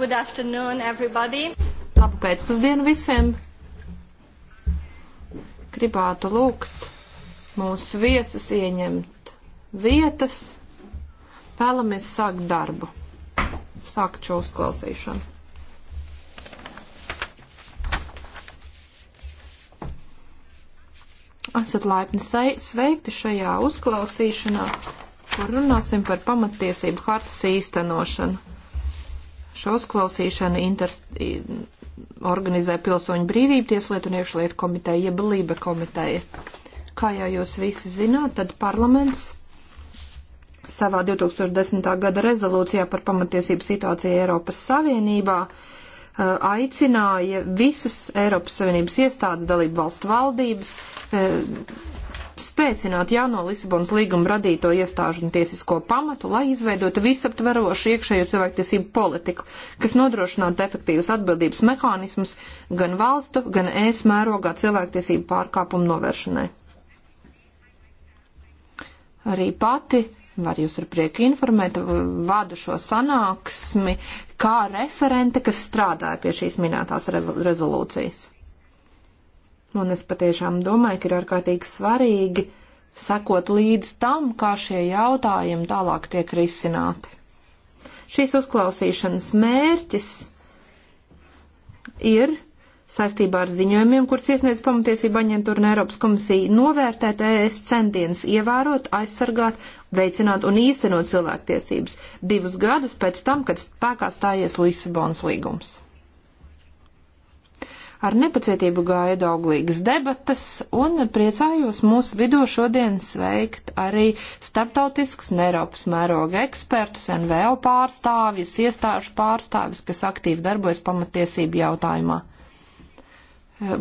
Good afternoon, everybody. Labu pēcpusdienu visiem. Gribētu lūgt mūsu viesus ieņemt vietas. Vēlamies sākt darbu, sākt šo uzklausīšanu. Esat laipni sveikti šajā uzklausīšanā, kur runāsim par pamatiesību hartas īstenošanu. Šo uzklausīšanu interst, organizē Pilsoņu brīvību tieslietu un iekšlietu komiteja, jeb Lība komiteja. Kā jau jūs visi zināt, tad parlaments savā 2010. gada rezolūcijā par pamatiesību situāciju Eiropas Savienībā aicināja visas Eiropas Savienības iestādes, dalību valstu valdības spēcināt jauno Lisabonas līguma radīto iestāžu un tiesisko pamatu, lai izveidotu visaptverošu iekšējo cilvēktiesību politiku, kas nodrošinātu efektīvas atbildības mehānismus gan valstu, gan ēs mērogā cilvēktiesību pārkāpumu novēršanai. Arī pati var jūs ar prieku informēt, vadu šo sanāksmi kā referente, kas strādāja pie šīs minētās re rezolūcijas. Un es patiešām domāju, ka ir ārkārtīgi svarīgi sekot līdz tam, kā šie jautājumi tālāk tiek risināti. Šīs uzklausīšanas mērķis ir saistībā ar ziņojumiem, kurus iesniedz pamatiesība aģentūra un Eiropas komisija, novērtēt ES centienus ievērot, aizsargāt, veicināt un īstenot cilvēktiesības divus gadus pēc tam, kad spēkā stājies Lisabonas līgums. Ar nepacietību gaida auglīgas debatas un priecājos mūsu vidū šodien sveikt arī starptautiskus un Eiropas mēroga ekspertus, NVO pārstāvjus, iestāžu pārstāvjus, kas aktīvi darbojas pamatiesību jautājumā.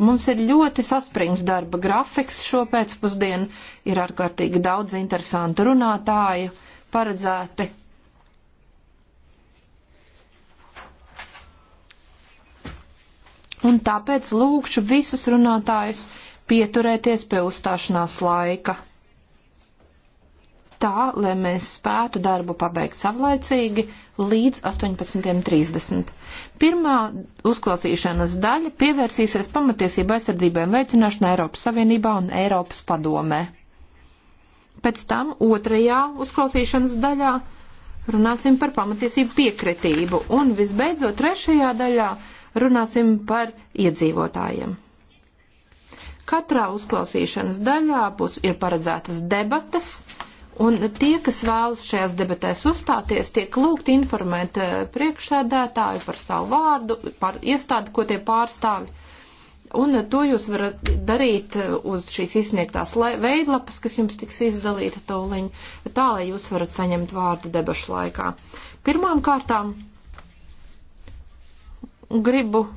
Mums ir ļoti saspringts darba grafiks šo pēcpusdienu, ir ārkārtīgi daudz interesantu runātāju paredzēti Un tāpēc lūkšu visus runātājus pieturēties pie uzstāšanās laika. Tā, lai mēs spētu darbu pabeigt savlaicīgi līdz 18.30. Pirmā uzklausīšanas daļa pievērsīsies pamatiesību aizsardzībai un veicināšanai Eiropas Savienībā un Eiropas padomē. Pēc tam otrajā uzklausīšanas daļā runāsim par pamatiesību piekritību un visbeidzot trešajā daļā runāsim par iedzīvotājiem. Katrā uzklausīšanas daļā būs ir paredzētas debatas, un tie, kas vēlas šajās debatēs uzstāties, tiek lūgti informēt eh, priekšsēdētāju par savu vārdu, par iestādi, ko tie pārstāvi. Un eh, to jūs varat darīt eh, uz šīs izsniegtās veidlapas, kas jums tiks izdalīta tūliņ, tā, lai jūs varat saņemt vārdu debašu laikā. Pirmām kārtām gribu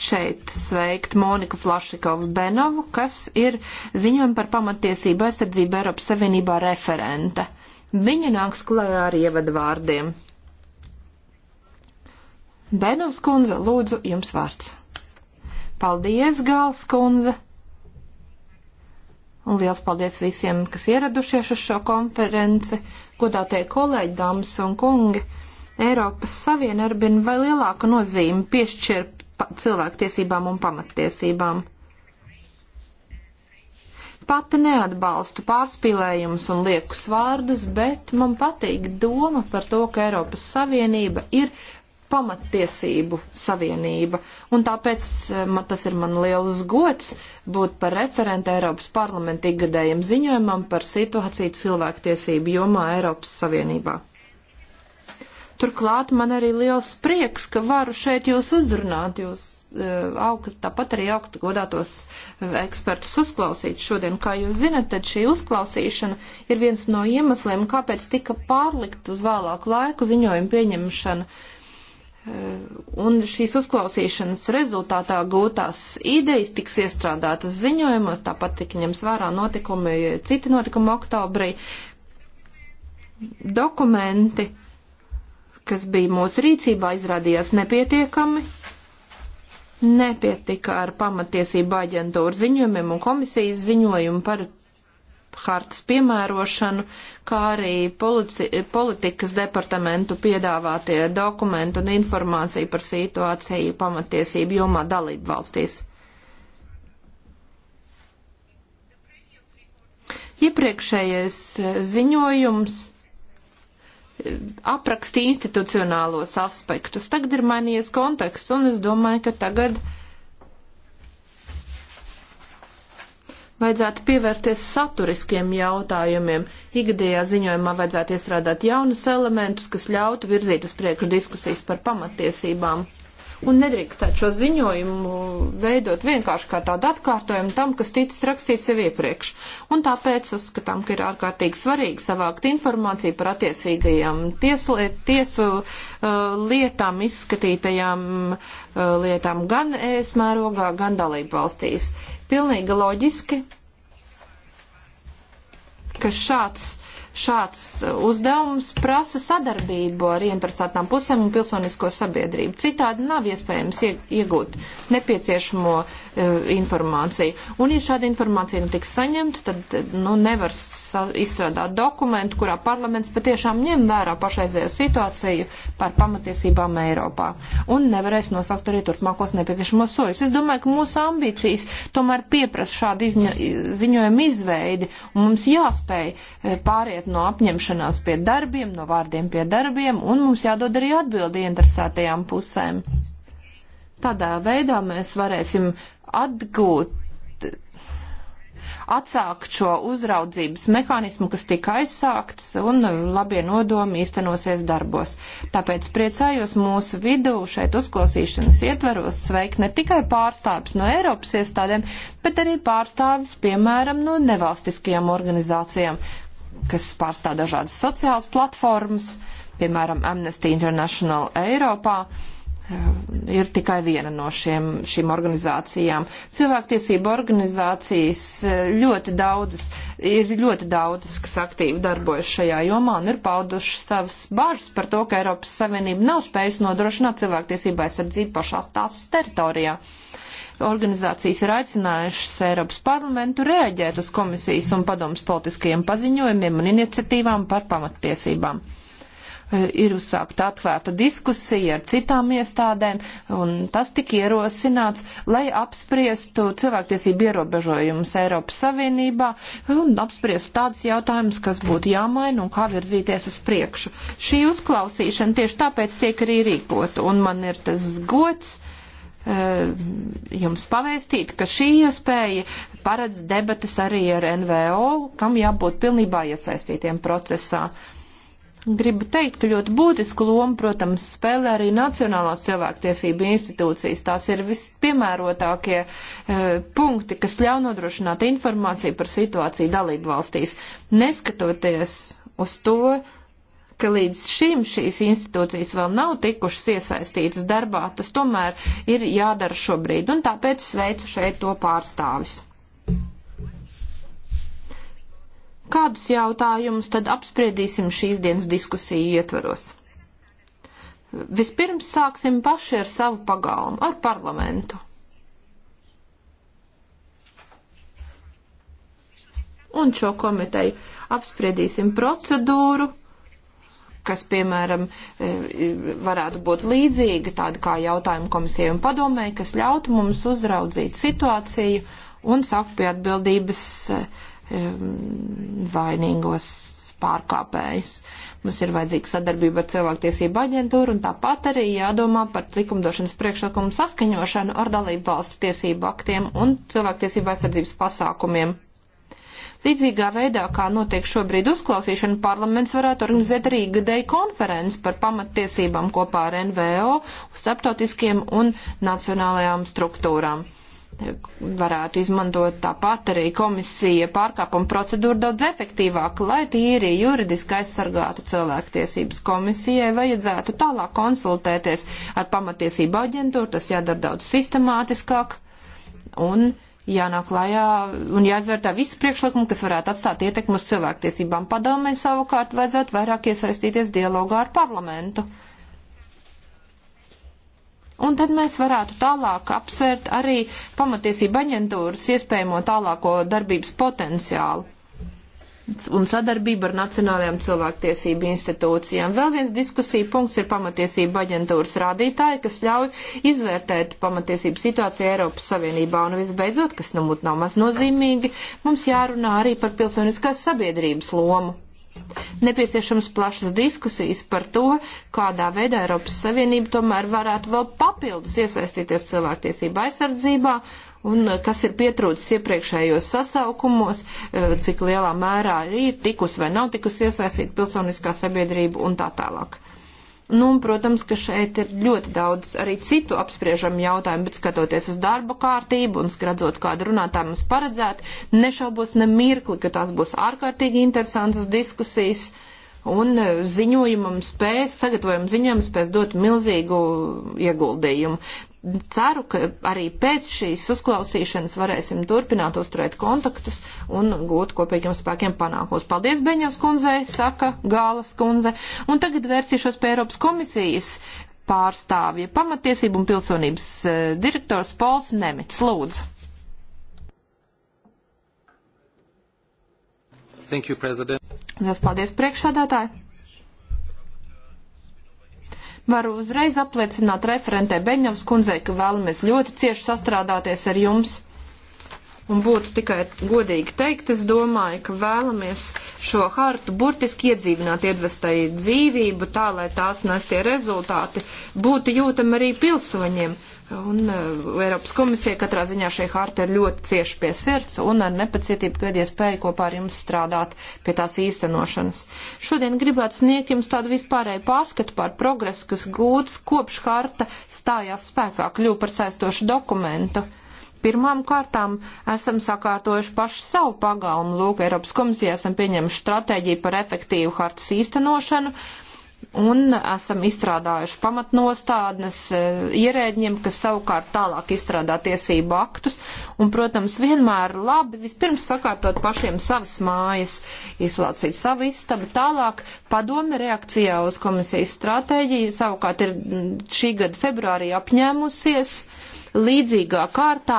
šeit sveikt Moniku Flašikovu Benovu, kas ir ziņojuma par pamatiesību aizsardzību Eiropas Savienībā referente. Viņa nāks klajā ar ievadvārdiem. Benovs kundze, lūdzu, jums vārds. Paldies, Gāls kundze! Un liels paldies visiem, kas ieradušies uz šo konferenci, godātie kolēģi, dāmas un kungi! Eiropas Saviena arvien vai lielāku nozīmi piešķir cilvēktiesībām un pamattiesībām. Pati neatbalstu pārspīlējumus un liekus vārdus, bet man patīk doma par to, ka Eiropas Savienība ir pamattiesību savienība. Un tāpēc eh, man, tas ir man liels gods būt par referentu Eiropas parlamenta ikgadējiem ziņojumam par situāciju cilvēktiesību jomā Eiropas Savienībā. Turklāt man arī liels prieks, ka varu šeit jūs uzrunāt, jūs e, augst, tāpat arī augstu godātos e, ekspertus uzklausīt šodien. Kā jūs zinat, tad šī uzklausīšana ir viens no iemesliem, kāpēc tika pārlikt uz vēlāku laiku ziņojumu pieņemšana. E, un šīs uzklausīšanas rezultātā gūtās idejas tiks iestrādātas ziņojumos, tāpat tika ņems vērā notikumi, citi notikumi oktobrī, dokumenti kas bija mūsu rīcībā, izrādījās nepietiekami. Nepietika ar pamatiesību aģentūru ziņojumiem un komisijas ziņojumu par hartas piemērošanu, kā arī polici, politikas departamentu piedāvātie dokumenti un informācija par situāciju pamatiesību jomā dalību valstīs. Iepriekšējais ziņojums aprakstīja institucionālos aspektus. Tagad ir mainījies konteksts, un es domāju, ka tagad vajadzētu pievērties saturiskiem jautājumiem. Ikgadējā ziņojumā vajadzētu iestrādāt jaunus elementus, kas ļautu virzīt uz priekšu diskusijas par pamatiesībām un nedrīkstētu šo ziņojumu veidot vienkārši kā tādu atkārtojumu tam, kas ticis rakstīts jau iepriekš. Un tāpēc uzskatām, ka ir ārkārtīgi svarīgi savākt informāciju par attiecīgajām tiesliet, tiesu uh, lietām, izskatītajām uh, lietām gan ES mērogā, gan dalību valstīs. Pilnīgi loģiski, ka šāds Šāds uh, uzdevums prasa sadarbību ar interesētām pusēm un pilsonisko sabiedrību. Citādi nav iespējams iegūt nepieciešamo uh, E, informāciju. Un, ja šāda informācija nu tiks saņemta, tad nu, nevar izstrādāt dokumentu, kurā parlaments patiešām ņem vērā pašreizējo situāciju par pamatiesībām Eiropā. Un nevarēs nosaukt arī turpmākos nepieciešamos soļus. Es domāju, ka mūsu ambīcijas tomēr pieprasa šādu izņa, ziņojumu izveidi, un mums jāspēj e, pāriet no apņemšanās pie darbiem, no vārdiem pie darbiem, un mums jādod arī atbildi interesētajām pusēm. Tādā veidā mēs varēsim atgūt, atsākt šo uzraudzības mehānismu, kas tika aizsākts, un labie nodomi īstenosies darbos. Tāpēc priecājos mūsu vidū šeit uzklausīšanas ietveros sveikt ne tikai pārstāvis no Eiropas iestādēm, bet arī pārstāvis, piemēram, no nevalstiskajām organizācijām, kas pārstāv dažādas sociālas platformas, piemēram, Amnesty International Eiropā. Uh, Eh, ir tikai viena no šiem, šīm organizācijām. Cilvēktiesība organizācijas eh, ļoti daudzas, ir ļoti daudzas, kas aktīvi darbojas šajā jomā un ir pauduši savas bāžas par to, ka Eiropas Savienība nav spējusi nodrošināt cilvēktiesību aizsardzību pašās tās teritorijā organizācijas ir aicinājušas Eiropas parlamentu reaģēt uz komisijas un padomas politiskajiem paziņojumiem un iniciatīvām par pamattiesībām. Eh, ir uzsākta atvērta diskusija ar citām iestādēm, un tas tika ierosināts, lai apspriestu cilvēktiesību ierobežojumus Eiropas Savienībā un apspriestu tādus jautājumus, kas būtu jāmaina un kā virzīties uz priekšu. Šī uzklausīšana tieši tāpēc tiek arī rīkota, un man ir tas gods eh, jums pavēstīt, ka šī iespēja paredz debatas arī ar NVO, kam jābūt pilnībā iesaistītiem procesā. Uh, Gribu teikt, ka ļoti būtisku lomu, protams, spēlē arī Nacionālās cilvēktiesība institūcijas. Tās ir vispiemērotākie e, punkti, kas ļauj nodrošināt informāciju par situāciju dalību valstīs, neskatoties uz to, ka līdz šim šīs institūcijas vēl nav tikušas iesaistītas darbā, tas tomēr ir jādara šobrīd, un tāpēc sveicu šeit to pārstāvis. Kādus jautājumus tad apspriedīsim šīs dienas diskusiju ietvaros? Vispirms sāksim paši ar savu pagalmu, ar parlamentu. Un šo komiteju apspriedīsim procedūru, kas, piemēram, e, varētu būt līdzīga tāda kā jautājuma komisijai un padomēji, kas ļautu mums uzraudzīt situāciju un sakt pie atbildības e, Um, vainīgos pārkāpējus. Mums ir vajadzīga sadarbība ar cilvēktiesību aģentūru un tāpat arī jādomā par likumdošanas priekšlikumu saskaņošanu ar dalību valstu tiesību aktiem un cilvēktiesību aizsardzības pasākumiem. Līdzīgā veidā, kā notiek šobrīd uzklausīšana, parlaments varētu organizēt arī gadēju konferenci par pamattiesībām kopā ar NVO, starptautiskiem un nacionālajām struktūrām varētu izmantot tāpat arī komisija pārkāpuma procedūru daudz efektīvāk, lai tīri juridiski aizsargātu cilvēktiesības komisijai, vajadzētu tālāk konsultēties ar pamatiesību aģentūru, tas jādara daudz sistemātiskāk un jānāk lajā un jāizvērtā visi priekšlikumi, kas varētu atstāt ietekmu uz cilvēktiesībām. Padomē savukārt vajadzētu vairāk iesaistīties dialogā ar parlamentu Un tad mēs varētu tālāk apsvērt arī pamatiesība aģentūras iespējamo tālāko darbības potenciālu un sadarbība ar Nacionālajām cilvēktiesību institūcijām. Vēl viens diskusija punkts ir pamatiesība aģentūras rādītāji, kas ļauj izvērtēt pamatiesību situāciju Eiropas Savienībā. Un visbeidzot, kas nu mūt nav maz nozīmīgi, mums jārunā arī par pilsoniskās sabiedrības lomu. Nepieciešams plašas diskusijas par to, kādā veidā Eiropas Savienība tomēr varētu vēl papildus iesaistīties cilvēktiesību aizsardzībā un eh, kas ir pietrūcis iepriekšējos sasaukumos, eh, cik lielā mērā ir tikusi vai nav tikusi iesaistīta pilsoniskā sabiedrība un tā tālāk. Nu, protams, ka šeit ir ļoti daudz arī citu apspriežamu jautājumu, bet skatoties uz darba kārtību un skradzot, kāda runātā mums paredzēta, nešaubos ne mirkli, ka tās būs ārkārtīgi interesantas diskusijas un e, ziņojumam spēs, sagatavojam ziņojumam spēs dot milzīgu ieguldījumu ceru, ka arī pēc šīs uzklausīšanas varēsim turpināt uzturēt kontaktus un gūt kopīgiem spēkiem panākos. Paldies, Beņas kundze, saka Gālas kundze. Un tagad vērsīšos pie Eiropas komisijas pārstāvja pamatiesību un pilsonības eh, direktors Pols Nemits. Lūdzu. Thank you, President. Liels paldies priekšādātāji. Varu uzreiz apliecināt referentē Beņavas kundzei, ka vēlamies ļoti cieši sastrādāties ar jums. Un būtu tikai godīgi teikt, es domāju, ka vēlamies šo hartu burtiski iedzīvināt, iedvest tai dzīvību, tā lai tās nestie rezultāti būtu jūtami arī pilsoņiem. Un uh, Eiropas komisija katrā ziņā šī harta ir ļoti cieši pie sirds un ar nepacietību gaidīja spēju kopā ar jums strādāt pie tās īstenošanas. Šodien gribētu sniegt jums tādu vispārēju pārskatu par progresu, kas gūts kopš harta stājās spēkā, kļūpa par saistošu dokumentu. Pirmām kārtām esam sakārtojuši pašu savu pagalmu. Lūk, Eiropas komisijā esam pieņemuši stratēģiju par efektīvu hartas īstenošanu un esam izstrādājuši pamatnostādnes e, ierēģiem, kas savukārt tālāk izstrādā tiesību aktus. Un, protams, vienmēr labi vispirms sakārtot pašiem savas mājas, izlaucīt savu istabu. Tālāk padome reakcijā uz komisijas stratēģiju savukārt ir šī gada februārī apņēmusies uh, līdzīgā kārtā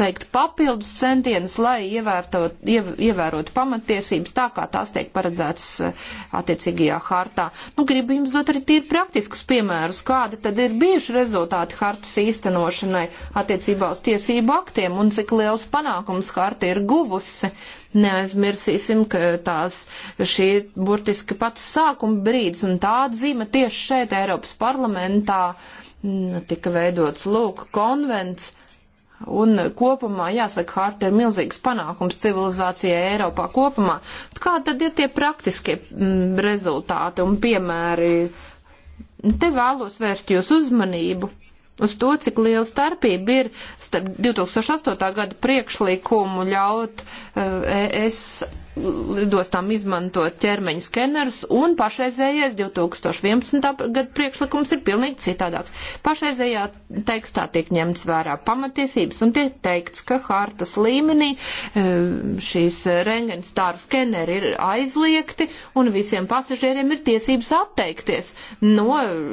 veikt papildus centienus, lai ievērtot, iev, ievērotu pamatiesības tā, kā tās tiek paredzētas eh, attiecīgajā hartā. Nu, gribu jums dot arī tīri praktiskus piemērus, kādi tad ir bijuši rezultāti hartas īstenošanai attiecībā uz tiesību aktiem un cik liels panākums harta ir guvusi. Neaizmirsīsim, ka tās šī ir burtiski pats sākuma brīdis un tā atzīme tieši šeit Eiropas parlamentā. Uh, tika veidots lūk konvents, Un kopumā, jāsaka, harta ir milzīgs panākums civilizācijai Eiropā kopumā. Kā tad ir tie praktiskie rezultāti un piemēri? Te vēlos vērst jūs uzmanību uz to, cik liela starpība ir starp 2008. gada priekšlikumu ļaut uh, es lidostām izmantot ķermeņa skenerus, un pašreizējais 2011. gada priekšlikums ir pilnīgi citādāks. Pašreizējā tekstā tiek ņemts vērā pamatiesības, un tiek teikts, ka hartas līmenī e, šīs rengenstāru skeneri ir aizliegti, un visiem pasažieriem ir tiesības atteikties no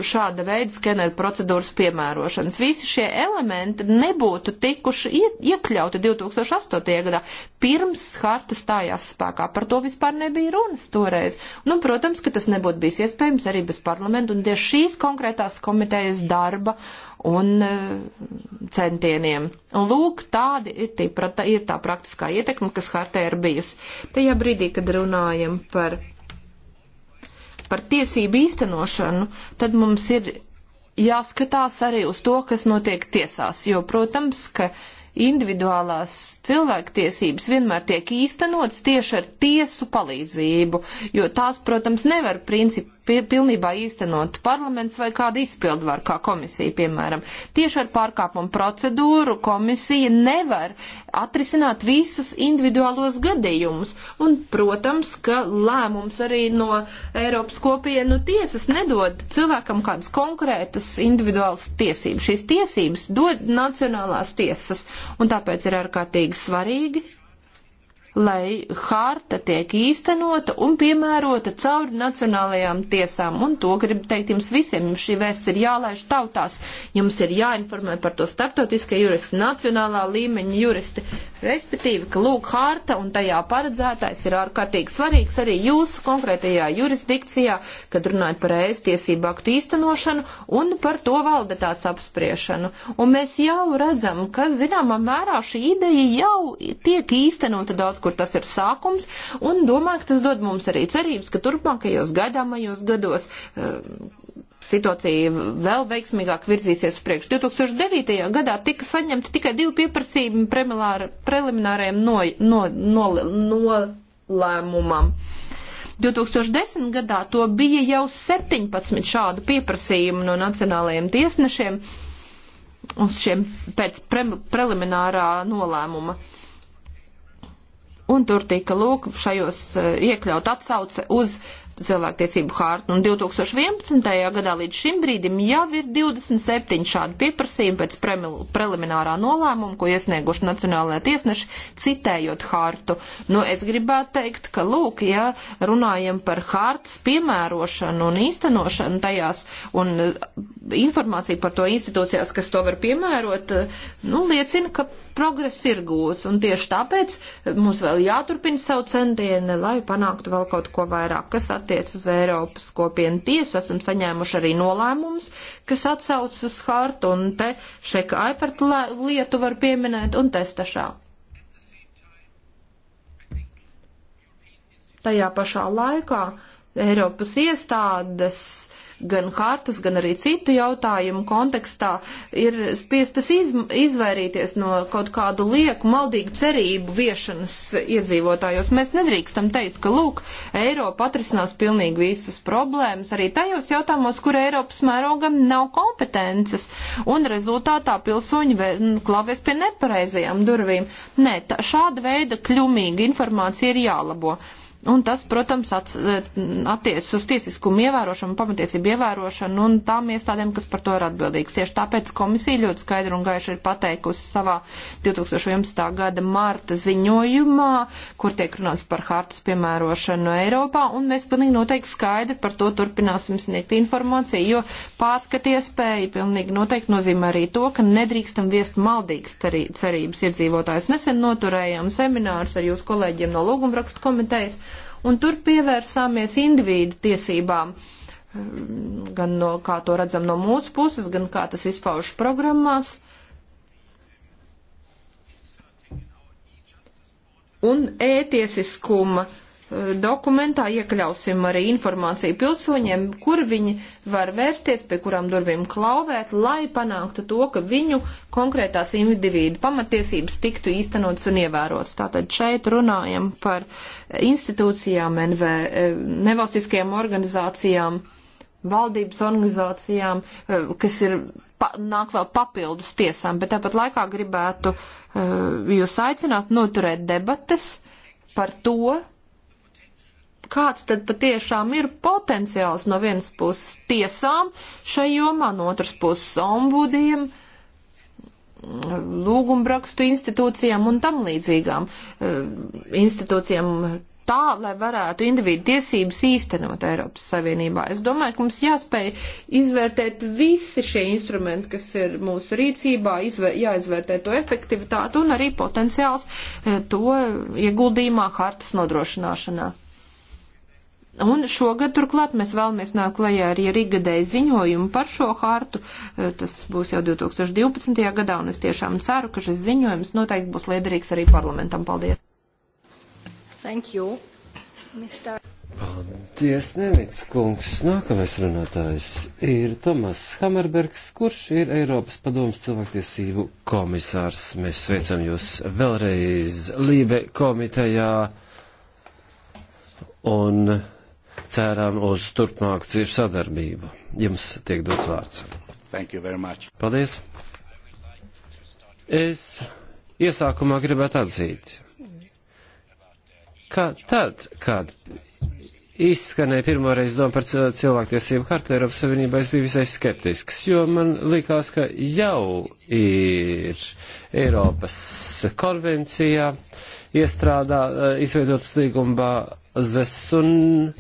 šāda veida skeneru procedūras piemērošanas. Visi šie elementi nebūtu tikuši iekļauti 2008. gadā, pirms harta stājās spēkā kā par to vispār nebija runas toreiz. Nu, protams, ka tas nebūtu bijis iespējams arī bez parlamentu un tieši šīs konkrētās komitejas darba un eh, centieniem. Un lūk, tādi ir, tī, ir tā praktiskā ietekme, kas hartē ir bijusi. Tajā brīdī, kad runājam par, par tiesību īstenošanu, tad mums ir jāskatās arī uz to, kas notiek tiesās, jo, protams, ka uh, individuālās cilvēktiesības vienmēr tiek īstenots tieši ar tiesu palīdzību, jo tās, protams, nevar princip, pilnībā īstenot parlaments vai kāda izpildvar, kā komisija, piemēram. Tieši ar pārkāpumu procedūru komisija nevar atrisināt visus individuālos gadījumus. Un, protams, ka lēmums arī no Eiropas kopienu tiesas nedod cilvēkam kādas konkrētas individuālas tiesības. Šīs tiesības dod nacionālās tiesas. Un tāpēc ir ārkārtīgi svarīgi lai harta tiek īstenota un piemērota cauri nacionālajām tiesām. Un to gribu teikt jums visiem. Jums šī vēsts ir jālaiž tautās. Jums ir jāinformē par to starptautiskie juristi, nacionālā līmeņa juristi. Respektīvi, ka lūk, harta un tajā paredzētais ir ārkārtīgi svarīgs arī jūsu konkrētajā jurisdikcijā, kad runājat par ēst tiesību aktu īstenošanu un par to valdetāts apspriešanu. Un mēs jau redzam, ka zināmā mērā šī ideja jau tiek īstenota daudz kur tas ir sākums, un domāju, ka tas dod mums arī cerības, ka turpmākajos gaidāmajos gados eh, situācija vēl veiksmīgāk virzīsies uz priekšu. 2009. gadā tika saņemti tikai divi pieprasījumi prelimināriem no, no, no, nolēmumam. No 2010. gadā to bija jau 17 šādu pieprasījumu no nacionālajiem tiesnešiem uz šiem pēc pre, preliminārā nolēmuma. Uh, un tur tika lūk šajos eh, iekļaut atsauce uz uh, cilvēktiesību hārtu. Un 2011. gadā līdz šim brīdim jau ir 27 šādi pieprasījumi pēc preliminārā nolēmuma, ko iesnieguši Nacionālajā tiesneši, citējot hārtu. Nu, es gribētu teikt, ka, lūk, ja runājam par hārtas piemērošanu un īstenošanu tajās un eh, informāciju par to institūcijās, kas to var piemērot, eh, nu, liecina, ka progress ir gūts. Un tieši tāpēc eh, mums vēl jāturpina savu centieni, lai panāktu vēl kaut ko vairāk, kas attiecas attiec uz Eiropas kopienu tiesu, esam saņēmuši arī nolēmumus, kas atsauc uz hartu, un te šeka aipart lietu var pieminēt, un testašā. Tajā pašā laikā Eiropas iestādes uh, gan hartas, gan arī citu jautājumu kontekstā ir spiestas iz, izvairīties no kaut kādu lieku, maldīgu cerību viešanas iedzīvotājos. Mēs nedrīkstam teikt, ka, lūk, Eiropa atrisinās pilnīgi visas problēmas, arī tajos jautājumos, kur Eiropas mērogam nav kompetences, un rezultātā pilsoņi nu, klavēs pie nepareizajām durvīm. Nē, tā, šāda veida kļumīga informācija ir jālabo. Un tas, protams, e, attiecas uz tiesiskumu ievērošanu, pamatiesību ievērošanu un tām iestādēm, kas par to ir atbildīgas. Tieši tāpēc komisija ļoti skaidri un gaiši ir pateikusi savā 2011. gada marta ziņojumā, kur tiek runāts par hartas piemērošanu Eiropā, un mēs pilnīgi noteikti skaidri par to turpināsim sniegt informāciju, jo pārskati iespēja pilnīgi noteikti nozīmē arī to, ka nedrīkstam viest maldīgas cerības iedzīvotājus. Nesen noturējām seminārus ar jūsu kolēģiem no Lūgumrakstu komitejas un tur pievērsāmies individu tiesībām, gan no, kā to redzam no mūsu puses, gan kā tas izpauž programmās. Un ētiesiskuma e dokumentā iekļausim arī informāciju pilsoņiem, kur viņi var vērsties, pie kurām durvīm klauvēt, lai panāktu to, ka viņu konkrētās individu pamatiesības tiktu īstenots un ievērots. Tātad šeit runājam par institūcijām, NV, e, nevalstiskajām organizācijām, valdības organizācijām, e, kas ir, pa, nāk vēl papildus tiesām, bet tāpat laikā gribētu e, jūs aicināt noturēt debates par to, kāds tad patiešām ir potenciāls no vienas puses tiesām šai jomā, no otras puses ombudiem, lūgumbrakstu institūcijām un tam līdzīgām eh, institūcijām tā, lai varētu individu tiesības īstenot Eiropas Savienībā. Es domāju, ka mums jāspēj izvērtēt visi šie instrumenti, kas ir mūsu rīcībā, izvēr, jāizvērtē to efektivitātu un arī potenciāls eh, to ieguldījumā hartas nodrošināšanā. Un šogad turklāt mēs vēlamies nākt klajā arī ar igadēju ziņojumu par šo hartu. E, tas būs jau 2012. gadā, un es tiešām ceru, ka šis ziņojums noteikti būs liederīgs arī parlamentam. Paldies! Thank you, Mr. Paldies, Nemits kungs. Nākamais runātājs ir Tomas Hamerbergs, kurš ir Eiropas padomas cilvēktiesību komisārs. Mēs sveicam jūs vēlreiz Lībe komitejā. Un ceram uz turpmāku ciešu sadarbību. Jums tiek dots vārds. Paldies. Es iesākumā gribētu atzīt, ka tad, kad izskanēja pirmoreiz doma par cilvēktiesību hartu Eiropas Savienībā, es biju visai skeptisks, jo man likās, ka jau ir Eiropas konvencijā iestrādā, eh, izveidotas līgumā daudzas, un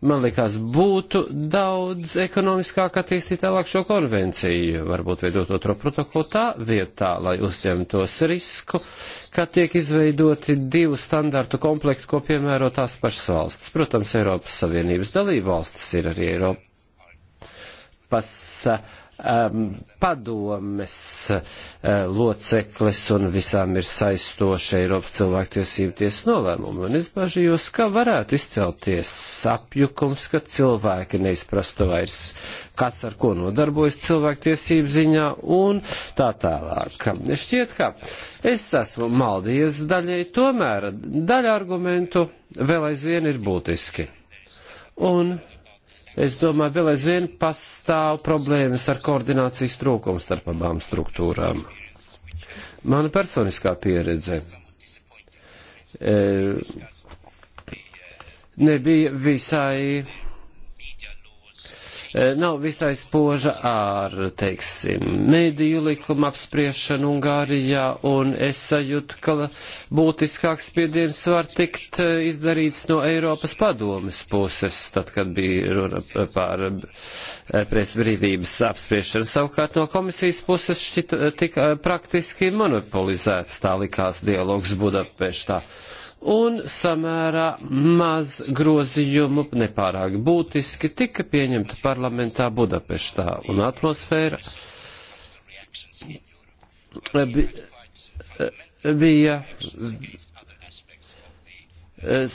man liekas, būtu daudz ekonomiskāk attīstīt tālāk šo konvenciju, varbūt veidot otro protokolu tā vietā, lai uzņemtos risku, ka tiek izveidoti divu standartu komplektu, ko piemēro tās pašas valstis. Protams, Eiropas Savienības dalība valstis ir arī Eiropas. Uh, um, padomes uh, loceklis un visām ir saistoša Eiropas cilvēktiesību tiesa nolēmuma. Un es bažījos, ka varētu izcelties apjukums, ka cilvēki neizprastu vairs, kas ar ko nodarbojas cilvēktiesību ziņā un tā tālāk. Šķiet, ka es esmu maldījies daļai, tomēr daļa argumentu vēl aizvien ir būtiski. Un Es domāju, vēl aizvien pastāv problēmas ar koordinācijas trūkumu starp abām struktūrām. Mana personiskā pieredze e, nebija visai E, nav visai spoža ar, teiksim, mediju likuma apspriešanu Ungārijā, un es sajūtu, ka būtiskāks spiediens var tikt e, izdarīts no Eiropas padomes puses, tad, kad bija runa par e, presbrīvības apspriešanu. Savukārt no komisijas puses šķita tika praktiski monopolizēts tā likās dialogs Budapeštā un samērā maz grozījumu, nepārāk būtiski, tika pieņemta parlamentā Budapeštā, un atmosfēra bija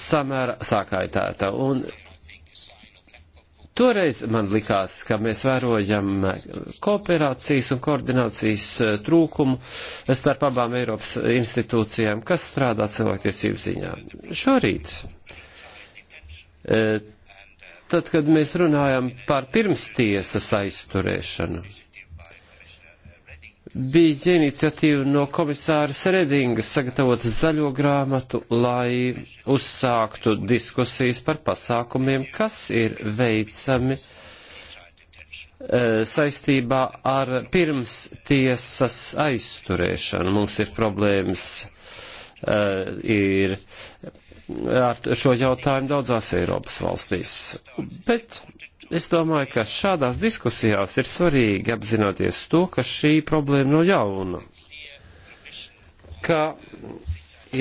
samērā sākaitēta. Un Toreiz man likās, ka mēs vērojam kooperācijas un koordinācijas eh, trūkumu starp abām Eiropas institūcijām, kas strādā cilvēktiesību ziņā. Šorīt, eh, tad, kad mēs runājam par pirmstiesas aizturēšanu, bija iniciatīva no komisāras Redingas sagatavot zaļo grāmatu, lai uzsāktu diskusijas par pasākumiem, kas ir veicami eh, saistībā ar pirms tiesas aizturēšanu. Mums ir problēmas eh, ir ar šo jautājumu daudzās Eiropas valstīs. Bet Es domāju, ka šādās diskusijās ir svarīgi apzināties to, ka šī problēma nav no jauna, ka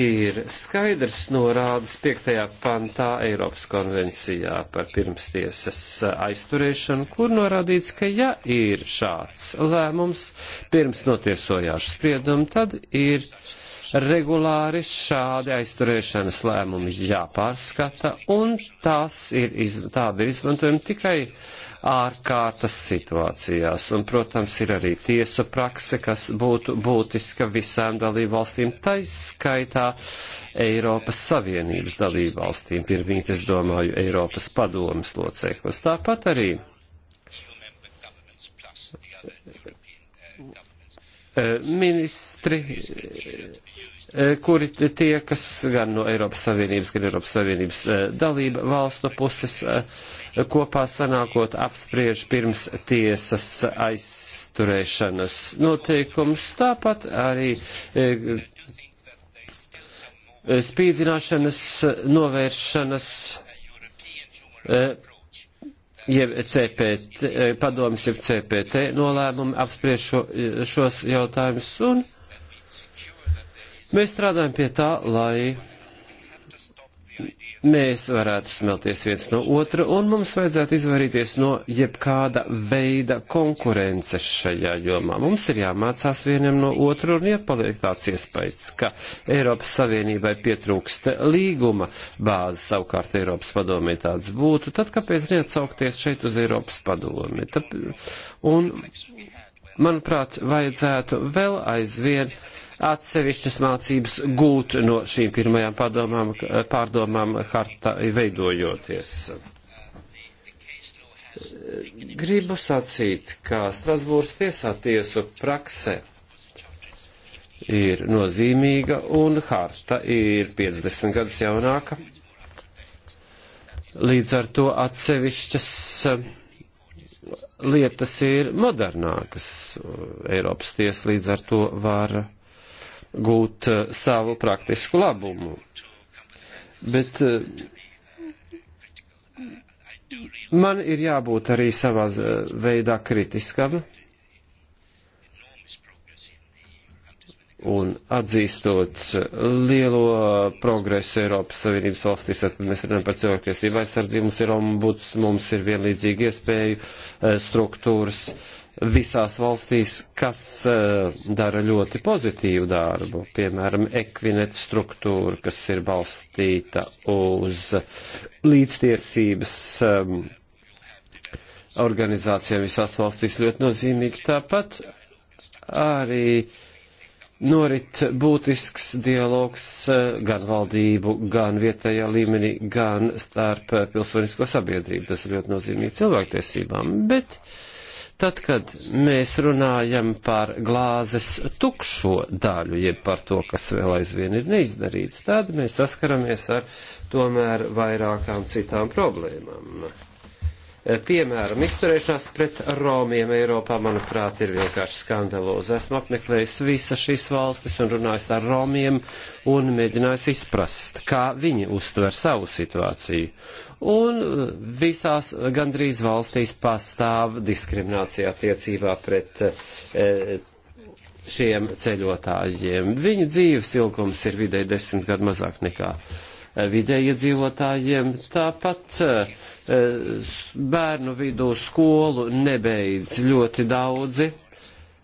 ir skaidrs norādes 5. pantā Eiropas konvencijā par pirmstiesas aizturēšanu, kur norādīts, ka ja ir šāds lēmums pirms notiesojāšu spriedumu, tad ir regulāri šādi aizturēšanas lēmumi jāpārskata, un tās ir, tāda ir izmantojama tikai ārkārtas situācijās. Un, protams, ir arī tiesu prakse, kas būtu būtiska visām dalībvalstīm, taiskaitā Eiropas Savienības dalībvalstīm. Pirmīt, es domāju, Eiropas padomas loceklis. Tāpat arī Eh, ministri, eh, kuri tiekas gan no Eiropas Savienības, gan Eiropas Savienības eh, dalība valstu puses kopā sanākot apspriež pirms tiesas aizturēšanas noteikums. Tāpat arī spīdzināšanas novēršanas jeb CPT, eh, padomis, jeb CPT nolēmumi apspriež šo, eh, šos jautājumus, un mēs strādājam pie tā, lai mēs varētu smelties viens no otra, un mums vajadzētu izvairīties no jebkāda veida konkurences šajā jomā. Mums ir jāmācās vienam no otru, un iepaliek tāds iespējas, ka Eiropas Savienībai pietrūkst līguma bāze, savukārt Eiropas padomē tāds būtu, tad kāpēc neatsaukties šeit uz Eiropas padomi? Tāp, un, manuprāt, vajadzētu vēl aizvien. Uh, atsevišķas mācības gūt no šīm pirmajām padomām, pārdomām harta veidojoties. Gribu sacīt, ka Strasbūras tiesā tiesu prakse ir nozīmīga un harta ir 50 gadus jaunāka. Līdz ar to atsevišķas eh, lietas ir modernākas. Eiropas tiesa līdz ar to var gūt eh, savu praktisku labumu. Bet eh, man ir jābūt arī savā eh, veidā kritiskam un atzīstot lielo progresu Eiropas Savienības valstīs, tad mēs runājam par cilvēktiesību aizsardzību, mums ir ombuds, mums ir vienlīdzīgi iespēju struktūras, visās valstīs, kas uh, dara ļoti pozitīvu darbu, piemēram, ekvineta struktūra, kas ir balstīta uz līdztiesības um, organizācijām visās valstīs ļoti nozīmīgi. Tāpat arī norit būtisks dialogs uh, gan valdību, gan vietējā līmenī, gan starp pilsonisko sabiedrību. Tas ir ļoti nozīmīgi cilvēktiesībām. Bet, uh, Tad, kad mēs runājam par glāzes tukšo daļu, jeb par to, kas vēl aizvien ir neizdarīts, tad mēs saskaramies ar tomēr vairākām citām problēmām. Eh, piemēram, izturēšanās pret Romiem Eiropā, manuprāt, ir vienkārši skandaloza. Esmu apmeklējis visas šīs valstis un runājis ar Romiem un mēģinājis izprast, kā viņi uztver savu situāciju. Un eh, visās gandrīz valstīs pastāv diskriminācija attiecībā pret e, šiem ceļotājiem. Viņu dzīves ilgums ir vidēji desmit gadu mazāk nekā vidējiedzīvotājiem. Tāpat eh, bērnu vidū skolu nebeidz ļoti daudzi.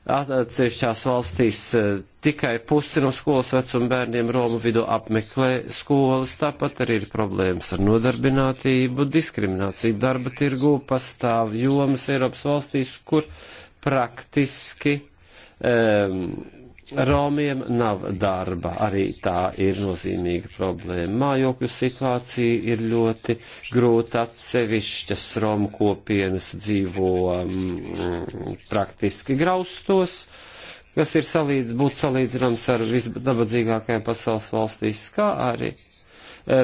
Atsevišķās valstīs eh, tikai pusi no skolas vecuma bērniem Romu vidū apmeklē skolas, tāpat arī ir problēmas ar nodarbinātību, diskrimināciju darba tirgū, pastāv jomas Eiropas valstīs, kur praktiski um, Romiem nav darba, arī tā ir nozīmīga problēma. Mājokļu situācija ir ļoti grūta, atsevišķas Romu kopienas dzīvo um, praktiski graustos, kas ir salīdz, būt salīdzināms ar visnabadzīgākajām pasaules valstīs, kā arī e,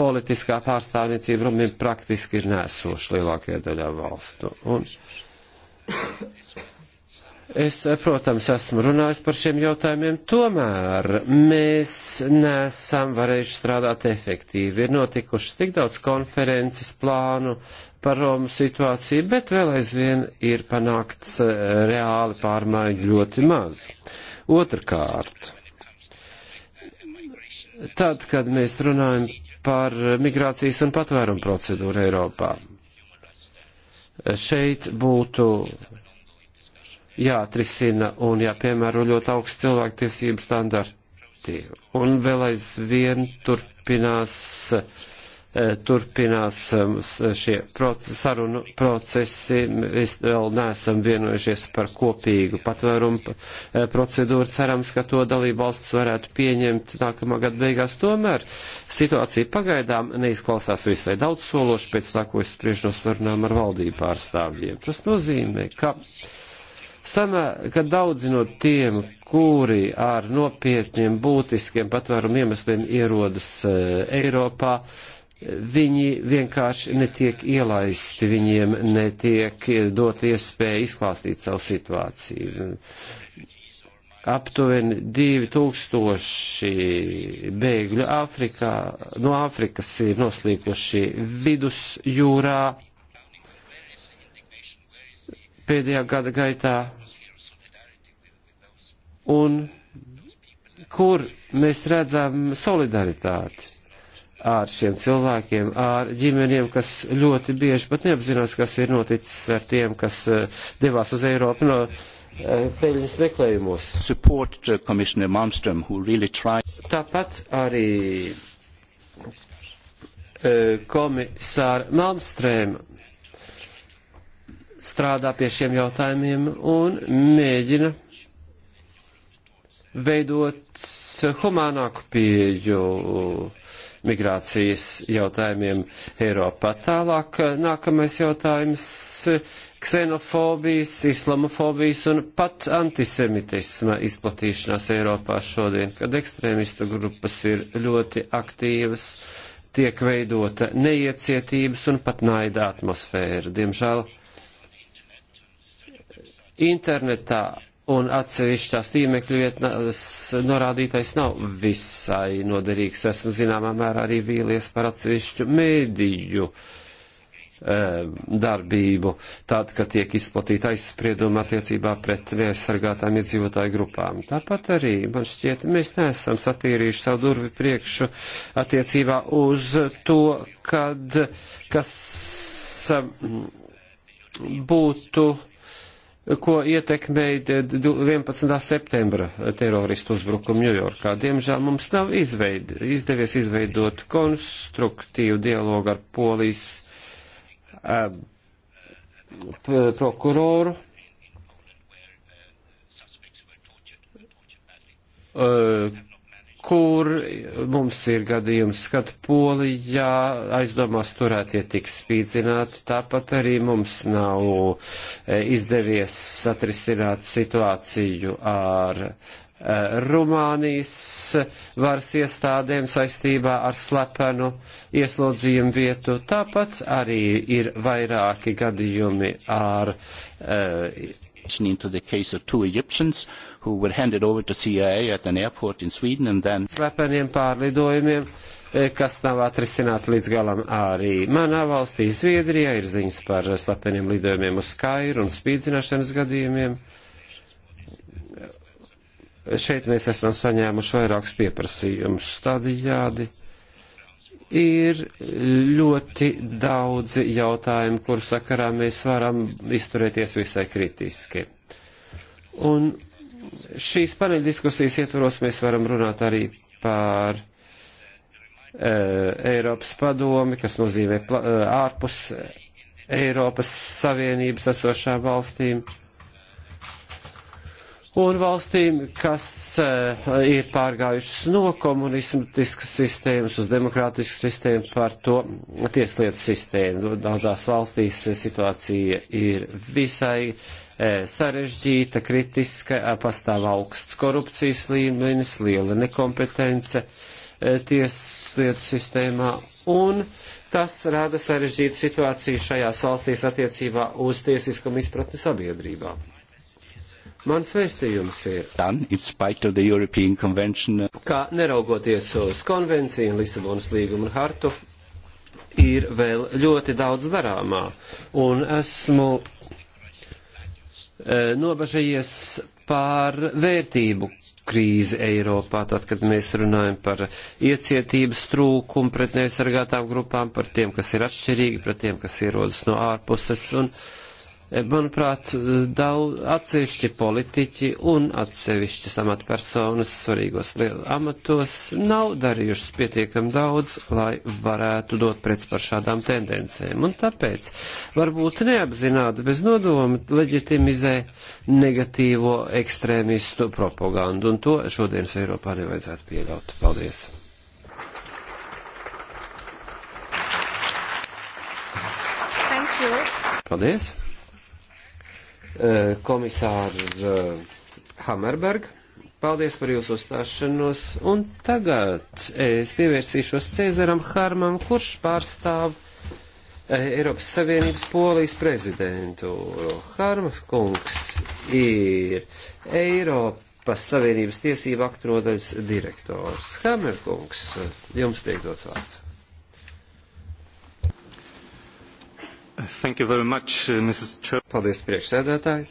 politiskā pārstāvniecība Romiem praktiski ir nesoša lielākajā daļā valstu. Un, Es, eh, protams, esmu runājis par šiem jautājumiem, tomēr mēs nesam varējuši strādāt efektīvi. Ir notikušas tik daudz konferences plānu par Romu situāciju, bet vēl aizvien ir panākts eh, reāli pārmaiņu ļoti maz. Otrkārt, tad, kad mēs runājam par migrācijas un patvērumu procedūru Eiropā, šeit būtu jāatrisina un jāpiemēro ļoti augsts cilvēktiesību standarti. Un vēl aizvien turpinās, eh, turpinās ehm, šie proces, sarunu procesi. Mēs vēl neesam vienojušies par kopīgu patvērumu eh, procedūru. Cerams, ka to dalību valsts varētu pieņemt nākamā gada beigās. Tomēr situācija pagaidām neizklausās visai daudz sološi pēc tā, ko es spriežu no sarunām ar valdību pārstāvjiem. Tas nozīmē, ka samā, ka daudzi no tiem, kuri ar nopietniem būtiskiem patvērumu iemesliem ierodas e, Eiropā, viņi vienkārši netiek ielaisti, viņiem netiek dot iespēja izklāstīt savu situāciju. Aptuveni 2000 bēgļu Āfrikā, no Āfrikas ir noslīkuši vidusjūrā, pēdējā gada gaitā un kur mēs redzam solidaritāti ar šiem cilvēkiem, ar ģimenēm, kas ļoti bieži pat neapzinās, kas ir noticis ar tiem, kas eh, devās uz Eiropu no eh, peļņas meklējumos. Uh, Malmström, really tried... Tāpat arī eh, komisāra Malmstrēma strādā pie šiem jautājumiem un mēģina veidot humānāku pieju migrācijas jautājumiem Eiropā. Tālāk nākamais jautājums - ksenofobijas, islamofobijas un pat antisemitisma izplatīšanās Eiropā šodien, kad ekstrēmistu grupas ir ļoti aktīvas, tiek veidota neiecietības un pat naida atmosfēra. Diemžēl internetā un atsevišķās tīmekļu vietnās norādītais nav visai noderīgs. Esmu zināmā mērā arī vīlies par atsevišķu mēdīju um, darbību, tad, kad tiek izplatīta aizsprieduma attiecībā pret neaizsargātām iedzīvotāju grupām. Tāpat arī, man šķiet, mēs neesam satīrījuši savu durvi priekšu attiecībā uz to, kad, kas um, būtu uh, ko ietekmēja 11. septembra teroristu uzbrukumu Ņujorkā. Diemžēl mums nav izveid, izdevies izveidot konstruktīvu dialogu ar polijas eh, prokuroru. Eh, kur mums ir gadījums, kad polijā aizdomās turētie tiks spīdzināti, tāpat arī mums nav e, izdevies satrisināt situāciju ar e, Rumānijas varas iestādēm saistībā ar slepenu ieslodzījumu vietu. Tāpat arī ir vairāki gadījumi ar uh, investigation into the case of two Egyptians who were handed over to CIA at an airport in Sweden and then... Slepeniem pārlidojumiem, eh, kas nav atrisināti līdz galam arī. Manā valstī Zviedrijā ir ziņas par eh, slepeniem lidojumiem uz Kairu un spīdzināšanas gadījumiem. Šeit mēs esam saņēmuši vairākus pieprasījumus stadijādi ir ļoti daudzi jautājumi, kuru sakarā mēs varam izturēties visai kritiski. Un šīs paneļa diskusijas ietvaros mēs varam runāt arī par e, Eiropas padomi, kas nozīmē pla, e, ārpus Eiropas Savienības esošām valstīm. E, un valstīm, kas uh, ir pārgājušas no komunismas sistēmas uz demokrātisku sistēmu par to tieslietu sistēmu. Daudzās valstīs eh, situācija ir visai uh, sarežģīta, kritiska, uh, pastāv augsts korupcijas līmenis, liela nekompetence uh, tieslietu sistēmā un tas rada sarežģītu situāciju šajās valstīs attiecībā uz tiesiskumu izpratni sabiedrībā. Mans vēstījums ir, ka neraugoties uz konvenciju un Lisabonas līgumu un hartu, ir vēl ļoti daudz darāmā, un esmu e, nobažījies par vērtību krīzi Eiropā, tad, kad mēs runājam par iecietības trūkumu pret neaizsargātām grupām, par tiem, kas ir atšķirīgi, pret tiem, kas ierodas no ārpuses. Un, uh, manuprāt, daudz atsevišķi politiķi un atsevišķas amatpersonas svarīgos amatos nav darījušas pietiekam daudz, lai varētu dot prets par šādām tendencēm. Un tāpēc varbūt neapzināti bez nodoma leģitimizē negatīvo ekstrēmistu propagandu, un to šodienas Eiropā nevajadzētu pieļaut. Paldies! Paldies! Eh, komisāru eh, Hammerbergu. Paldies par jūsu uzstāšanos, un tagad es pievērsīšos Cēzaram Harmam, kurš pārstāv eh, Eiropas Savienības polijas prezidentūru. Harma kungs ir Eiropas Savienības tiesību aktu nodaļas direktors. Hammer kungs, jums tiek dots vārds. Thank you very much, uh, Mrs. Chair. Paldies, priekšsēdētāji,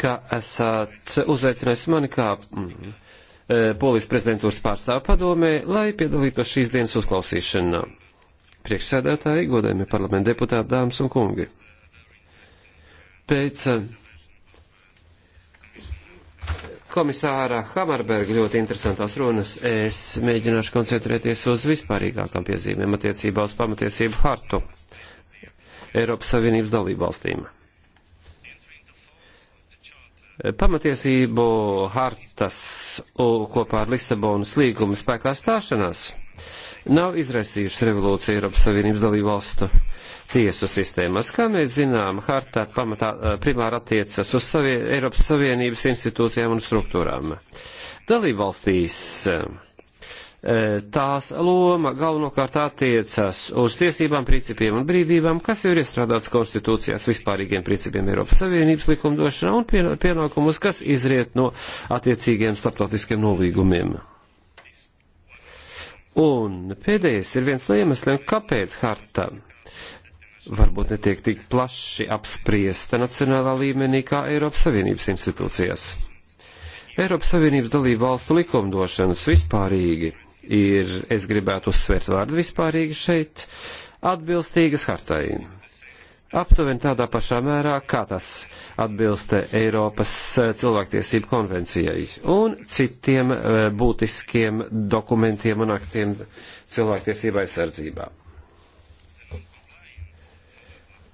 ka esat uzaicinājis mani kā mm, e, polijas prezidentūras pārstāvu padomē, lai piedalītos šīs dienas uzklausīšanā. Priekšsēdētāji, godējumi parlamenta deputāti, dāmas un kungi. Pēc uh, komisārā Hamarberga ļoti interesantās runas. Es mēģināšu koncentrēties uz vispārīgākām piezīmēm attiecībā uz pamatiesību hartu Eiropas Savienības dalībvalstīm. Pamatiesību hartas kopā ar Lisabonas līgumu spēkā stāšanās nav izraisījušas revolūciju Eiropas Savienības dalībvalstu tiesu sistēmas. Kā mēs zinām, harta pamatā eh, primāri attiecas uz savie, Eiropas Savienības institūcijām un struktūrām. Dalībvalstīs eh, tās loma galvenokārt attiecas uz tiesībām, principiem un brīvībām, kas jau ir iestrādāts konstitūcijās vispārīgiem principiem Eiropas Savienības likumdošanā un pienākumus, kas izriet no attiecīgiem starptautiskiem nolīgumiem. Un pēdējais ir viens no iemesliem, kāpēc harta varbūt netiek tik plaši apspriesta nacionālā līmenī kā Eiropas Savienības institūcijās. Eiropas Savienības dalību valstu likumdošanas vispārīgi ir, es gribētu uzsvērt vārdu vispārīgi šeit, atbilstīgas hartai. Aptuveni tādā pašā mērā, kā tas atbilst Eiropas eh, cilvēktiesību konvencijai un citiem eh, būtiskiem dokumentiem un aktiem cilvēktiesība aizsardzībā.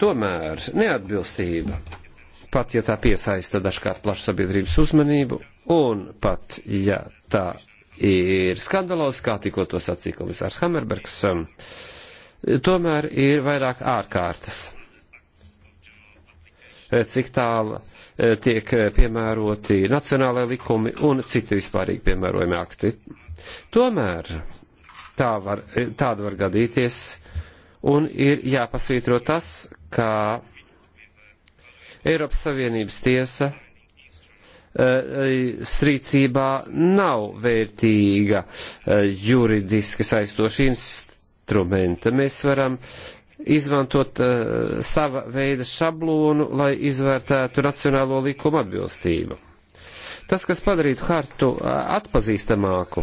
Tomēr neatbilstība, pat ja tā piesaista dažkārt plašu sabiedrības uzmanību, un pat ja tā ir skandalos, kā tikko to sacīja komisārs Hammerbergs, um, tomēr ir vairāk ārkārtas. Cik tālu eh, tiek eh, piemēroti nacionālai likumi un citi vispārīgi piemērojami akti. Tomēr tā var, eh, tāda var gadīties, un ir jāpasvītro tas, ka Eiropas Savienības tiesa eh, eh, rīcībā nav vērtīga eh, juridiski saistoša instrumenta. Mēs varam izmantot sava veida šablonu, lai izvērtētu nacionālo likumu atbilstību. Tas, kas padarītu hartu atpazīstamāku,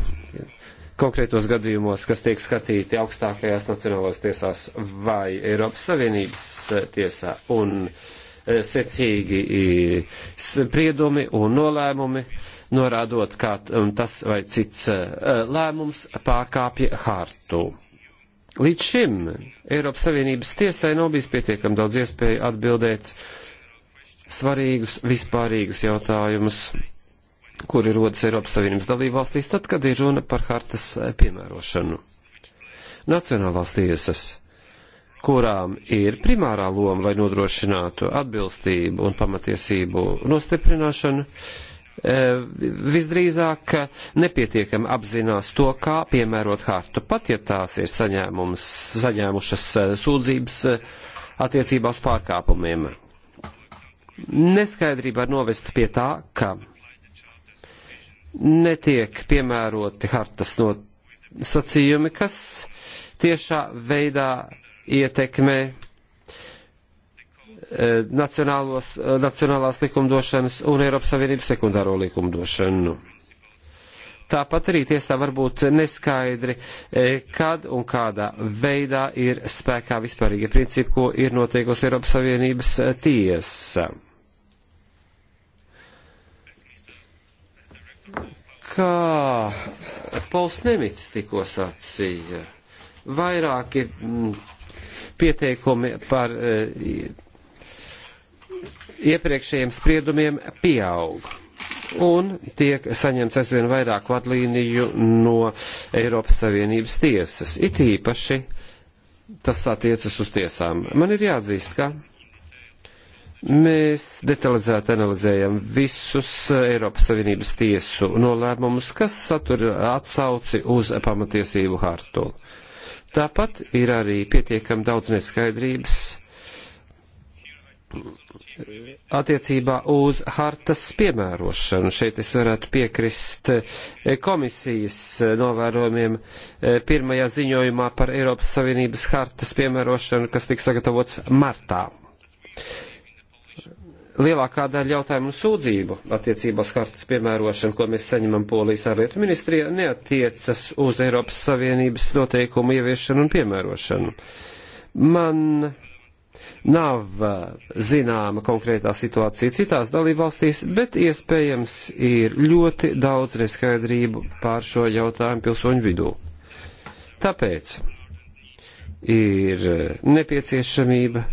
konkrētos gadījumos, kas tiek skatīti augstākajās nacionālās tiesās vai Eiropas Savienības eh, tiesā, un eh, secīgi eh, spriedumi un nolēmumi, norādot, kā tas vai cits lēmums pārkāpja hārtu. Līdz šim Eiropas Savienības tiesai nav bijis pietiekam daudz iespēju atbildēt svarīgus vispārīgus jautājumus kuri rodas Eiropas Savienības dalībvalstīs, tad, kad ir runa par hartas eh, piemērošanu. Nacionālās tiesas, kurām ir primārā loma, lai nodrošinātu atbilstību un pamatiesību nostiprināšanu, eh, visdrīzāk eh, nepietiekami apzinās to, kā piemērot hartu, pat ja tās ir saņēmušas sūdzības attiecībā uz pārkāpumiem. Neskaidrība var novest pie tā, ka netiek piemēroti hartas nosacījumi, kas tiešā veidā ietekmē e, nacionālos, e, nacionālās likumdošanas un Eiropas Savienības sekundāro likumdošanu. Tāpat arī tiesā var būt neskaidri, e, kad un kādā veidā ir spēkā vispārīgie principi, ko ir noteikusi Eiropas Savienības tiesa. kā Pols Nemits tikko sacīja, vairāk ir mm, pieteikumi par eh, iepriekšējiem spriedumiem pieaug. Un tiek saņemts aizvien vairāk vadlīniju no Eiropas Savienības tiesas. It īpaši tas attiecas uz tiesām. Man ir jāatzīst, ka Mēs detalizēti analizējam visus eh, Eiropas Savienības tiesu nolēmumus, kas satura atsauci uz pamatiesību hartu. Tāpat ir arī pietiekami daudz neskaidrības attiecībā uz hartas piemērošanu. Šeit es varētu piekrist eh, komisijas novērojumiem eh, pirmajā ziņojumā par Eiropas Savienības hartas piemērošanu, kas tiks sagatavots martā lielākā daļa jautājumu un sūdzību attiecībās kartas piemērošanu, ko mēs saņemam Polijas ārlietu ministrijā, neatiecas uz Eiropas Savienības noteikumu ieviešanu un piemērošanu. Man nav eh, zināma konkrētā situācija citās dalībvalstīs, bet iespējams ir ļoti daudz neskaidrību pār šo jautājumu pilsoņu vidū. Tāpēc ir eh, nepieciešamība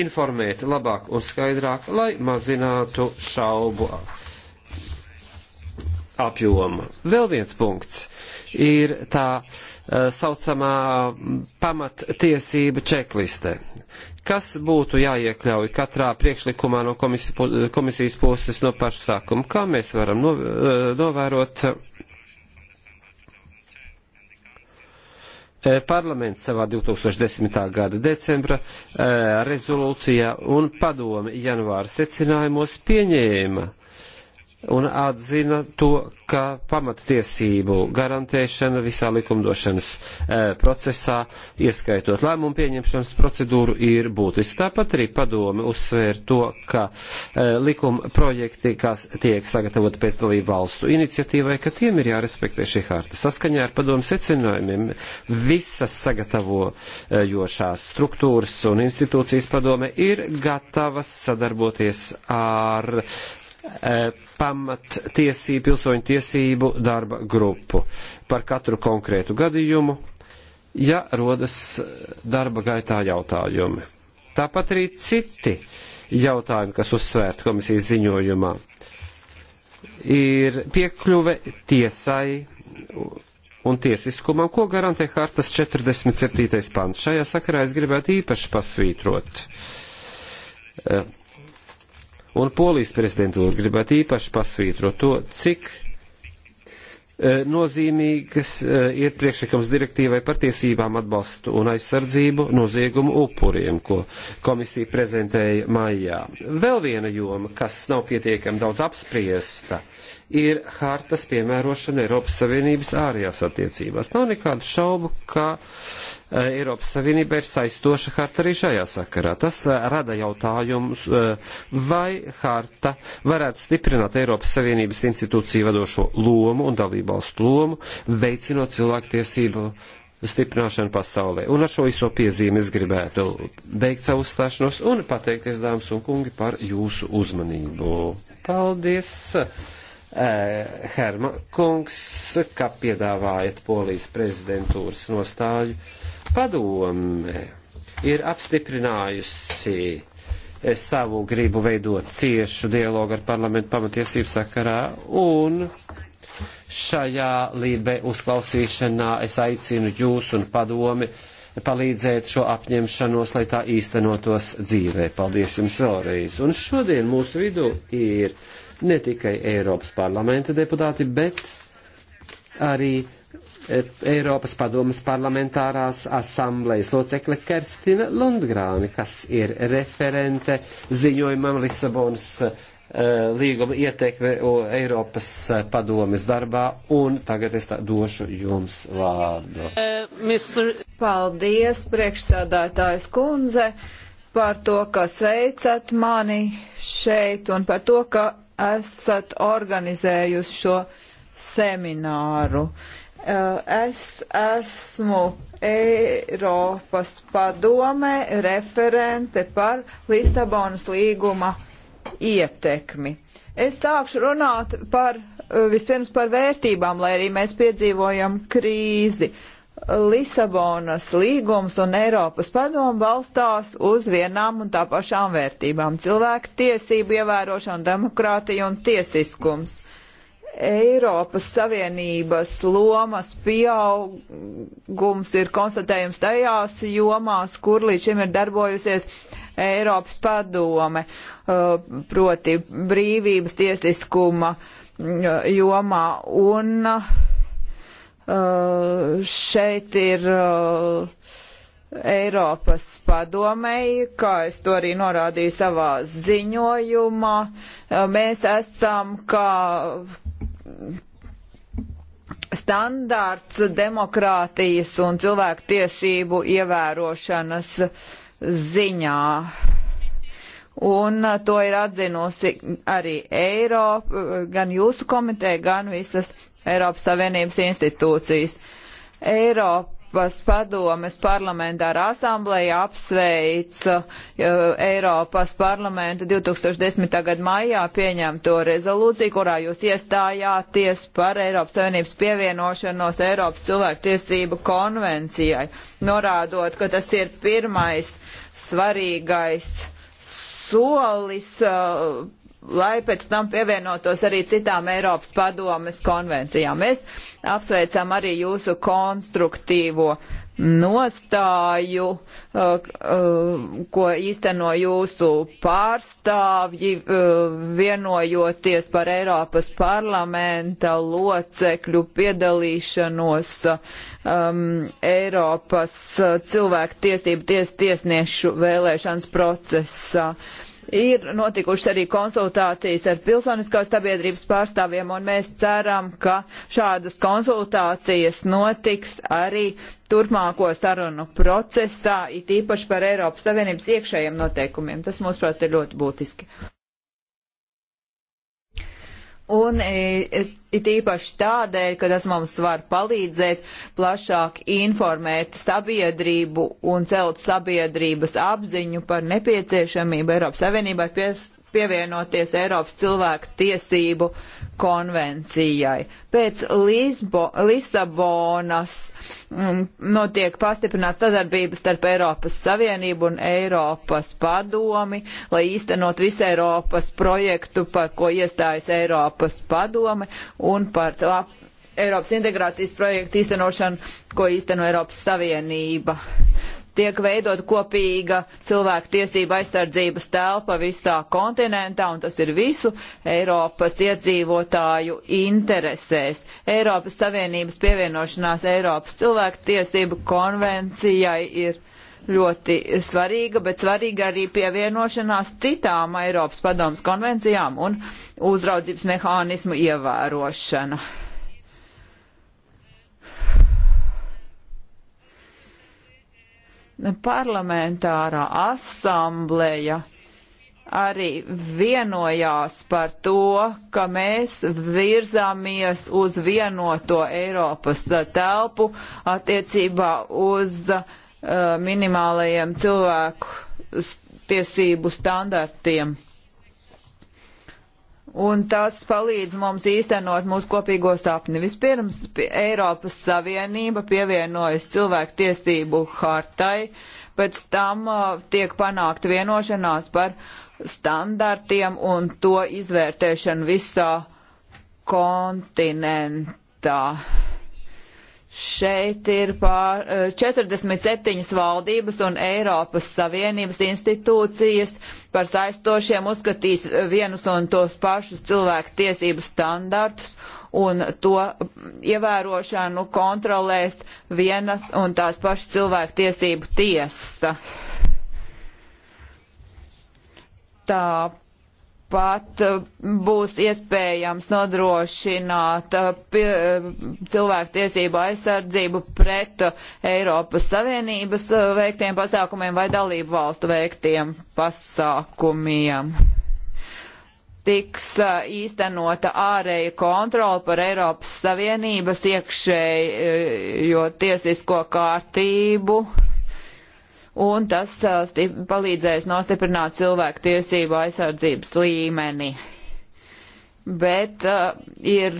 informēt labāk un skaidrāk, lai mazinātu šaubu apjoma. Vēl viens punkts ir tā eh, saucamā pamattiesība čekliste. Kas būtu jāiekļauj katrā priekšlikumā no komisijas puses no paša sākuma? Kā mēs varam eh, novērot Eh, parlaments savā 2010. gada decembra eh, rezolūcijā un padomi janvāra secinājumos pieņēma un atzina to, ka pamattiesību garantēšana visā likumdošanas e, procesā, ieskaitot lēmumu pieņemšanas procedūru, ir būtiski. Tāpat arī padome uzsvēra to, ka e, likuma projekti, kas tiek sagatavot pēc dalību valstu iniciatīvai, ka tiem ir jārespektē šī harta. Saskaņā ar padomu secinājumiem visas sagatavojošās struktūras un institūcijas padome ir gatavas sadarboties ar Eh, pamattiesību, pilsoņu tiesību darba grupu par katru konkrētu gadījumu, ja rodas darba gaitā jautājumi. Tāpat arī citi jautājumi, kas uzsvērti komisijas ziņojumā, ir piekļuve tiesai un tiesiskumam, ko garantē hartas 47. pants. Šajā sakarā es gribētu īpaši pasvītrot eh, Un polijas prezidentūra gribētu īpaši pasvītrot to, cik e, nozīmīgas e, ir priekšlikums direktīvai par tiesībām atbalstu un aizsardzību noziegumu upuriem, ko komisija prezentēja maijā. Vēl viena joma, kas nav pietiekami daudz apspriesta, ir hartas piemērošana Eiropas Savienības ārējās attiecībās. Nav nekādu šaubu, ka uh, Eh, Eiropas Savienība ir saistoša harta arī šajā sakarā. Tas eh, rada jautājumus, eh, vai harta varētu stiprināt Eiropas Savienības institūciju vadošo lomu un dalībvalstu lomu, veicinot cilvēktiesību stiprināšanu pasaulē. Un ar šo īso piezīmi es gribētu beigt savu uzstāšanos un pateikties, dāmas un kungi, par jūsu uzmanību. Paldies, eh, Herma kungs, ka piedāvājat polijas prezidentūras nostāju. Padome ir apstiprinājusi eh, savu gribu veidot ciešu dialogu ar parlamentu pamatiesību sakarā, un šajā lībe uzklausīšanā es aicinu jūs un padomi palīdzēt šo apņemšanos, lai tā īstenotos dzīvē. Paldies jums vēlreiz. Un šodien mūsu vidū ir ne tikai Eiropas parlamenta deputāti, bet arī Eiropas padomas parlamentārās asamblejas locekle Kerstina Lundgrāni, kas ir referente ziņojumam Lisabonas uh, līguma ietekme Eiropas padomes darbā, un tagad es došu jums vārdu. Uh, eh, Mr... Paldies, priekšsēdētājs kundze, par to, ka sveicat mani šeit un par to, ka esat organizējusi šo semināru. Uh, Uh, es esmu Eiropas padome referente par Lisabonas līguma ietekmi. Es sākšu runāt par uh, vispirms par vērtībām, lai arī mēs piedzīvojam krīzi. Lisabonas līgums un Eiropas padomu balstās uz vienām un tā pašām vērtībām - cilvēku tiesību ievērošana, demokrātija un tiesiskums Eiropas Savienības lomas pieaugums ir konstatējums tajās jomās, kur līdz šim ir darbojusies Eiropas padome, uh, proti brīvības tiesiskuma uh, jomā. Un uh, šeit ir Eiropas padomei, kā es to arī norādīju savā ziņojumā, mēs esam kā standārts demokrātijas un cilvēktiesību ievērošanas ziņā. Un uh, to ir atzinusi arī Eiropa, uh, gan jūsu komiteja, gan visas Eiropas Savienības institūcijas. Eiropa Eiropas padomes parlamentāra asambleja apsveica uh, Eiropas parlamentu 2010. gada maijā pieņemto rezolūciju, kurā jūs iestājāties par Eiropas Savienības pievienošanos Eiropas cilvēktiesību konvencijai, norādot, ka tas ir pirmais svarīgais solis uh, lai pēc tam pievienotos arī citām Eiropas padomes konvencijām. Mēs apsveicam arī jūsu konstruktīvo nostāju, uh, uh, ko īsteno jūsu pārstāvji, uh, vienojoties par Eiropas parlamenta locekļu piedalīšanos um, Eiropas cilvēku tiesību ties, tiesniešu vēlēšanas procesā. Uh, Ir notikušas arī konsultācijas ar pilsoniskās sabiedrības pārstāvjiem, un mēs ceram, ka šādas konsultācijas notiks arī turpmāko sarunu procesā, it īpaši par Eiropas Savienības iekšējiem noteikumiem. Tas, mūsuprāt, ir ļoti būtiski un e, e, it īpaši tādēļ, ka tas mums var palīdzēt plašāk informēt sabiedrību un celt sabiedrības apziņu par nepieciešamību Eiropas Savienībai pies pievienoties Eiropas cilvēku tiesību konvencijai. Pēc Lisbo, Lisabonas mm, notiek pastiprināts sadarbības starp Eiropas Savienību un Eiropas padomi, lai īstenot visu Eiropas projektu, par ko iestājas Eiropas padome un par to Eiropas integrācijas projektu īstenošanu, ko īsteno Eiropas Savienība tiek veidot kopīga cilvēku tiesība aizsardzības telpa visā kontinentā, un tas ir visu Eiropas iedzīvotāju interesēs. Eiropas Savienības pievienošanās Eiropas cilvēku tiesību konvencijai ir ļoti svarīga, bet svarīga arī pievienošanās citām Eiropas padomas konvencijām un uzraudzības mehānismu ievērošana. parlamentārā asambleja arī vienojās par to, ka mēs virzāmies uz vienoto Eiropas telpu attiecībā uz uh, minimālajiem cilvēku tiesību standartiem un tas palīdz mums īstenot mūsu kopīgo sapni. Vispirms Eiropas Savienība pievienojas cilvēku tiesību hartai, pēc tam uh, tiek panākt vienošanās par standartiem un to izvērtēšanu visā kontinentā. Šeit ir pār 47 eh, valdības un Eiropas Savienības institūcijas par saistošiem uzskatīs vienus un tos pašus cilvēku tiesību standartus un to ievērošanu kontrolēs vienas un tās pašas cilvēku tiesību tiesa. Tā Tāpat uh, būs iespējams nodrošināt uh, uh, cilvēku tiesību aizsardzību pret Eiropas Savienības veiktiem pasākumiem vai dalību valstu veiktiem pasākumiem. Tiks īstenota ārēja kontrola par Eiropas Savienības iekšējo tiesisko kārtību un tas palīdzēs nostiprināt cilvēku tiesību aizsardzības līmeni. Bet uh, ir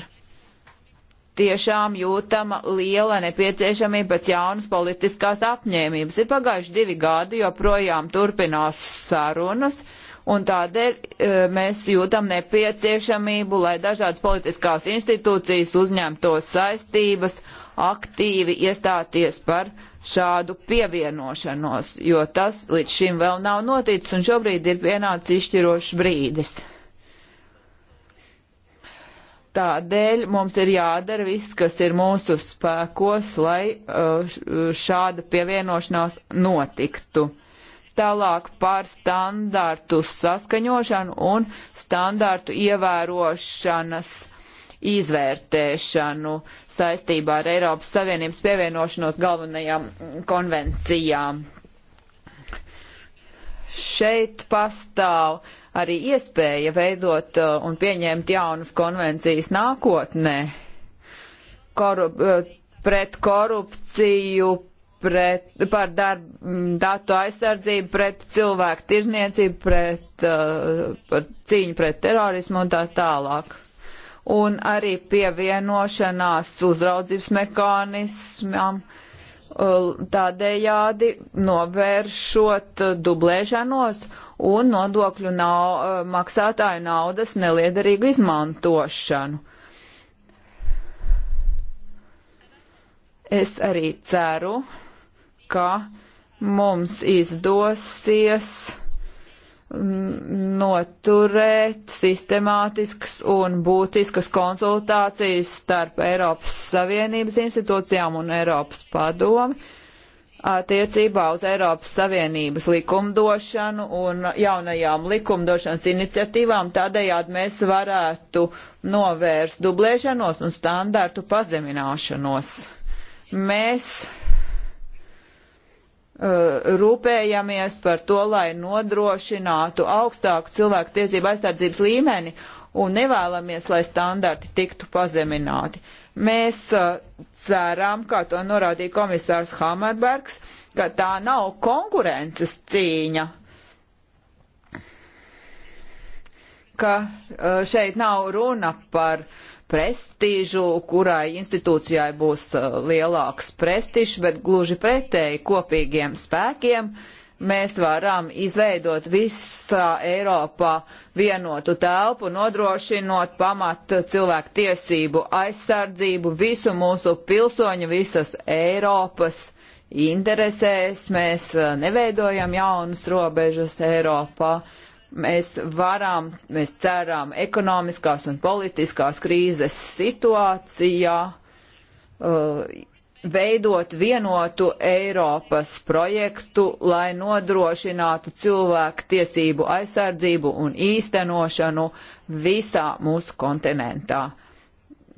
tiešām jūtama liela nepieciešamība pēc jaunas politiskās apņēmības. Ir pagājuši divi gadi, joprojām turpinās sarunas, uh, un tādēļ e, mēs jūtam nepieciešamību, lai dažādas politiskās institūcijas uzņemtos saistības aktīvi iestāties par šādu pievienošanos, jo tas līdz šim vēl nav noticis un šobrīd ir pienācis izšķirošs brīdis. Tādēļ mums ir jādara viss, kas ir mūsu spēkos, lai e, šāda pievienošanās notiktu tālāk par standartu saskaņošanu un standartu ievērošanas izvērtēšanu saistībā ar Eiropas Savienības pievienošanos galvenajām konvencijām. Šeit pastāv arī iespēja veidot uh, un pieņemt jaunas konvencijas nākotnē korup uh, pret korupciju, pret, par darb, datu aizsardzību pret cilvēku tirzniecību, pret, uh, par cīņu pret terorismu un tā tālāk. Un arī pievienošanās uzraudzības mekanismam uh, tādējādi novēršot dublēšanos un nodokļu nav, uh, maksātāju naudas neliederīgu izmantošanu. Es arī ceru, ka mums izdosies noturēt sistemātiskas un būtiskas konsultācijas starp Eiropas Savienības institūcijām un Eiropas padomi attiecībā uz Eiropas Savienības likumdošanu un jaunajām likumdošanas iniciatīvām. Tādējādi mēs varētu novērst dublēšanos un standārtu pazemināšanos. Mēs Uh, rūpējamies par to, lai nodrošinātu augstāku cilvēku tiesību aizsardzības līmeni un nevēlamies, lai standarti tiktu pazemināti. Mēs uh, ceram, kā to norādīja komisārs Hamerbergs, ka tā nav konkurences cīņa, ka uh, šeit nav runa par uh, prestīžu, kurai institūcijai būs uh, lielāks prestižs, bet gluži pretēji kopīgiem spēkiem mēs varam izveidot visā Eiropā vienotu telpu, nodrošinot pamat cilvēku tiesību aizsardzību visu mūsu pilsoņu, visas Eiropas interesēs. Mēs uh, neveidojam jaunas robežas Eiropā. Uh, mēs varam, mēs ceram ekonomiskās un politiskās krīzes situācijā uh, veidot vienotu Eiropas projektu, lai nodrošinātu cilvēku tiesību aizsardzību un īstenošanu visā mūsu kontinentā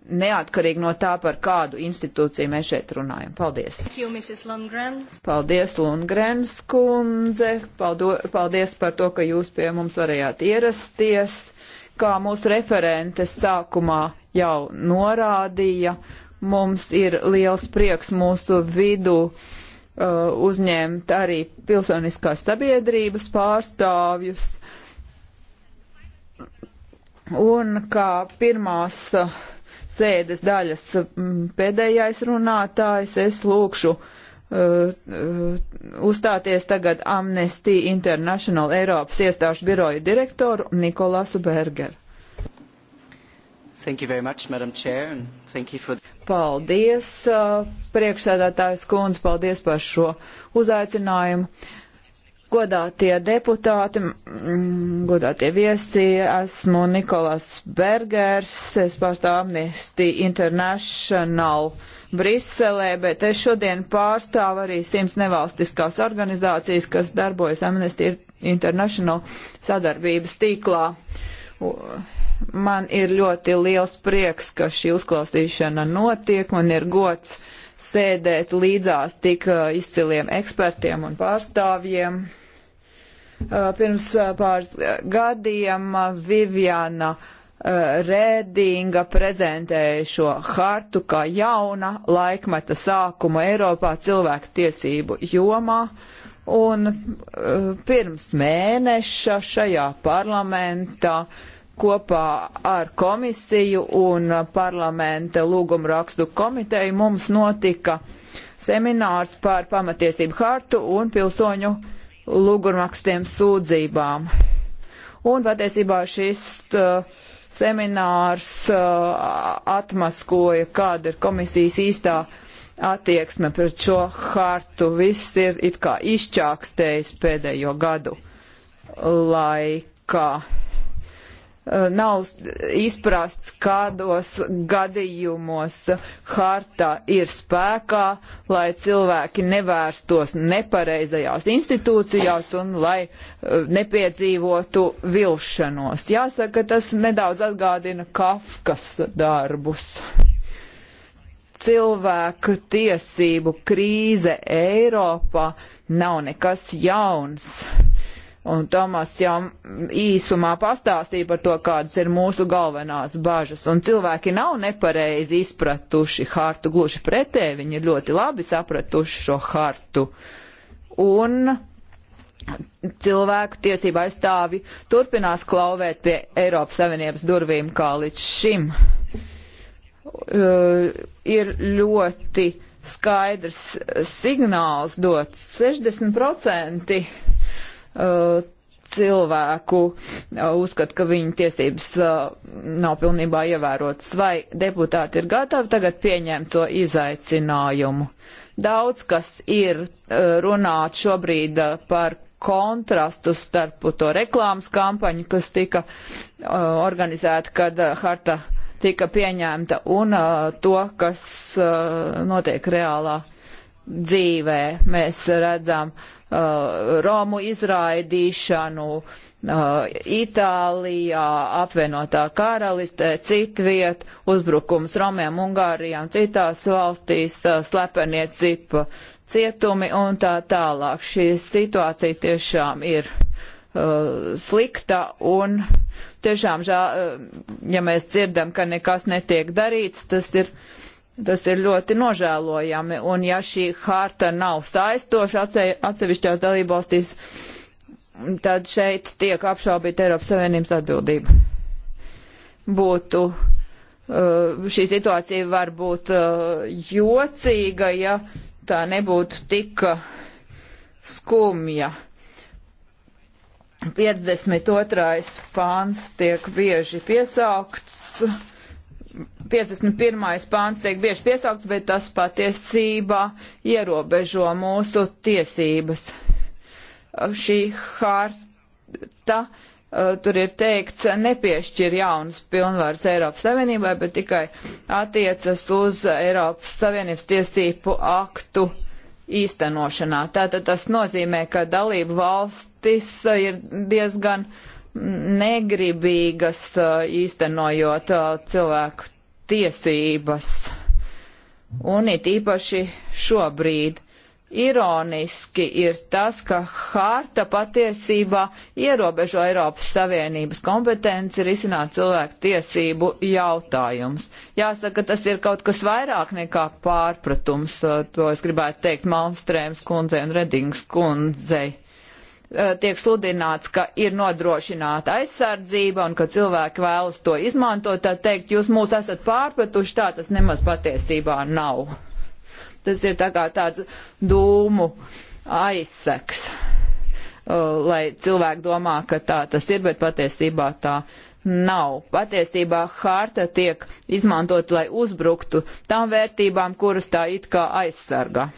neatkarīgi no tā, par kādu institūciju mēs šeit runājam. Paldies! You, Lundgren. Paldies, Lundgrens kundze! Paldo, paldies par to, ka jūs pie mums varējāt ierasties! Kā mūsu referentes sākumā jau norādīja, mums ir liels prieks mūsu vidu uh, uzņemt arī pilsoniskās sabiedrības pārstāvjus. Un kā pirmās uh, sēdes daļas mm, pēdējais runātājs. Es lūkšu uh, uh, uzstāties tagad Amnesty International Eiropas iestāžu biroja direktoru Nikolasu Bergeru. Thank you very much, Madam Chair, and thank you for... Paldies, uh, priekšsēdētājs kundze, paldies par šo uzaicinājumu. Uh, Godātie deputāti, godātie viesi, esmu Nikolas Bergers, es pārstāvu Amnesty International Briselē, bet es šodien pārstāvu arī simts nevalstiskās organizācijas, kas darbojas Amnesty International sadarbības tīklā. Man ir ļoti liels prieks, ka šī uzklausīšana notiek. Man ir gods sēdēt līdzās tik uh, izciliem ekspertiem un pārstāvjiem. Uh, pirms uh, pāris uh, gadiem Viviana Rēdinga prezentēja šo hartu kā jauna laikmeta sākuma Eiropā cilvēku tiesību jomā. Un pirms mēneša šajā parlamentā kopā ar komisiju un parlamenta lūgumrakstu komiteju mums notika seminārs par pamatiesību hartu un pilsoņu lūgurmakstiem sūdzībām. Un patiesībā šis uh, seminārs uh, atmaskoja, kāda ir komisijas īstā attieksme pret šo hartu. Viss ir it kā izčākstējis pēdējo gadu laikā. Eh, nav izprasts, kādos gadījumos harta ir spēkā, lai cilvēki nevērstos nepareizajās institūcijās un lai eh, nepiedzīvotu vilšanos. Jāsaka, tas nedaudz atgādina Kafkas darbus. Cilvēku tiesību krīze Eiropā nav nekas jauns Un Tomas jau īsumā pastāstīja par to, kādas ir mūsu galvenās bažas. Un cilvēki nav nepareizi izpratuši hartu, gluži pretēji, viņi ir ļoti labi sapratuši šo hartu. Un cilvēku tiesība aizstāvi turpinās klauvēt pie Eiropas Savienības durvīm kā līdz šim. Uh, ir ļoti skaidrs signāls dots 60% Uh, cilvēku uh, uzskata, ka viņu tiesības uh, nav pilnībā ievērotas, vai deputāti ir gatavi tagad pieņemt to izaicinājumu. Daudz kas ir runāts šobrīd par kontrastu starp to reklāmas kampaņu, kas tika organizēta, kad harta tika pieņemta, un to, kas notiek reālā dzīvē. Mēs redzam uh, Uh, Romu izraidīšanu uh, Itālijā, apvienotā karalistē, citviet, uzbrukums Romiem, Ungārijām, citās valstīs, uh, slepenie cipa cietumi un tā tālāk. Šī situācija tiešām ir uh, slikta un tiešām žēl, ja mēs dzirdam, ka nekas netiek darīts, tas ir uh, Tas ir ļoti nožēlojami, un ja šī harta nav saistoša atsevišķās dalībvalstīs, tad šeit tiek apšaubīta Eiropas Savienības atbildība. Būtu uh, šī situācija var būt uh, jocīga, ja tā nebūtu tik skumja. 52. pāns tiek bieži piesaukts 51. pāns tiek bieži piesaukts, bet tas patiesībā ierobežo mūsu tiesības. Šī harta, uh, tur ir teikts, nepiešķir jaunas pilnvaras Eiropas Savienībai, bet tikai attiecas uz Eiropas Savienības tiesību aktu īstenošanā. Tātad tas nozīmē, ka dalību valstis ir diezgan uh, negribīgas īstenojot cilvēku tiesības. Un it īpaši šobrīd ironiski ir tas, ka harta patiesībā ierobežo Eiropas Savienības kompetenci risināt cilvēku tiesību jautājumus. Jāsaka, tas ir kaut kas vairāk nekā pārpratums, to es gribētu teikt Malmstrēms kundzei un Redings kundzei. Eh, tiek sludināts, ka ir nodrošināta aizsardzība un ka cilvēki vēlas to izmantot, tad teikt, jūs mūs esat pārpratuši, tā tas nemaz patiesībā nav. Tas ir tā kā tāds dūmu aizseks, eh, lai cilvēki domā, ka tā tas ir, bet patiesībā tā nav. Patiesībā harta tiek izmantot, lai uzbruktu tām vērtībām, kuras tā it kā aizsargā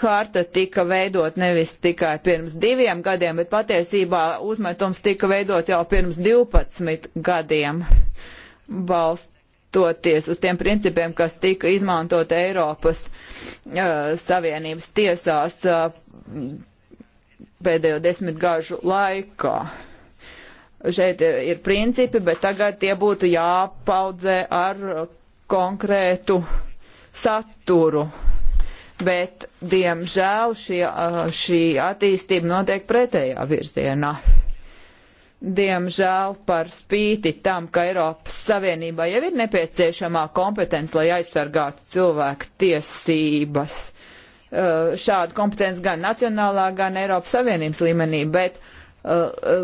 harta tika veidot nevis tikai pirms diviem gadiem, bet patiesībā uzmetums tika veidot jau pirms 12 gadiem balstoties uz tiem principiem, kas tika izmantot Eiropas uh, Savienības tiesās uh, pēdējo desmitgažu laikā šeit ir principi, bet tagad tie būtu jāpaudzē ar konkrētu saturu bet diemžēl šie, šī attīstība notiek pretējā virzienā. Diemžēl par spīti tam, ka Eiropas Savienībā jau ir nepieciešamā kompetence, lai aizsargātu cilvēku tiesības. Šāda kompetence gan nacionālā, gan Eiropas Savienības līmenī, bet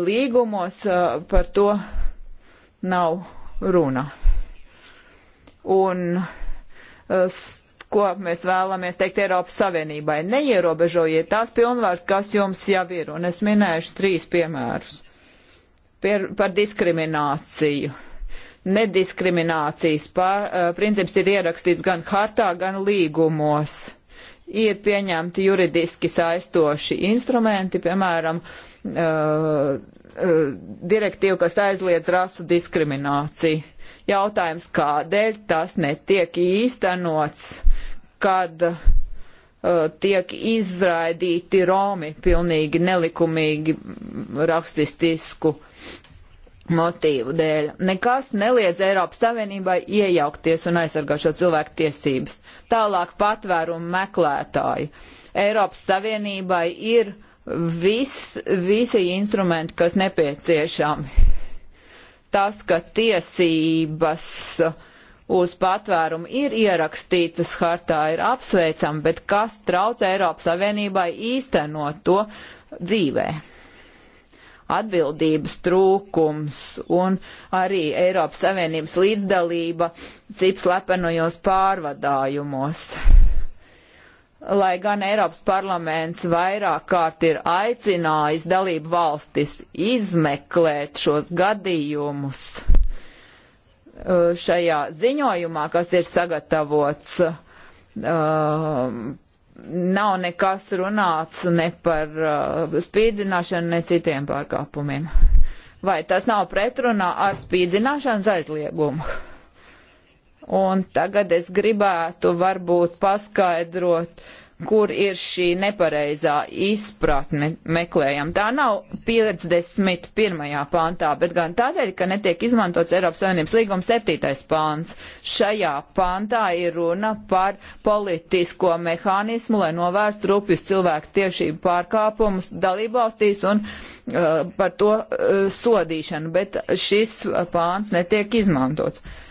līgumos par to nav runa. Un ko mēs vēlamies teikt Eiropas Savienībai. Neierobežojiet tās pilnvars, kas jums jau ir, un es minēšu trīs piemērus. Pier, par diskrimināciju. Nediskriminācijas pār, uh, princips ir ierakstīts gan hartā, gan līgumos. Ir pieņemti juridiski saistoši instrumenti, piemēram, uh, uh, direktīva, kas aizliedz rasu diskrimināciju Jautājums, kādēļ tas netiek īstenots, kad uh, tiek izraidīti Romi pilnīgi nelikumīgi rakstistisku motīvu dēļ. Nekas neliedz Eiropas Savienībai iejaukties un aizsargāt šo cilvēku tiesības. Tālāk patvērumu meklētāji. Eiropas Savienībai ir vis, visi instrumenti, kas nepieciešami tas, ka tiesības uz patvērumu ir ierakstītas hartā, ir apsveicama, bet kas trauc Eiropas Savienībai īstenot to dzīvē? Atbildības trūkums un arī Eiropas Savienības līdzdalība cip slepenojos pārvadājumos lai gan Eiropas parlaments vairāk kārt ir aicinājis dalību valstis izmeklēt šos gadījumus uh, šajā ziņojumā, kas ir sagatavots, uh, nav nekas runāts ne par uh, spīdzināšanu, ne citiem pārkāpumiem. Vai tas nav pretrunā ar spīdzināšanas aizliegumu? Un tagad es gribētu varbūt paskaidrot, kur ir šī nepareizā izpratne meklējama. Tā nav 51. pāntā, bet gan tādēļ, ka netiek izmantots Eiropas Savienības līguma 7. pāns. Šajā pāntā ir runa par politisko mehānismu, lai novērstu rupjus cilvēku tiešību pārkāpumus dalībvalstīs un uh, par to uh, sodīšanu, bet šis pāns netiek izmantots. Uh,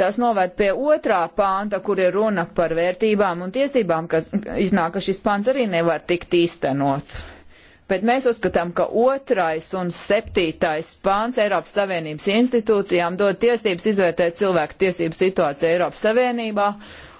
tas novērt pie otrā panta, kur ir runa par vērtībām un tiesībām, ka iznāk, ka šis pants arī nevar tikt īstenots. Bet mēs uzskatām, ka otrais un septītais pāns Eiropas Savienības institūcijām dod tiesības izvērtēt cilvēku tiesību situāciju Eiropas Savienībā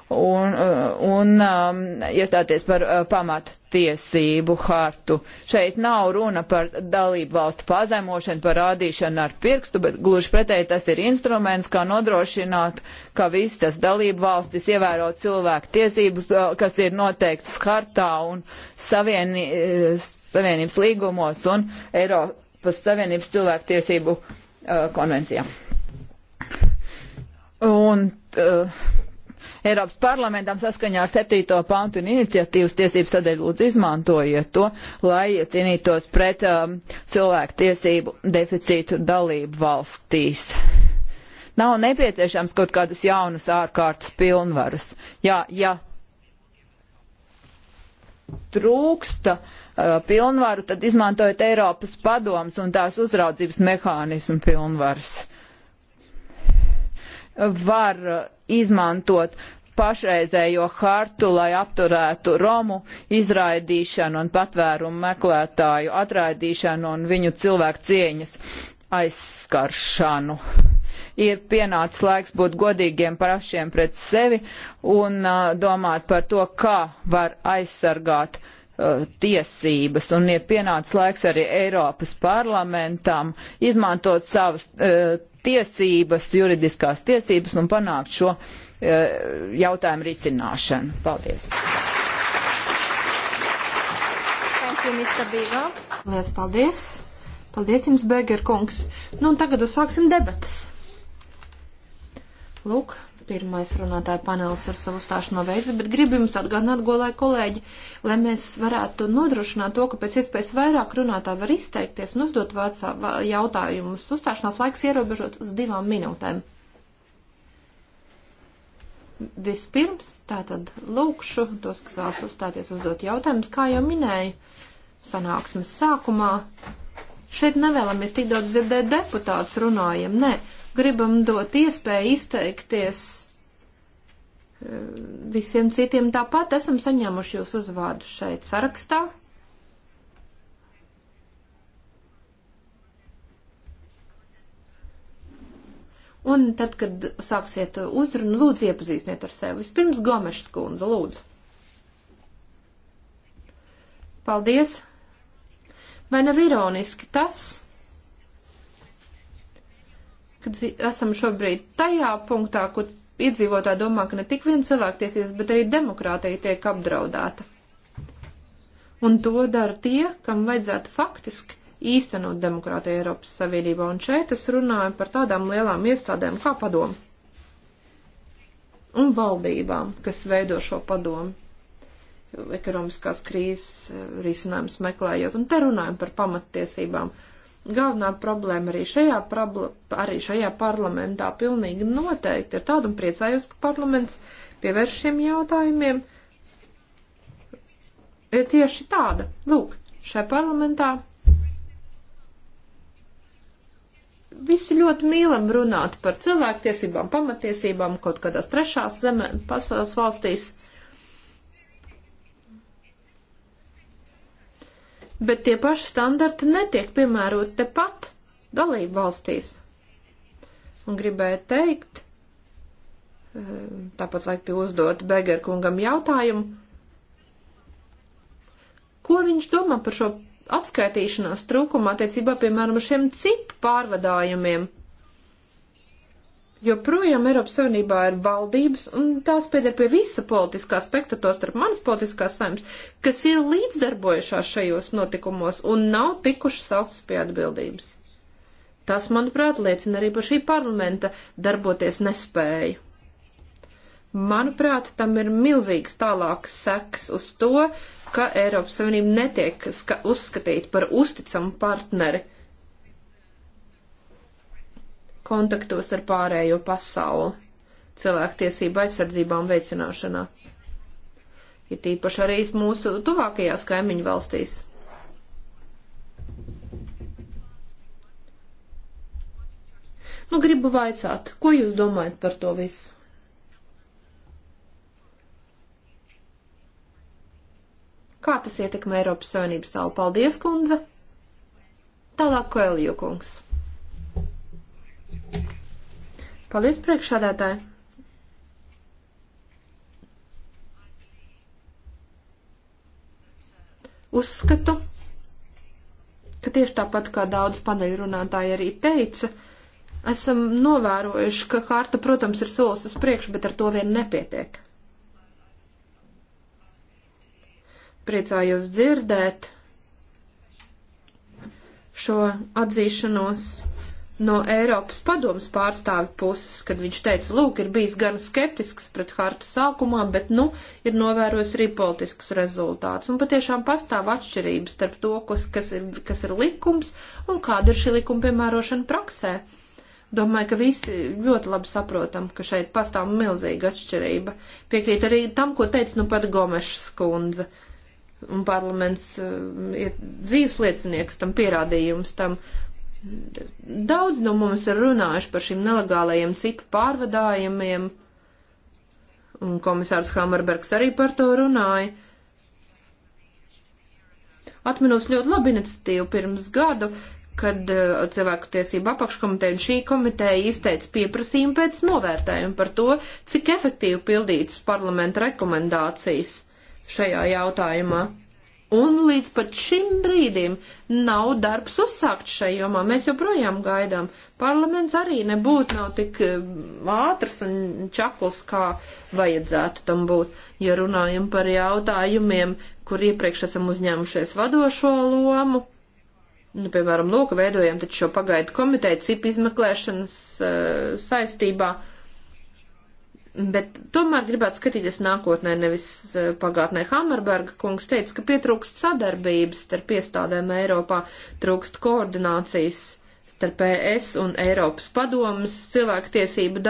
un, uh, un um, iestāties par uh, pamatu tiesību hartu. Šeit nav runa par dalību valstu pazemošanu, par rādīšanu ar pirkstu, bet gluži pretēji tas ir instruments, kā nodrošināt, ka visas dalību valstis ievēro cilvēku tiesības, uh, kas ir noteiktas hartā un savieni, uh, Savienības līgumos un Eiropas Savienības cilvēku tiesību uh, konvencijā. Un uh, Eiropas parlamentam saskaņā ar 7. pantu un iniciatīvas tiesību sadaļu lūdzu izmantojiet to, lai cīnītos pret um, cilvēku tiesību deficītu dalību valstīs. Nav nepieciešams kaut kādas jaunas ārkārtas pilnvaras. Jā, ja trūksta uh, pilnvaru, tad izmantojot Eiropas padomus un tās uzraudzības mehānismu pilnvaras. Var uh, izmantot pašreizējo hartu, lai apturētu Romu izraidīšanu un patvērumu meklētāju atraidīšanu un viņu cilvēku cieņas aizskaršanu. Ir pienācis laiks būt godīgiem pašiem pret sevi un uh, domāt par to, kā var aizsargāt uh, tiesības, un ir pienācis laiks arī Eiropas parlamentam izmantot savas uh, tiesības, juridiskās tiesības un panākt šo eh, jautājumu risināšanu. Paldies! Lielas paldies! Paldies jums, Bēger kungs! Nu, un tagad uzsāksim debatas. Lūk, Pirmais runātāja panelis ar savu stāšanos beidzas, bet gribu jums atgādināt, golai kolēģi, lai mēs varētu nodrošināt to, ka pēc iespējas vairāk runātāji var izteikties un uzdot vācā jautājumus. Uzstāšanās laiks ierobežots uz divām minūtēm. Vispirms, tātad lūkšu tos, kas vēlas uzstāties, uzdot jautājumus, kā jau minēju, sanāksmes sākumā. Šeit nevēlamies tik daudz dzirdēt deputātus runājam, nē. Ne gribam dot iespēju izteikties eh, visiem citiem. Tāpat esam saņēmuši jūs uzvārdu šeit sarakstā. Un tad, kad sāksiet uzrunu, lūdzu iepazīstiniet ar sevi. Vispirms Gomešs kundze, lūdzu. Paldies! Vai nav ironiski tas, kad esam šobrīd tajā punktā, kur iedzīvotāji domā, ka ne tik vien cilvēktiesības, bet arī demokrātija tiek apdraudēta. Un to dara tie, kam vajadzētu faktiski īstenot demokrātiju Eiropas Savienībā. Un šeit es runāju par tādām lielām iestādēm kā padomu un valdībām, kas veido šo padomu ekonomiskās krīzes eh, risinājums meklējot. Un te runājam par pamattiesībām, Galvenā problēma arī šajā, probl arī šajā parlamentā pilnīgi noteikti ir tāda, un priecājos, ka parlaments pievērš šiem jautājumiem, ir tieši tāda. Lūk, šajā parlamentā visi ļoti mīlam runāt par cilvēktiesībām, pamatiesībām kaut kādās trešās zemē, pasaules valstīs bet tie paši standarti netiek piemēroti tepat dalību valstīs. Un gribēju teikt, eh, tāpat laikti uzdot Begerkungam jautājumu, ko viņš domā par šo atskaitīšanās trūkumu attiecībā, piemēram, ar šiem cik pārvadājumiem – joprojām Eiropas Savienībā ir valdības, un tās pieder pie visa politiskā spektra, to starp manas politiskās saimnes, kas ir līdzdarbojušās šajos notikumos un nav tikušas augstas pie atbildības. Tas, manuprāt, liecina arī par šī parlamenta darboties nespēju. Manuprāt, tam ir milzīgs tālāks seks uz to, ka Eiropas Savienība netiek uzskatīta par uzticamu partneri kontaktos ar pārējo pasauli cilvēktiesību aizsardzībā un veicināšanā. Ir tīpaši arī mūsu tuvākajās kaimiņu valstīs. Nu, gribu vaicāt, ko jūs domājat par to visu? Kā tas ietekmē Eiropas Savienības tālu? Paldies, kundze! Tālāk, Koeliju kungs! Paldies, priekšsādātāji! Uzskatu, ka tieši tāpat kā daudz paneļrunātāji arī teica, esam novērojuši, ka harta, protams, ir solis uz priekšu, bet ar to vien nepietiek. Priecājos dzirdēt šo atzīšanos no Eiropas padomas pārstāvi puses, kad viņš teica, lūk, ir bijis gan skeptisks pret hartu sākumā, bet, nu, ir novērojis arī politisks rezultāts. Un patiešām pastāv atšķirības starp to, kas, kas, ir, kas ir likums un kāda ir šī likuma piemērošana praksē. Domāju, ka visi ļoti labi saprotam, ka šeit pastāv milzīga atšķirība. Piekrīt arī tam, ko teica nu pat Gomešs kundze. Un parlaments uh, ir dzīves liecinieks tam pierādījums tam. Uh, Daudz no mums ir runājuši par šīm nelegālajiem cipu pārvadājumiem, un komisārs Hamerbergs arī par to runāja. Atminos ļoti labi iniciatīvu pirms gadu, kad uh, cilvēku tiesību apakškomiteja un šī komiteja izteica pieprasījumu pēc novērtējumu par to, cik efektīvi pildītas parlamenta rekomendācijas šajā jautājumā. Mm. Un līdz pat šim brīdim nav darbs uzsākts šai jomā. Mēs joprojām gaidām. Parlaments arī nebūtu nav tik eh, ātrs un čakls, kā vajadzētu tam būt. Ja runājam par jautājumiem, kur iepriekš esam uzņēmušies vadošo lomu, nu, piemēram, lūk, veidojam taču šo pagaidu komiteju cip izmeklēšanas uh, saistībā. Uh, Bet tomēr gribētu skatīties nākotnē, nevis eh, pagātnē. Hamerberga kungs teica, ka pietrūkst sadarbības starp iestādēm Eiropā, trūkst koordinācijas starp ES un Eiropas padomas cilvēktiesību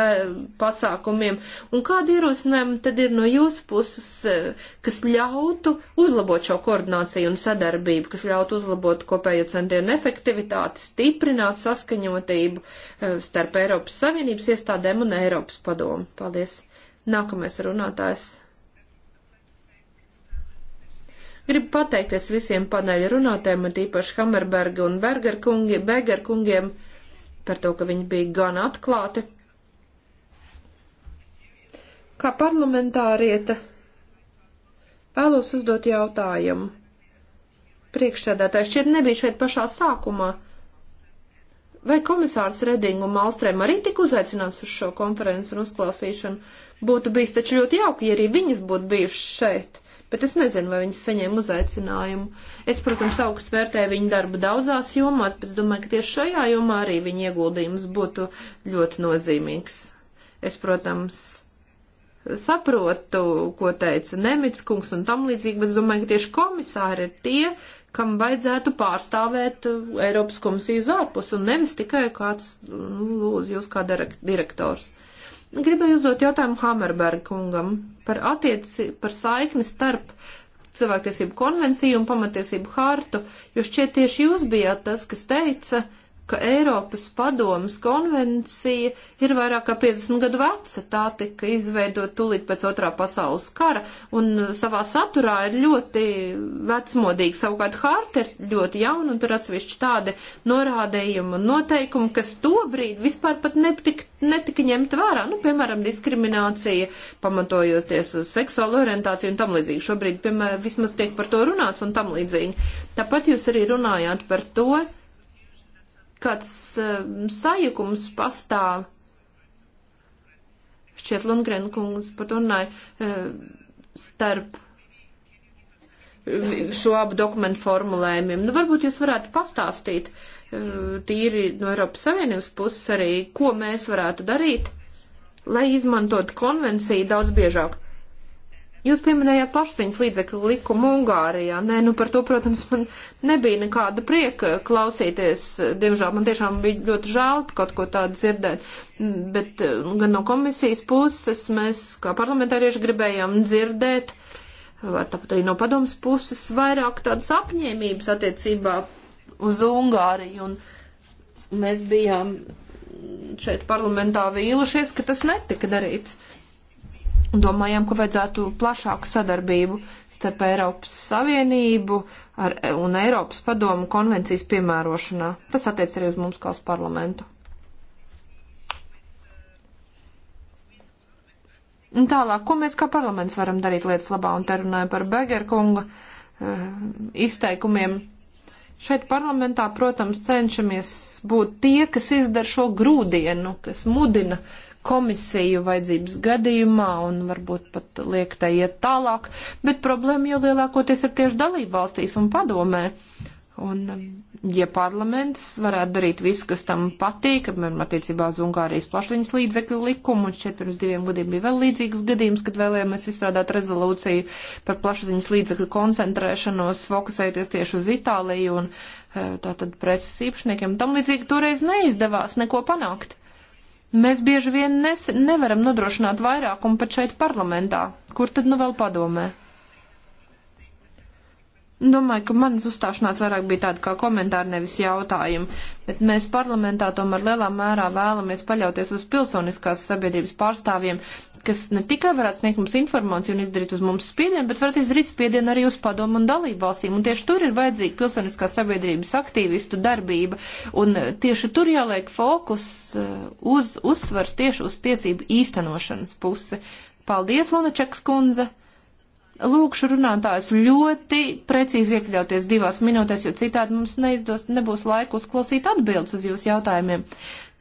pasākumiem, un kādi ierosinājumi tad ir no jūsu puses, eh, kas ļautu uzlabot šo koordināciju un sadarbību, kas ļautu uzlabot kopējo centienu efektivitāti, stiprināt saskaņotību eh, starp Eiropas Savienības iestādēm un Eiropas padomu? Paldies! Nākamais runātājs Gribu pateikties visiem paneļa runātēm, un tīpaši Hammerberga un Berger kungi, Berger kungiem par to, ka viņi bija gan atklāti. Kā parlamentārieta vēlos uzdot jautājumu. Priekšsēdētājs šķiet nebija šeit pašā sākumā. Vai komisārs Reding un Malstrēm arī tika uzaicināts uz šo konferenci un uzklausīšanu? Būtu bijis taču ļoti jauki, ja arī viņas būtu bijušas šeit bet es nezinu, vai viņas saņēma uzaicinājumu. Es, protams, augstu vērtēju viņu darbu daudzās jomās, bet es domāju, ka tieši šajā jomā arī viņa ieguldījums būtu ļoti nozīmīgs. Es, protams, saprotu, ko teica Nemits kungs un tam līdzīgi, bet es domāju, ka tieši komisāri ir tie, kam vajadzētu pārstāvēt Eiropas komisijas ārpus un nevis tikai kāds, nu, lūdzu, jūs kā direktors. Gribēju uzdot jautājumu Hamerberga kungam par attieci, par saikni starp cilvēktiesību konvenciju un pamatiesību hārtu, jo šķiet tieši jūs bijāt tas, kas teica, uh, ka Eiropas padomas konvencija ir vairāk kā 50 gadu veca. Tā tika izveidot tūlīt pēc otrā pasaules kara un savā saturā ir ļoti vecmodīga. Savukārt harta ir ļoti jauna un tur atsevišķi tādi norādījumi un noteikumi, kas tobrīd vispār pat netika, netika ņemta vērā. Nu, piemēram, diskriminācija pamatojoties uz seksuālu orientāciju un tam līdzīgi. Šobrīd, piemēram, vismaz tiek par to runāts un tam līdzīgi. Tāpat jūs arī runājāt par to, kāds um, sajukums pastāv. Šķiet, Lundgren kungs par to runāja um, starp šo abu dokumentu formulējumiem. Nu, varbūt jūs varētu pastāstīt um, tīri no Eiropas Savienības puses arī, ko mēs varētu darīt, lai izmantot konvenciju daudz biežāk. Jūs pieminējāt plašsaziņas līdzekļu likumu Ungārijā. Nē, nu par to, protams, man nebija nekāda prieka klausīties. Diemžēl man tiešām bija ļoti žēl kaut ko tādu dzirdēt. Bet mm, gan no komisijas puses mēs, kā parlamentārieši, gribējām dzirdēt, vai tāpat arī no padomas puses, vairāk tādas apņēmības attiecībā uz Ungāriju. Un mēs bijām šeit parlamentā vīlušies, ka tas netika darīts. Uh, un domājām, ka vajadzētu plašāku sadarbību starp Eiropas Savienību ar, un Eiropas Padomu konvencijas piemērošanā. Tas attiec arī uz mums kā uz parlamentu. Un tālāk, ko mēs kā parlaments varam darīt lietas labā, un te runāju par Begerkunga uh, izteikumiem. Šeit parlamentā, protams, cenšamies būt tie, kas izdara šo grūdienu, kas mudina komisiju vajadzības gadījumā un varbūt pat liek tai iet tālāk, bet problēma jau lielākoties ir tieši dalību valstīs un padomē. Un, um, ja parlaments varētu darīt visu, kas tam patīk, piemēram, attiecībā uz Ungārijas plašsaziņas līdzekļu likumu, un šeit pirms diviem gadiem bija vēl līdzīgs gadījums, kad vēlējāmies izstrādāt rezolūciju par plašsaziņas līdzekļu koncentrēšanos, fokusēties tieši uz Itāliju un uh, tātad preses īpašniekiem, tam līdzīgi toreiz neizdevās neko panākt. Mēs bieži vien nes, nevaram nodrošināt vairākumu pat šeit parlamentā. Kur tad nu vēl padomē? Domāju, ka manas uzstāšanās vairāk bija tāda kā komentāri, nevis jautājumi, bet mēs parlamentā tomēr lielā mērā vēlamies paļauties uz pilsoniskās sabiedrības pārstāvjiem, kas ne tikai varētu sniegt mums informāciju un izdarīt uz mums spiedienu, bet varētu izdarīt spiedienu arī uz padomu un dalību valstīm. Un tieši tur ir vajadzīga pilsoniskā sabiedrības aktīvistu darbība. Un eh, tieši tur jāliek fokus eh, uz uzsvars tieši uz tiesību īstenošanas pusi. Paldies, Lunačeks kundze! Lūkšu runātājus ļoti precīzi iekļauties divās minūtēs, jo citādi mums neizdos, nebūs laiku uzklausīt atbildes uz jūsu jautājumiem.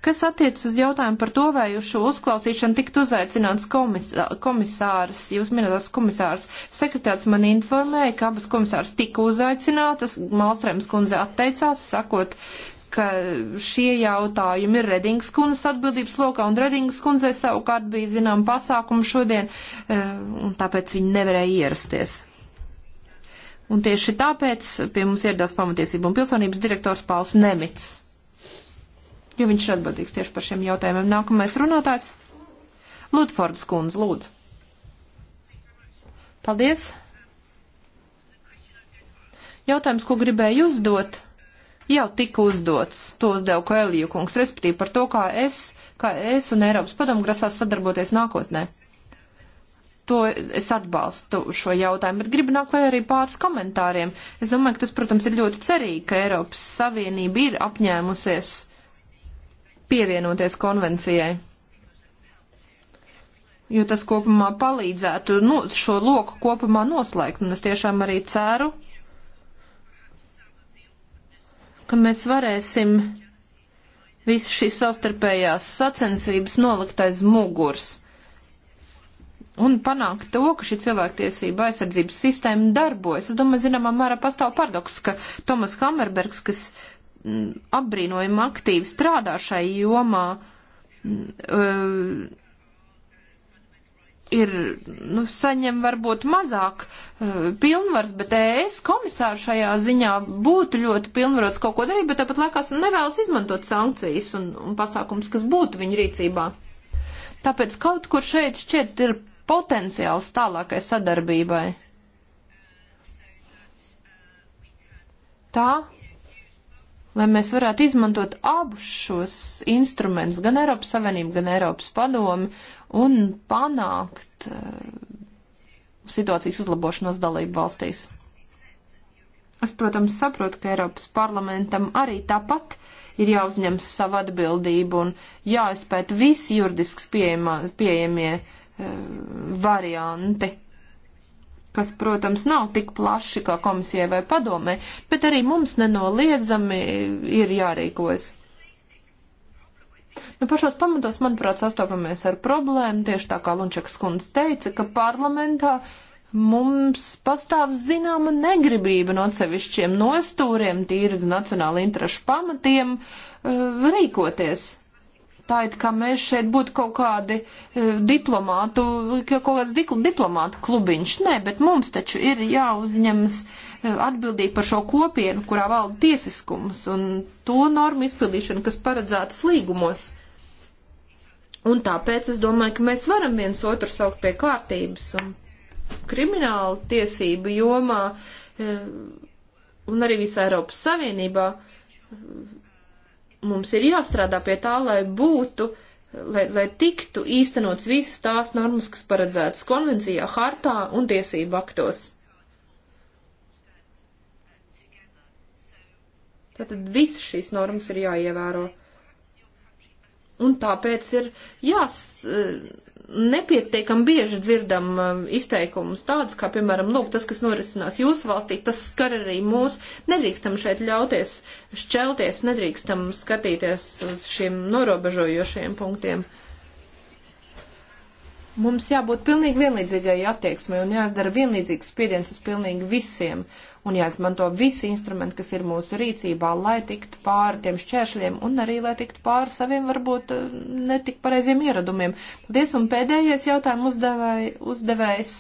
Kas attiec uz jautājumu par to, vai uz šo uzklausīšanu tikt uzaicināts komisā, komisārs, jūs minētās komisārs, sekretārs man informēja, ka abas komisārs tika uzaicinātas, Malstrēms kundze atteicās, sakot, ka šie jautājumi ir Redings kundzes atbildības lokā, un Redings kundzei savukārt bija zinām pasākumu šodien, eh, un tāpēc viņi nevarēja ierasties. Un tieši tāpēc pie mums ieradās pamatiesību un pilsonības direktors Pauls Nemits jo viņš ir atbildīgs tieši par šiem jautājumiem. Nākamais runātājs - Lutfords kundze, lūdzu. Paldies! Jautājums, ko gribēju uzdot, jau tika uzdots. To uzdevu Koeliju kungs, respektīvi par to, kā es, kā es un Eiropas padomu grasās sadarboties nākotnē. To es atbalstu šo jautājumu, bet gribu nākt lai arī pāris komentāriem. Es domāju, ka tas, protams, ir ļoti cerīgi, ka Eiropas Savienība ir apņēmusies pievienoties konvencijai. Jo tas kopumā palīdzētu nu, šo loku kopumā noslēgt. Un es tiešām arī ceru, ka mēs varēsim visas šīs savstarpējās sacensības nolikt aiz muguras un panākt to, ka šī cilvēktiesība aizsardzības sistēma darbojas. Es domāju, zināmā mērā pastāv paradoks, ka Tomas Hammerbergs, kas Mm, apbrīnojami aktīvi strādā šai jomā, mm, eh, ir, nu, saņem varbūt mazāk eh, pilnvars, bet ES komisāri šajā ziņā būtu ļoti pilnvarots kaut ko darīt, bet tāpat laikā nevēlas izmantot sankcijas un, un pasākums, kas būtu viņa rīcībā. Tāpēc kaut kur šeit šķiet ir potenciāls tālākai sadarbībai. Tā, lai mēs varētu izmantot abus šos instrumentus, gan Eiropas Savienību, gan Eiropas Padomi, un panākt uh, situācijas uzlabošanos dalību valstīs. Es, protams, saprotu, ka Eiropas parlamentam arī tāpat ir jāuzņems savu atbildību un jāizpēt visi juridiski pieejamie uh, varianti kas, protams, nav tik plaši kā komisijai vai padomē, bet arī mums nenoliedzami ir jārīkojas. Nu, pašos pamatos, manuprāt, sastopamies ar problēmu, tieši tā kā Lunčakas kundze teica, ka parlamentā mums pastāv zināma negribība no atsevišķiem nostūriem, tīri nacionāli interešu pamatiem, eh, rīkoties. Tā it kā mēs šeit būtu kaut kādi uh, diplomātu, kaut kāds diplomātu klubiņš. Nē, bet mums taču ir jāuzņemas e, atbildība par šo kopienu, kurā valda tiesiskums un to normu izpildīšanu, kas paredzētas līgumos. Un tāpēc es domāju, ka mēs varam viens otru saukt pie kārtības un krimināla tiesība jomā uh, un arī visā Eiropas Savienībā uh, mums ir jāstrādā pie tā, lai būtu, lai, lai tiktu īstenots visas tās normas, kas paredzētas konvencijā, hartā un tiesību aktos. Tātad visas šīs normas ir jāievēro. Un tāpēc ir jās, eh, nepietiekam bieži dzirdam um, izteikumus tādus, kā, piemēram, lūk, tas, kas norisinās jūsu valstī, tas skar arī mūs. Nedrīkstam šeit ļauties šķelties, nedrīkstam skatīties uz šiem norobežojošiem punktiem. Mums jābūt pilnīgi vienlīdzīgai attieksmei un jāizdara vienlīdzīgs spiediens uz pilnīgi visiem un jāizmanto visi instrumenti, kas ir mūsu rīcībā, lai tiktu pāri tiem šķēršļiem un arī, lai tiktu pāri saviem varbūt eh, netik pareiziem ieradumiem. Paldies, un pēdējais jautājums uzdevēj, uzdevējs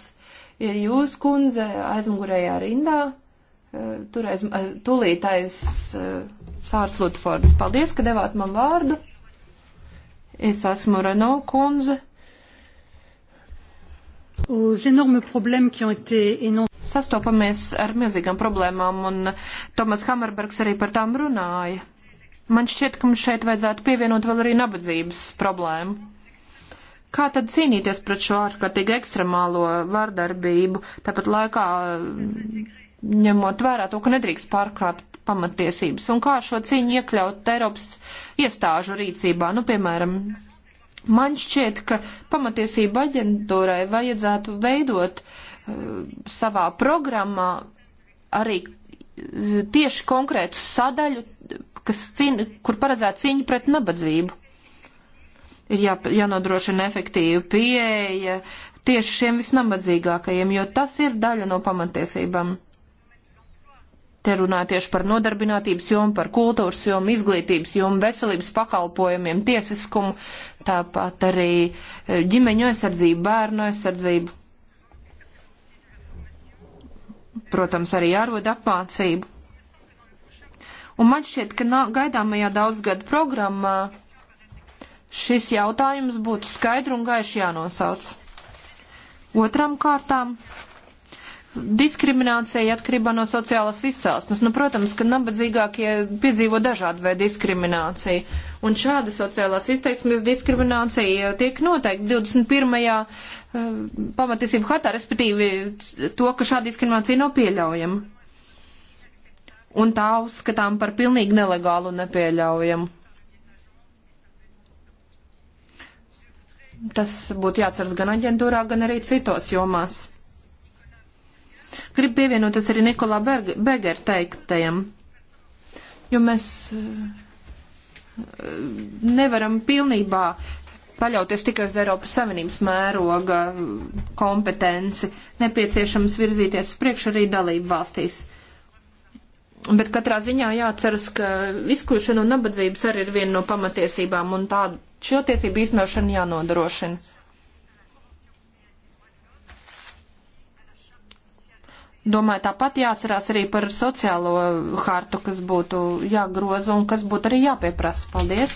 ir jūs, kundze, aizmugurējā rindā. Eh, Tur eh, aiz, tūlītais Sārs Lutfords. Paldies, ka devāt man vārdu. Es esmu Renault kundze. Aux énormes problèmes qui ont été énoncés sastopamies ar milzīgām problēmām, un Tomas Hamerbergs arī par tām runāja. Man šķiet, ka mums šeit vajadzētu pievienot vēl arī nabadzības problēmu. Kā tad cīnīties pret šo ārkārtīgi ekstremālo vardarbību, tāpat laikā mm, ņemot vērā to, ka nedrīkst pārkāpt pamatiesības, un kā šo cīņu iekļaut Eiropas iestāžu rīcībā, nu, piemēram, Man šķiet, ka pamatiesība aģentūrai vajadzētu veidot uh, savā programmā arī e, tieši konkrētu sadaļu, kas cīn, kur paredzēta cīņa pret nabadzību. Ir jā, jānodrošina efektīva pieeja tieši šiem visnabadzīgākajiem, jo tas ir daļa no pamatiesībām. Te runāja tieši par nodarbinātības jomu, par kultūras jomu, izglītības jomu, veselības pakalpojumiem, tiesiskumu, tāpat arī e, ģimeņu aizsardzību, bērnu aizsardzību protams, arī jāroda apmācību. Un man šķiet, ka gaidāmajā daudzgadu programmā šis jautājums būtu skaidri un gaiši jānosauc. Otram kārtām diskriminācija atkarībā no sociālas izcelsmes. Nu, protams, ka nabadzīgākie piedzīvo dažādu veidu diskrimināciju. Un šāda sociālās izteiksmes diskriminācija tiek noteikti 21. Eh, pamatiesību hartā, respektīvi to, ka šāda diskriminācija nav pieļaujama. Un tā uzskatām par pilnīgi nelegālu un nepieļaujamu. Tas būtu jāatceras gan aģentūrā, gan arī citos jomās. Gribu pievienoties arī Nikolā Beger teiktajam, jo mēs eh, nevaram pilnībā paļauties tikai uz Eiropas Savienības mēroga kompetenci. Nepieciešams virzīties uz priekšu arī dalību valstīs. Bet katrā ziņā jāatceras, ka izkļūšana no nabadzības arī ir viena no pamatiesībām, un tādu šo tiesību īstenošanu jānodrošina. Domāju, tāpat jāatcerās arī par sociālo hartu, kas būtu jāgroza un kas būtu arī jāpieprasa. Paldies!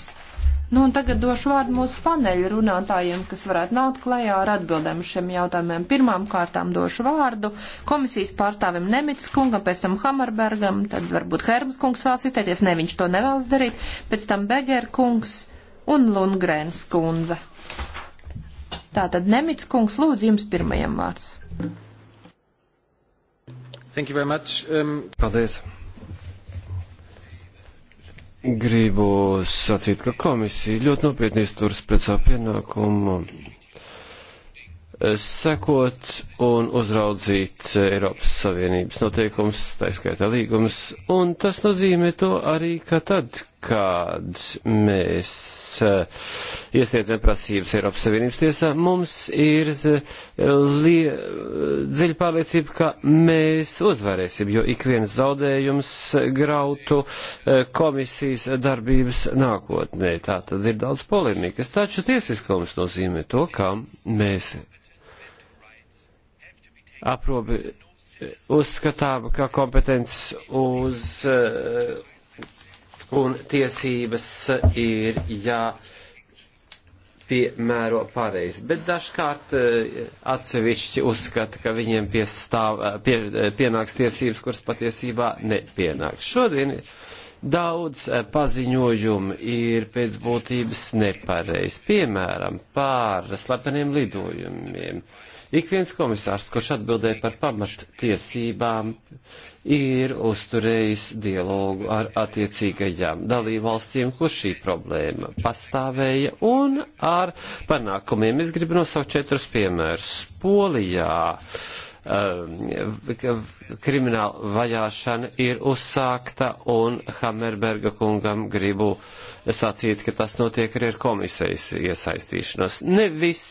Nu, un tagad došu vārdu mūsu paneļu runātājiem, kas varētu nākt klajā ar atbildēm šiem jautājumiem. Pirmām kārtām došu vārdu komisijas pārstāvim Nemits kungam, pēc tam Hamarbergam, tad varbūt Hermas kungs vēlas izteikties, ne viņš to nevēlas darīt, pēc tam Beger kungs un Lundgrēns kundze. Tātad Nemits kungs, lūdzu, jums pirmajam vārds. Thank you very much. Um... Paldies. Gribu sacīt, ka komisija ļoti nopietni izturas pret savu pienākumu sekot un uzraudzīt Eiropas Savienības noteikums, taiskaitā līgums, un tas nozīmē to arī, ka tad, kad mēs eh, iesniedzam prasības Eiropas Savienības tiesā, mums ir dziļa pārliecība, ka mēs uzvarēsim, jo ik viens zaudējums grautu eh, komisijas darbības nākotnē. Tā tad ir daudz polemikas, taču tiesiskums nozīmē to, ka mēs aprobe uzskatāma, ka kompetences uz eh, un tiesības eh, ir jāpiemēro pareizi. Bet dažkārt eh, atsevišķi uzskata, ka viņiem piestāv, pie, pienāks tiesības, kuras patiesībā nepienāks. Šodien Daudz eh, paziņojumu ir pēc būtības nepareiz. Piemēram, pār slepeniem lidojumiem. Ik viens komisārs, kurš atbildēja par pamattiesībām, ir uzturējis dialogu ar attiecīgajām dalībvalstīm, kur šī problēma pastāvēja, un ar panākumiem. Es gribu nosaukt četrus piemērus. Polijā Um, krimināla vajāšana ir uzsākta, un Hammerberga kungam gribu sacīt, ka tas notiek arī ar komisijas iesaistīšanos. Ne viss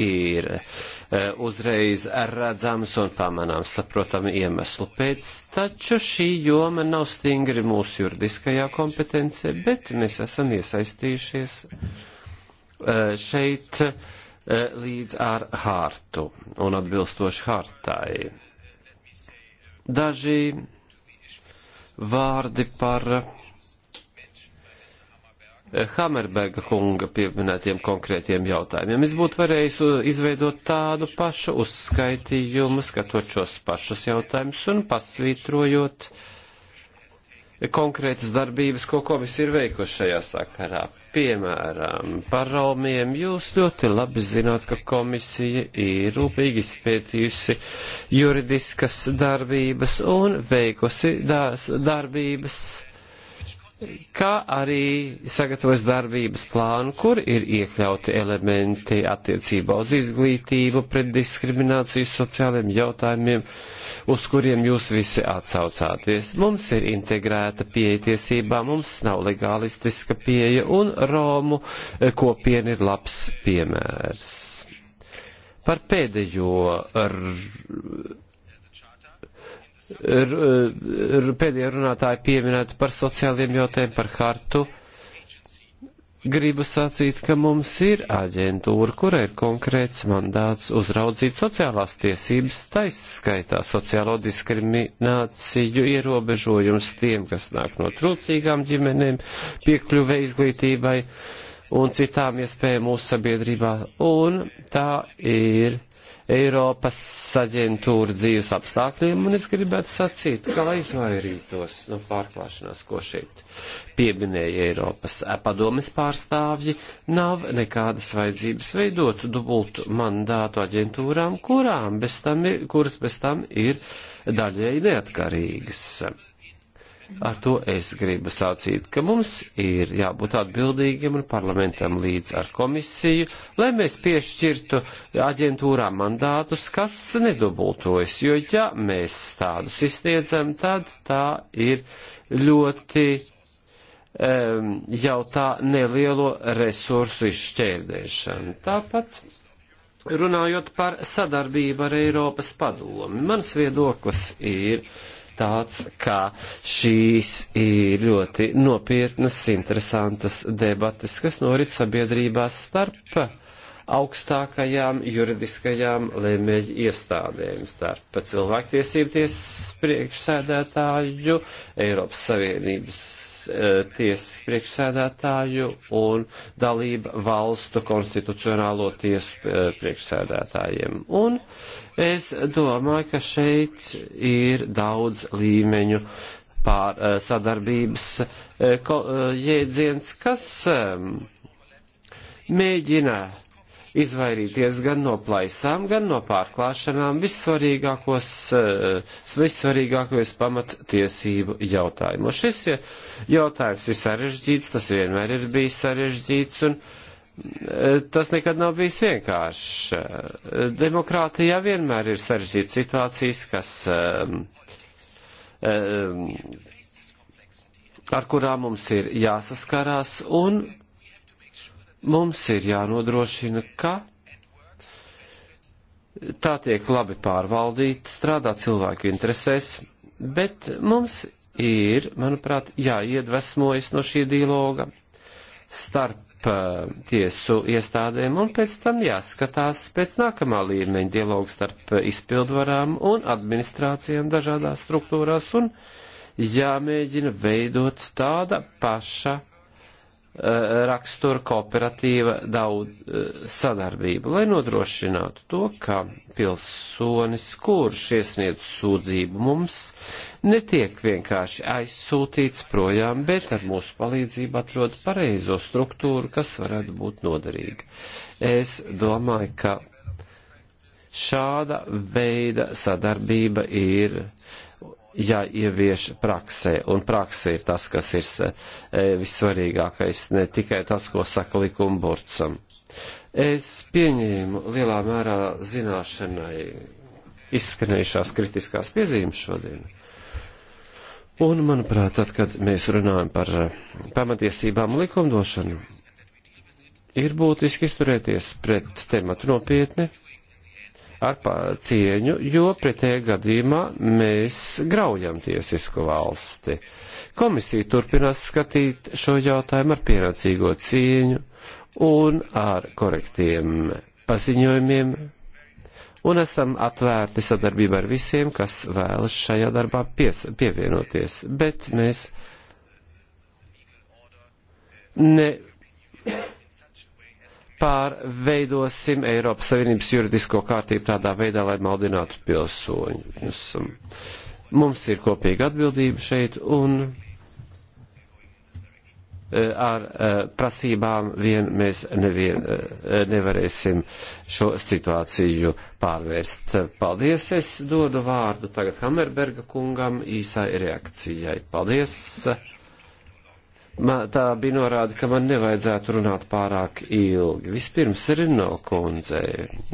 ir e, uzreiz redzams un pamanāms, saprotami iemeslu pēc, taču šī joma nav stingri mūsu juridiskajā kompetencē, bet mēs esam iesaistījušies e, šeit Eh, līdz ar hārtu un atbilstoši hārtai. Daži vārdi par eh, Hamerberga kunga pieminētiem konkrētiem jautājumiem. Es būtu varējis izveidot tādu pašu uzskaitījumu, skatot šos pašus jautājumus un pasvītrojot konkrētas darbības, ko komisija ir veikuši šajā sakarā. Piemēram, par Romiem jūs ļoti labi zināt, ka komisija ir rūpīgi izpētījusi juridiskas darbības un veikusi darbības kā arī sagatavojas darbības plānu, kur ir iekļauti elementi attiecībā uz izglītību, pret diskrimināciju, sociāliem jautājumiem, uz kuriem jūs visi atsaucāties. Mums ir integrēta pieeja tiesībām, mums nav legalistiska pieeja, un Romu eh, kopiena ir labs piemērs. Par pēdējo ar pēdējā runātāja pieminēta par sociāliem jautājumiem, par hartu. Gribu sacīt, ka mums ir aģentūra, kura ir konkrēts mandāts uzraudzīt sociālās tiesības, taisskaitā sociālo diskrimināciju, ierobežojums tiem, kas nāk no trūcīgām ģimenēm, piekļuve izglītībai un citām iespējām mūsu sabiedrībā. Un tā ir uh, Eiropas aģentūra dzīves apstākļiem, un es gribētu sacīt, ka lai izvairītos no pārklāšanās, ko šeit pieminēja Eiropas padomes pārstāvji, nav nekādas vajadzības veidot dubultu mandātu aģentūrām, kurām bez tam ir, kuras bez tam ir daļēji neatkarīgas. Ar to es gribu sacīt, ka mums ir jābūt atbildīgiem un parlamentam līdz ar komisiju, lai mēs piešķirtu aģentūrām mandātus, kas nedubultojas, jo ja mēs tādus izsniedzam, tad tā ir ļoti um, jau tā nelielo resursu izšķērdēšana. Tāpat runājot par sadarbību ar Eiropas padomi, mans viedoklis ir tāds, ka šīs ir ļoti nopietnas, interesantas debates, kas norit sabiedrībās starp augstākajām juridiskajām lēmēju iestādēm, starp cilvēktiesību tiesas priekšsēdētāju, Eiropas Savienības Eh, tiesas priekšsēdētāju un dalība valstu konstitucionālo tiesu eh, priekšsēdētājiem. Un es domāju, ka šeit ir daudz līmeņu pār eh, sadarbības jēdziens, kas mēģina izvairīties gan no plaisām, gan no pārklāšanām vissvarīgākos, eh, vissvarīgākajos pamattiesību jautājumos. Šis jautājums ir sarežģīts, tas vienmēr ir bijis sarežģīts, un eh, tas nekad nav bijis vienkāršs. Eh, demokrātijā vienmēr ir sarežģīts situācijas, kas. Um, um, ar kurām mums ir jāsaskarās, un mums ir jānodrošina, ka tā tiek labi pārvaldīta, strādā cilvēku interesēs, bet mums ir, manuprāt, jāiedvesmojas no šī dialoga starp uh, tiesu iestādēm un pēc tam jāskatās pēc nākamā līmeņa dialogu starp izpildvarām un administrācijām dažādās struktūrās un jāmēģina veidot tāda paša Eh, rakstura kooperatīva daudz eh, sadarbība, lai nodrošinātu to, ka pilsonis, kurš iesniedz sūdzību mums, netiek vienkārši aizsūtīts projām, bet ar mūsu palīdzību atrod pareizo struktūru, kas varētu būt noderīga. Es domāju, ka šāda veida sadarbība ir uh, jāievieš praksē, un praksē ir tas, kas ir eh, vissvarīgākais, ne tikai tas, ko saka likumburtsam. Es pieņēmu lielā mērā zināšanai izskanējušās kritiskās piezīmes šodien. Un, manuprāt, tad, kad mēs runājam par eh, pamatiesībām likumdošanu, ir būtiski izturēties pret tematu nopietni ar cieņu, jo pretējā gadījumā mēs graujam tiesisku valsti. Komisija turpinās skatīt šo jautājumu ar pienācīgo cieņu un ar korektiem paziņojumiem, un esam atvērti sadarbībā ar visiem, kas vēlas šajā darbā pies, pievienoties, bet mēs ne nepārveidosim Eiropas Savienības juridisko kārtību tādā veidā, lai maldinātu pilsoņus. Mums ir kopīga atbildība šeit un e, ar e, prasībām vien mēs nevien, e, nevarēsim šo situāciju pārvērst. Paldies, es dodu vārdu tagad Hammerberga kungam īsai reakcijai. Paldies! man, tā bija norāda, ka man nevajadzētu runāt pārāk ilgi. Vispirms Rino kundze,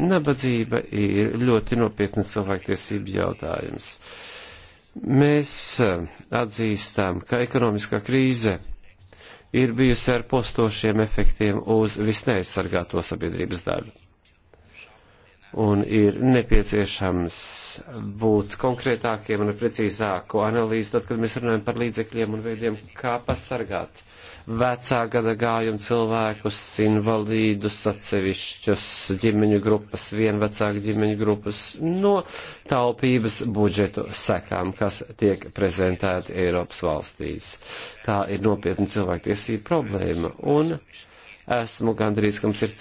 nabadzība ir ļoti nopietnas cilvēktiesību jautājums. Mēs eh, atzīstam, ka ekonomiskā krīze ir bijusi ar postošiem efektiem uz visneaizsargāto sabiedrības daļu un ir nepieciešams būt konkrētākiem un precīzāku analīzi, tad, kad mēs runājam par līdzekļiem un veidiem, kā pasargāt vecā gada gājumu cilvēkus, invalīdus, atsevišķus ģimeņu grupas, vienvecāku ģimeņu grupas no taupības budžetu sekām, kas tiek prezentēti Eiropas valstīs. Tā ir nopietna cilvēktiesība problēma. Un Esmu gandrīz, ka mums ir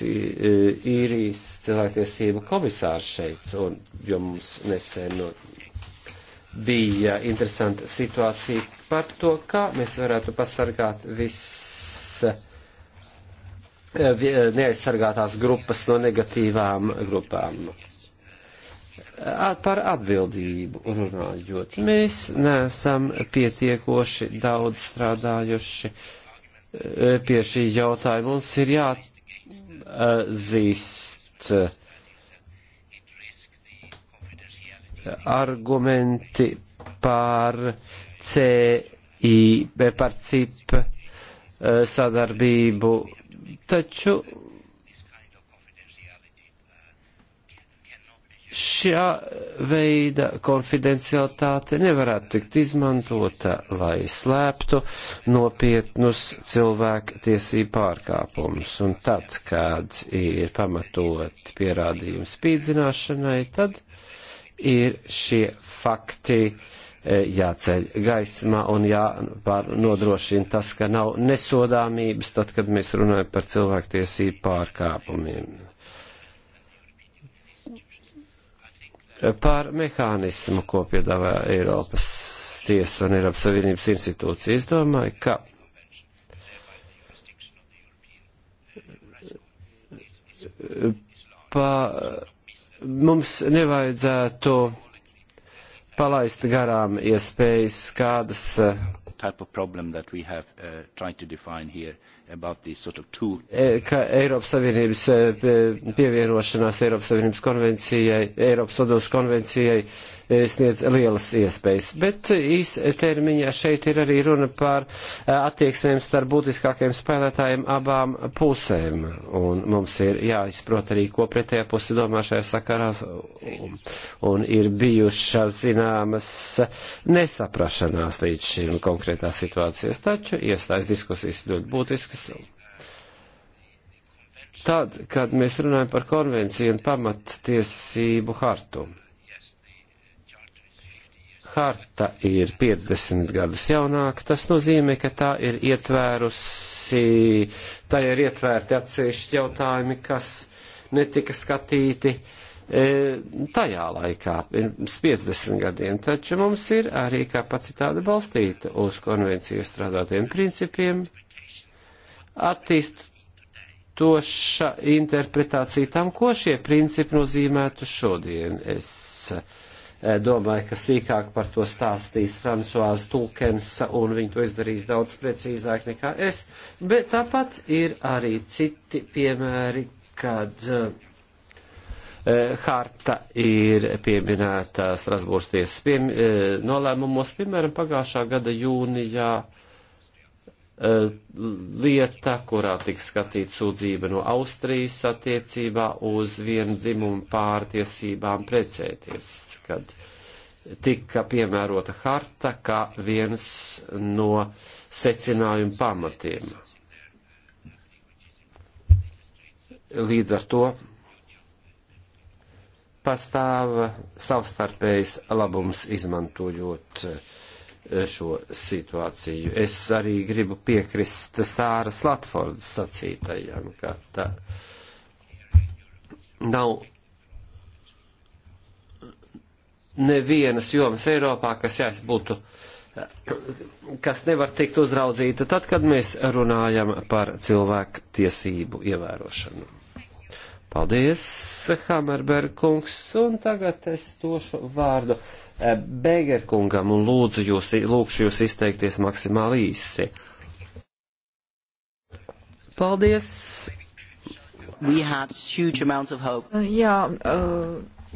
e, īrijas cilvēktiesību komisārs šeit, un, jo mums nesen no, bija interesanta situācija par to, kā mēs varētu pasargāt viss e, e, neaizsargātās grupas no negatīvām grupām. Par atbildību runājot, mēs neesam pietiekoši daudz strādājuši uh, pie šī jautājuma. Mums ir jāzīst eh, argumenti par CI, par CIP eh, sadarbību, taču šā veida konfidencialitāte nevarētu tikt izmantota, lai slēptu nopietnus cilvēku tiesību pārkāpumus. Un tad, kad ir pamatot pierādījums spīdzināšanai, tad ir šie fakti e, jāceļ gaismā un jānodrošina tas, ka nav nesodāmības tad, kad mēs runājam par cilvēktiesību pārkāpumiem. par mehānismu, ko piedāvā Eiropas tiesa un Eiropas Savienības institūcija. Es domāju, ka pa, mums nevajadzētu palaist garām iespējas kādas. Type of problem that we have uh, tried to define here Sort of two... E, ka Eiropas Savienības e, pievienošanās Eiropas Savienības konvencijai, Eiropas Savienības konvencijai sniedz lielas iespējas. Bet īstermiņā šeit ir arī runa par attieksmēm starp būtiskākiem spēlētājiem abām pusēm. Un mums ir jāizprot arī, ko pretējā puse domā šajā sakarā. Un, un ir bijušas zināmas nesaprašanās līdz šim konkrētās situācijas. Taču iestājas diskusijas ļoti būtiskas tad, kad mēs runājam par konvenciju un pamattiesību hartumu harta ir 50 gadus jaunāka, tas nozīmē, ka tā ir ietvērusi, tā ir ietvērti atsevišķi jautājumi, kas netika skatīti e, tajā laikā, pirms 50 gadiem. Taču mums ir arī kapacitāte balstīta uz konvenciju strādātiem principiem, attīstoša interpretācija tam, ko šie principi nozīmētu šodien. Es, Eh, domāju, ka sīkāk par to stāstīs Fransuāze Tulkens, un viņi to izdarīs daudz precīzāk nekā es. Bet tāpat ir arī citi piemēri, kad uh, harta ir pieminēta Strasbūras tiesas piem, uh, nolēmumos, piemēram, pagājušā gada jūnijā. Uh, lieta, eh, kurā tiks skatīta sūdzība no Austrijas attiecībā uz vienu dzimumu pārtiesībām precēties, kad tika piemērota harta kā viens no secinājuma pamatiem. Līdz ar to pastāv savstarpējs labums izmantojot uh, šo situāciju. Es arī gribu piekrist Sāras Latfordas sacītajam, ka tā nav nevienas jomas Eiropā, kas jās būtu, kas nevar tikt uzraudzīta tad, kad mēs runājam par cilvēku tiesību ievērošanu. Paldies, Hamerberg kungs, un tagad es došu vārdu Eh, Bēger kungam un lūdzu jūs, lūkšu jūs izteikties maksimāli īsi. Paldies! Eh, jā, eh,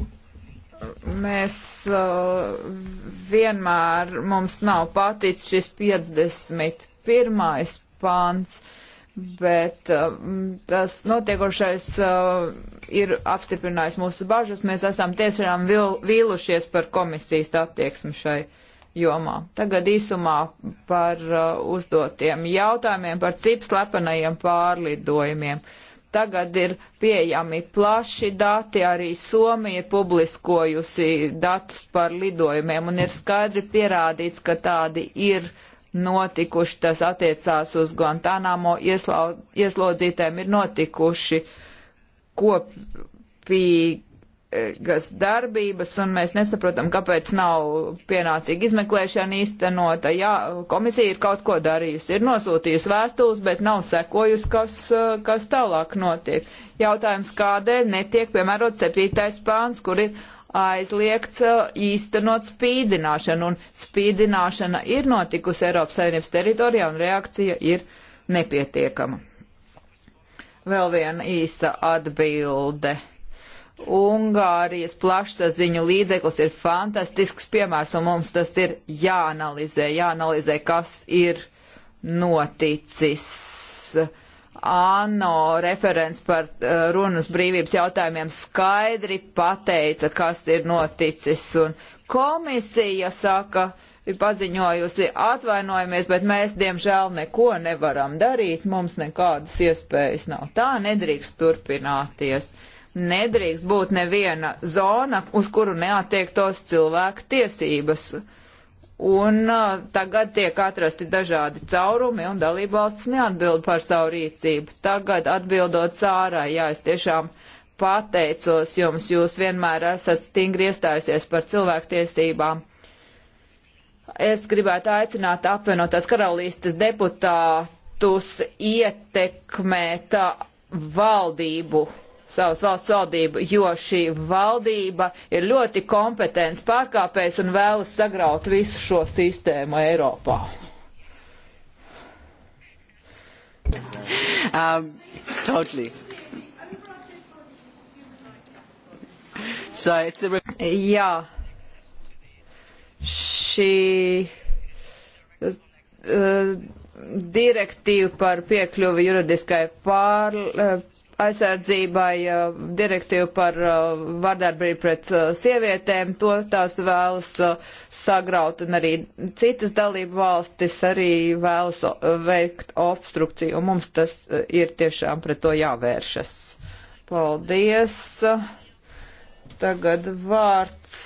mēs vienmēr, mums nav paticis šis 51. pāns bet um, tas notiekošais uh, ir apstiprinājis mūsu bažas. Mēs esam tiešām vīlušies par komisijas attieksmi šai jomā. Tagad īsumā par uh, uzdotiem jautājumiem par cips lepenajiem pārlidojumiem. Tagad ir pieejami plaši dati, arī Somija ir publiskojusi datus par lidojumiem un ir skaidri pierādīts, ka tādi ir uh, notikuši. Tas attiecās uz Guantanamo ieslau, ieslodzītēm ir notikuši kopīgas darbības, un mēs nesaprotam, kāpēc nav pienācīga izmeklēšana īstenota. Jā, komisija ir kaut ko darījusi, ir nosūtījusi vēstules, bet nav sekojusi, kas, kas tālāk notiek. Jautājums, kādēļ netiek piemērot septītais pāns, kur ir aizliegts uh, īstenot spīdzināšanu, un spīdzināšana ir notikusi Eiropas Savienības teritorijā, un reakcija ir nepietiekama. Vēl viena īsa atbilde. Ungārijas plašsaziņu līdzeklis ir fantastisks piemērs, un mums tas ir jāanalizē, jāanalizē, kas ir noticis. Uh, ANO referents par eh, runas brīvības jautājumiem skaidri pateica, kas ir noticis. Un komisija saka, ir paziņojusi atvainojamies, bet mēs diemžēl neko nevaram darīt, mums nekādas iespējas nav. Tā nedrīkst turpināties. Nedrīkst būt neviena zona, uz kuru neatiektos cilvēku tiesības. Uh, Un uh, tagad tiek atrasti dažādi caurumi, un dalībvalsts neatbild par savu rīcību. Tagad atbildot sārai, jā, es tiešām pateicos jums, jūs vienmēr esat stingri iestājusies par cilvēktiesībām. Es gribētu aicināt apvienotās karalīstes deputātus ietekmēt valdību savas valsts valdību, jo šī valdība ir ļoti kompetents pārkāpējs un vēlas sagraut visu šo sistēmu Eiropā. Um, totally. so it's the... Jā. Šī uh, direktīva par piekļuvi juridiskai pār, aizsardzībai uh, direktīvu par uh, vardarbību pret uh, sievietēm, to tās vēlas sagraut, un arī citas dalību valstis arī vēlas veikt obstrukciju, un mums tas ir tiešām pret to jāvēršas. Paldies! Tagad vārds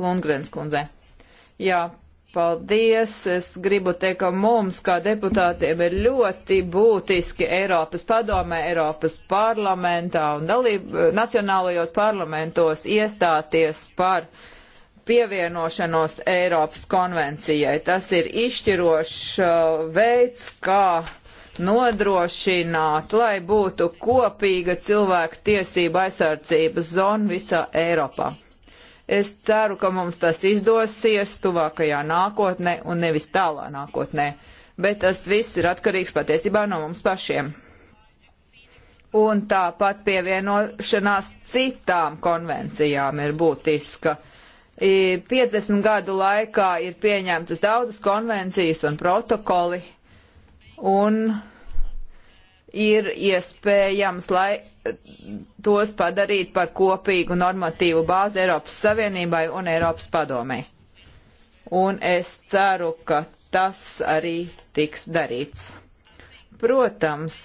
Lundgrens kundzei. Jā, Paldies! Es gribu teikt, ka mums, kā deputātiem, ir ļoti būtiski Eiropas padomē, Eiropas parlamentā un dalību, nacionālajos parlamentos iestāties par pievienošanos Eiropas konvencijai. Tas ir izšķirošs uh, veids, kā nodrošināt, lai būtu kopīga cilvēku tiesība aizsardzības zona visā Eiropā. Es ceru, ka mums tas izdosies tuvākajā nākotnē un nevis tālā nākotnē, bet tas viss ir atkarīgs patiesībā no mums pašiem. Un tāpat pievienošanās citām konvencijām ir būtiska. 50 gadu laikā ir pieņemtas daudzas konvencijas un protokoli, un uh, ir iespējams, lai eh, tos padarītu par kopīgu normatīvu bāzi Eiropas Savienībai un Eiropas padomē. Un es ceru, ka tas arī tiks darīts. Protams,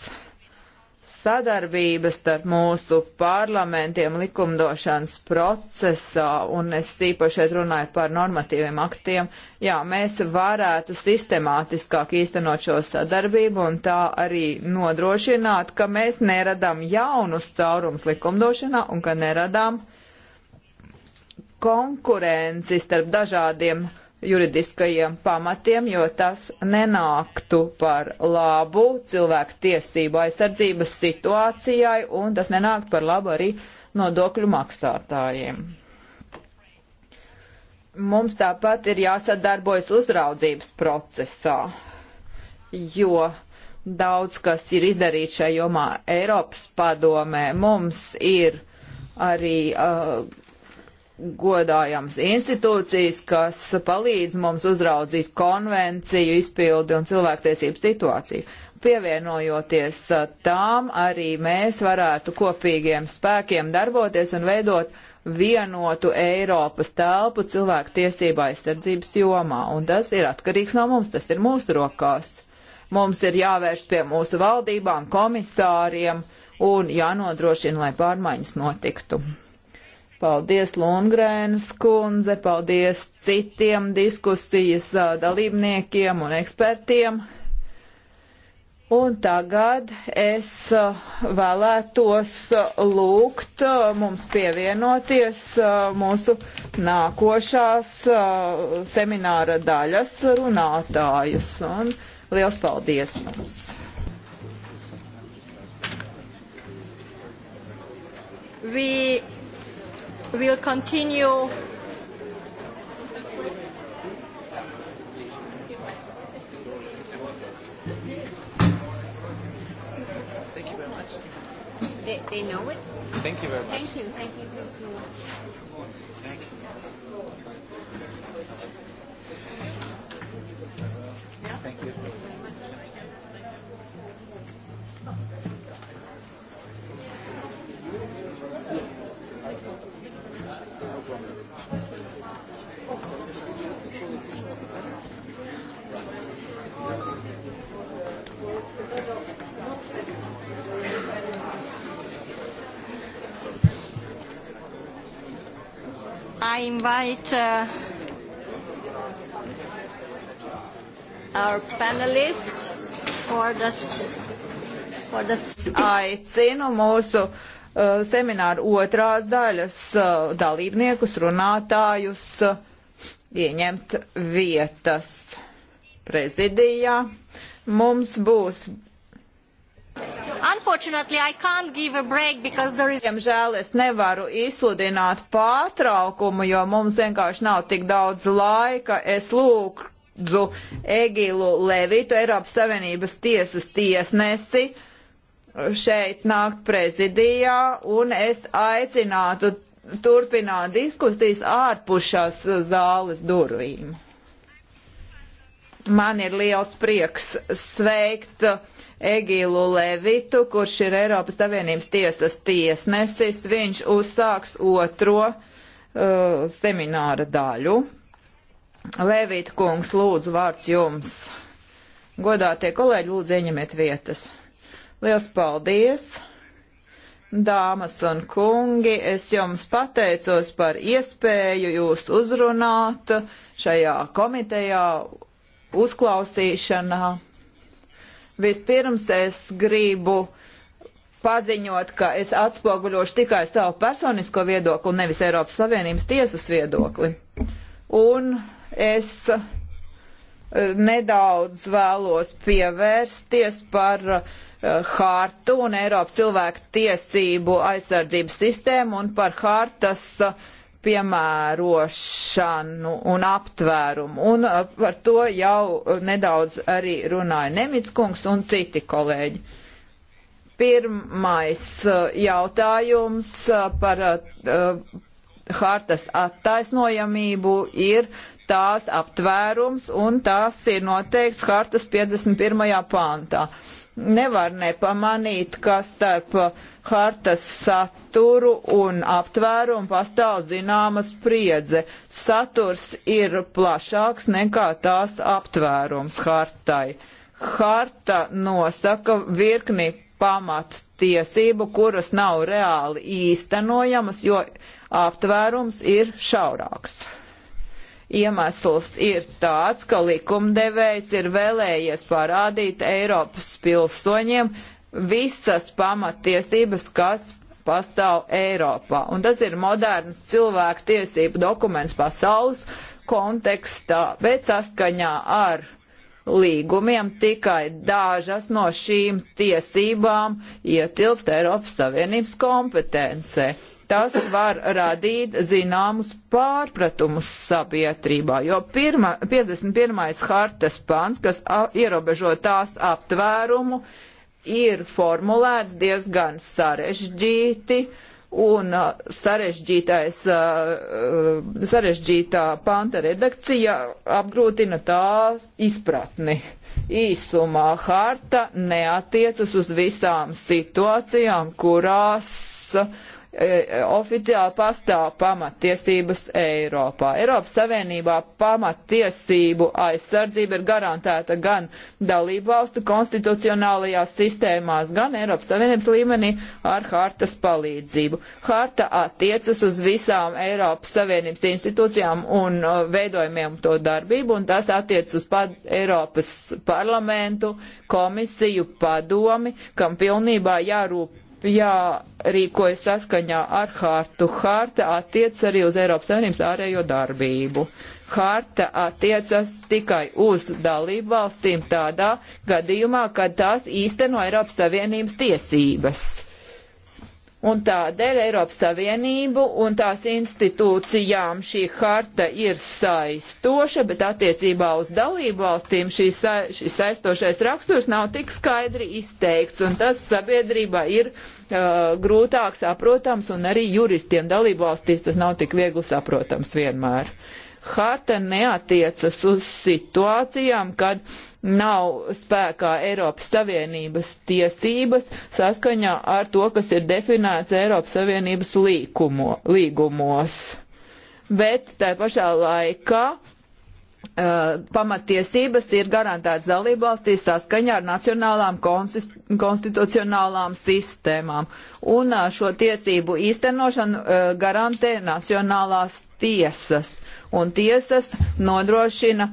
sadarbības starp mūsu parlamentiem likumdošanas procesā, un es īpaši šeit runāju par normatīviem aktiem, jā, mēs varētu sistemātiskāk īstenot šo sadarbību un tā arī nodrošināt, ka mēs neradām jaunus caurums likumdošanā un ka neradām konkurenci starp dažādiem uh, juridiskajiem pamatiem, jo tas nenāktu par labu cilvēku tiesību aizsardzības situācijai un tas nenāktu par labu arī nodokļu maksātājiem. Mums tāpat ir jāsadarbojas uzraudzības procesā, jo daudz kas ir izdarīts šajā jomā Eiropas padomē. Mums ir arī uh, godājams institūcijas, kas palīdz mums uzraudzīt konvenciju izpildi un cilvēktiesību situāciju. Pievienojoties uh, tām, arī mēs varētu kopīgiem spēkiem darboties un veidot vienotu Eiropas telpu cilvēku tiesību aizsardzības jomā. Un tas ir atkarīgs no mums, tas ir mūsu rokās. Mums ir jāvērš pie mūsu valdībām, komisāriem un jānodrošina, lai pārmaiņas notiktu. Paldies Lungrēnas kundze, paldies citiem diskusijas dalībniekiem un ekspertiem. Un tagad es vēlētos lūgt mums pievienoties mūsu nākošās semināra daļas runātājus. Un liels paldies jums! We We'll continue. Thank you very much. They, they know it? Thank you very much. Thank you. Thank you. Thank you. invite uh, our panelists for the for the aicinu mūsu uh, semināru otrās daļas uh, dalībniekus, runātājus uh, ieņemt vietas prezidijā. Mums būs Is... Diemžēl es nevaru izsludināt pārtraukumu, jo mums vienkārši nav tik daudz laika. Es lūgdu Egilu Levitu, Eiropas Savienības tiesas tiesnesi, šeit nākt prezidijā, un es aicinātu turpināt diskusijas ārpus šās zāles durvīm. Man ir liels prieks sveikt Egilu Levitu, kurš ir Eiropas Savienības tiesas tiesnesis. Viņš uzsāks otro uh, semināra daļu. Levita kungs, lūdzu, vārds jums. Godātie kolēģi, lūdzu, ieņemiet vietas. Liels paldies! Dāmas un kungi, es jums pateicos par iespēju jūs uzrunāt šajā komitejā uzklausīšanā. Vispirms es gribu paziņot, ka es atspoguļošu tikai savu personisko viedokli, nevis Eiropas Savienības tiesas viedokli. Un es eh, nedaudz vēlos pievērsties par eh, hārtu un Eiropas cilvēku tiesību aizsardzības sistēmu un par hārtas uh, piemērošanu un aptvērumu. Un uh, par to jau nedaudz arī runāja Nemitskungs un citi kolēģi. Pirmais uh, jautājums uh, par hartas attaisnojamību ir tās aptvērums un tās ir noteikts hartas 51. pāntā nevar nepamanīt, ka starp hartas saturu un aptvērumu pastāv zināma spriedze. Saturs ir plašāks nekā tās aptvērums hartai. Harta nosaka virkni pamat tiesību, kuras nav reāli īstenojamas, jo aptvērums ir šaurāks. Iemesls ir tāds, ka likumdevējs ir vēlējies parādīt Eiropas pilsoņiem visas pamatiesības, kas pastāv Eiropā. Un tas ir moderns cilvēku tiesību dokuments pasaules kontekstā, bet saskaņā ar līgumiem tikai dažas no šīm tiesībām ietilpst Eiropas Savienības kompetencē tas var radīt zināmus pārpratumus sabiedrībā, jo pirma, 51. hartas pants, kas ierobežo tās aptvērumu, ir formulēts diezgan sarežģīti, un sarežģītais, sarežģītā panta redakcija apgrūtina tā izpratni. Īsumā harta neatiecas uz visām situācijām, kurās uh, E, e, oficiāli pastāv pamatiesības Eiropā. Eiropas Savienībā pamatiesību aizsardzība ir garantēta gan dalību valstu konstitucionālajās sistēmās, gan Eiropas Savienības līmenī ar hartas palīdzību. Harta attiecas uz visām Eiropas Savienības institūcijām un e, veidojumiem to darbību, un tas attiec uz pad Eiropas parlamentu, komisiju, padomi, kam pilnībā jārūp jārīkojas saskaņā ar hartu. Harta attiec arī uz Eiropas Savienības ārējo darbību. Harta attiecas tikai uz dalību valstīm tādā gadījumā, kad tās īsteno Eiropas Savienības tiesības. Un tādēļ Eiropas Savienību un tās institūcijām šī harta ir saistoša, bet attiecībā uz dalību valstīm šis sa šī saistošais raksturs nav tik skaidri izteikts, un tas sabiedrībā ir uh, grūtāk saprotams, un arī juristiem dalību valstīs tas nav tik viegli saprotams vienmēr. Uh, harta neatiecas uz situācijām, kad nav spēkā Eiropas Savienības tiesības saskaņā ar to, kas ir definēts Eiropas Savienības līkumo, līgumos. Bet tā pašā laikā Eh, pamatiesības ir garantētas dalībvalstīs saskaņā ar nacionālām konstitucionālām sistēmām. Un eh, šo tiesību īstenošanu eh, garantē nacionālās tiesas. Un tiesas nodrošina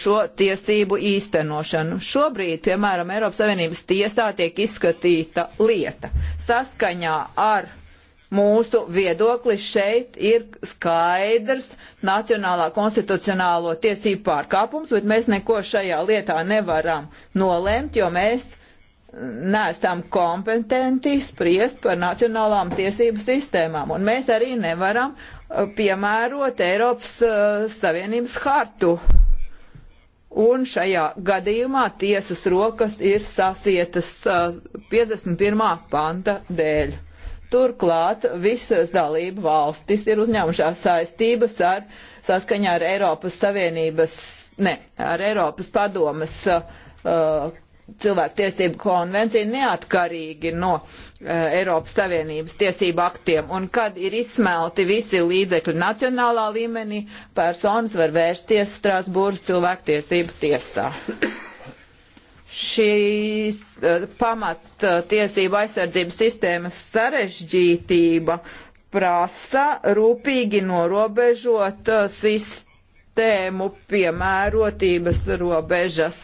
šo tiesību īstenošanu. Šobrīd, piemēram, Eiropas Savienības tiesā tiek izskatīta lieta saskaņā ar Mūsu viedoklis šeit ir skaidrs nacionālā konstitucionālo tiesību pārkāpums, bet mēs neko šajā lietā nevaram nolemt, jo mēs neesam kompetenti spriest par nacionālām tiesību sistēmām. Un mēs arī nevaram uh, piemērot Eiropas uh, Savienības hartu. Un šajā gadījumā tiesas rokas ir sasietas uh, 51. panta dēļ. Turklāt visas dalību valstis ir uzņēmušās saistības ar saskaņā ar Eiropas Savienības, ne, ar Eiropas padomas uh, cilvēku tiesību konvenciju neatkarīgi no uh, Eiropas Savienības tiesību aktiem. Un kad ir izsmelti visi līdzekļi nacionālā līmenī, personas var vērsties Strasbūras cilvēku tiesību tiesā šīs uh, pamat eh, tiesība aizsardzības sistēmas sarežģītība prasa rūpīgi norobežot uh, sistēmu piemērotības robežas.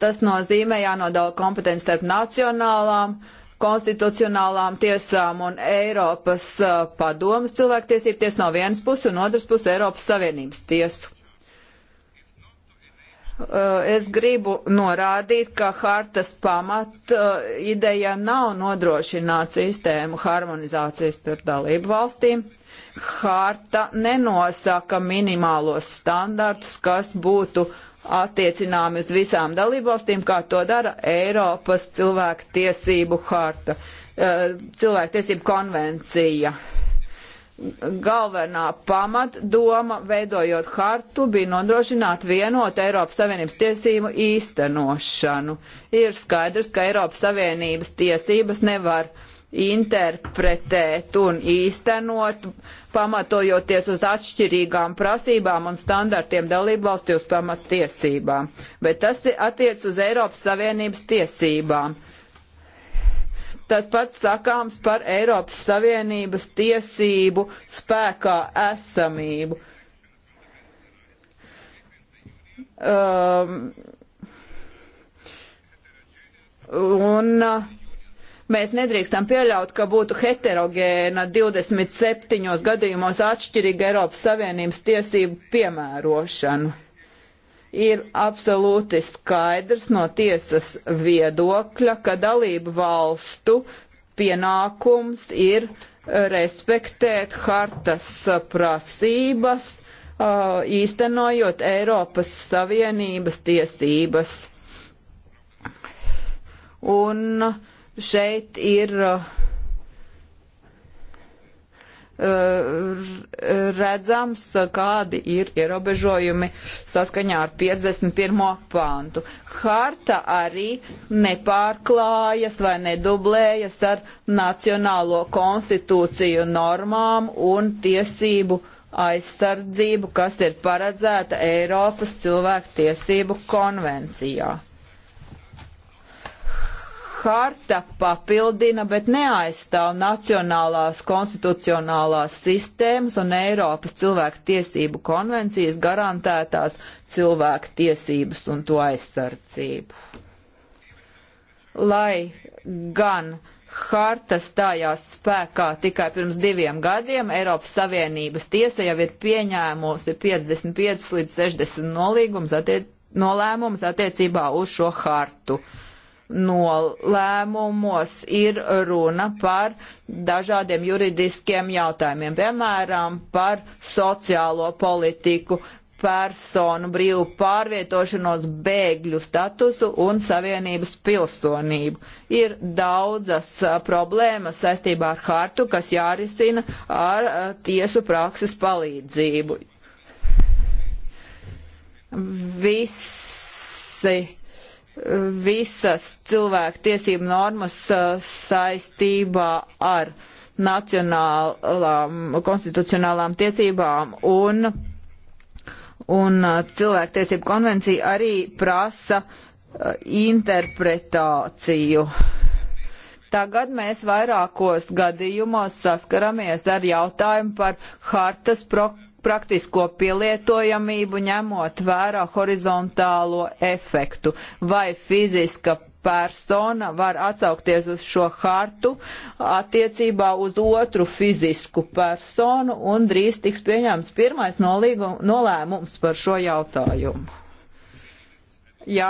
Tas nozīmē jānodala kompetenci starp nacionālām, konstitucionālām tiesām un Eiropas uh, padomas cilvēktiesību tiesu no vienas puses un otras puses Eiropas Savienības tiesu Eh, es gribu norādīt, ka hartas pamat eh, ideja nav nodrošināt sistēmu harmonizācijas starp dalību valstīm. Harta nenosaka minimālos standartus, kas būtu attiecināmi uz visām dalībvalstīm, kā to dara Eiropas cilvēku tiesību harta, eh, cilvēku tiesību konvencija. Uh, galvenā pamatdoma, veidojot hartu, bija nodrošināt vienot Eiropas Savienības tiesību īstenošanu. Ir skaidrs, ka Eiropas Savienības tiesības nevar interpretēt un īstenot, pamatojoties uz atšķirīgām prasībām un standartiem dalību valstī uz pamattiesībām. Bet tas attiec uz Eiropas Savienības tiesībām. Uh, Tas pats sakāms par Eiropas Savienības tiesību spēkā esamību. Um, un uh, mēs nedrīkstam pieļaut, ka būtu heterogēna 27 gadījumos atšķirīga Eiropas Savienības tiesību piemērošana ir absolūti skaidrs no tiesas viedokļa, ka dalību valstu pienākums ir eh, respektēt hartas eh, prasības, eh, īstenojot Eiropas Savienības tiesības. Un šeit ir uh, Uh, redzams, uh, kādi ir ierobežojumi saskaņā ar 51. pāntu. Harta arī nepārklājas vai nedublējas ar nacionālo konstitūciju normām un tiesību aizsardzību, kas ir paredzēta Eiropas cilvēku tiesību konvencijā harta papildina, bet neaizstāv nacionālās konstitucionālās sistēmas un Eiropas cilvēku tiesību konvencijas garantētās cilvēku tiesības un to aizsardzību. Lai gan harta stājās spēkā tikai pirms diviem gadiem, Eiropas Savienības tiesa jau ir pieņēmusi 55 līdz 60 nolīgums attiecībā nolēmums attiecībā uz šo hartu nolēmumos ir runa par dažādiem juridiskiem jautājumiem, piemēram, par sociālo politiku, personu brīvu pārvietošanos, bēgļu statusu un savienības pilsonību. Ir daudzas problēmas saistībā ar hartu, kas jārisina ar tiesu prakses palīdzību. Visi visas cilvēku tiesību normas uh, saistībā ar nacionālām konstitucionālām tiesībām un, un uh, cilvēktiesību konvencija arī prasa uh, interpretāciju. Tagad mēs vairākos gadījumos saskaramies ar jautājumu par hartas prokuratūru praktisko pielietojamību ņemot vērā horizontālo efektu, vai fiziska persona var atsaukties uz šo hartu attiecībā uz otru fizisku personu un drīz tiks pieņemts pirmais nolīgum, nolēmums par šo jautājumu. Jā,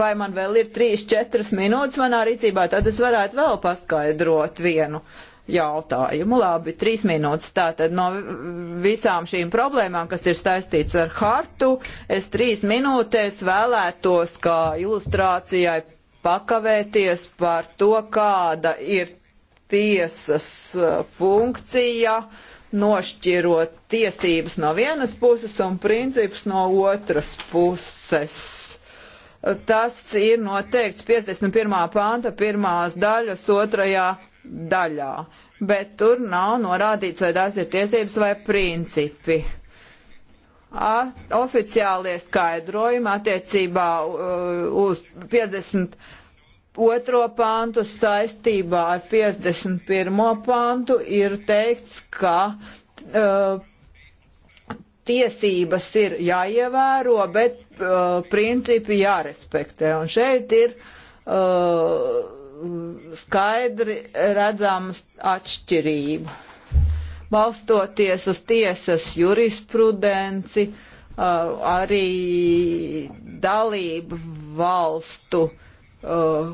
vai man vēl ir 3-4 minūtes manā rīcībā, tad es varētu vēl paskaidrot vienu uh, jautājumu. Labi, trīs minūtes. Tātad no visām šīm problēmām, kas ir saistīts ar hartu, es trīs minūtēs vēlētos kā ilustrācijai pakavēties par to, kāda ir tiesas uh, funkcija, nošķirot tiesības no vienas puses un principus no otras puses. Tas ir noteikts 51. panta pirmās daļas otrajā daļā, bet tur nav norādīts, vai tās ir tiesības vai principi. A, oficiālie skaidrojumi attiecībā uh, uz 50 otro pāntu saistībā ar 51. pāntu ir teikts, ka uh, tiesības ir jāievēro, bet uh, principi jārespektē. Un šeit ir uh, skaidri redzama atšķirība. Balstoties uz tiesas jurisprudenci, uh, arī dalību valstu uh,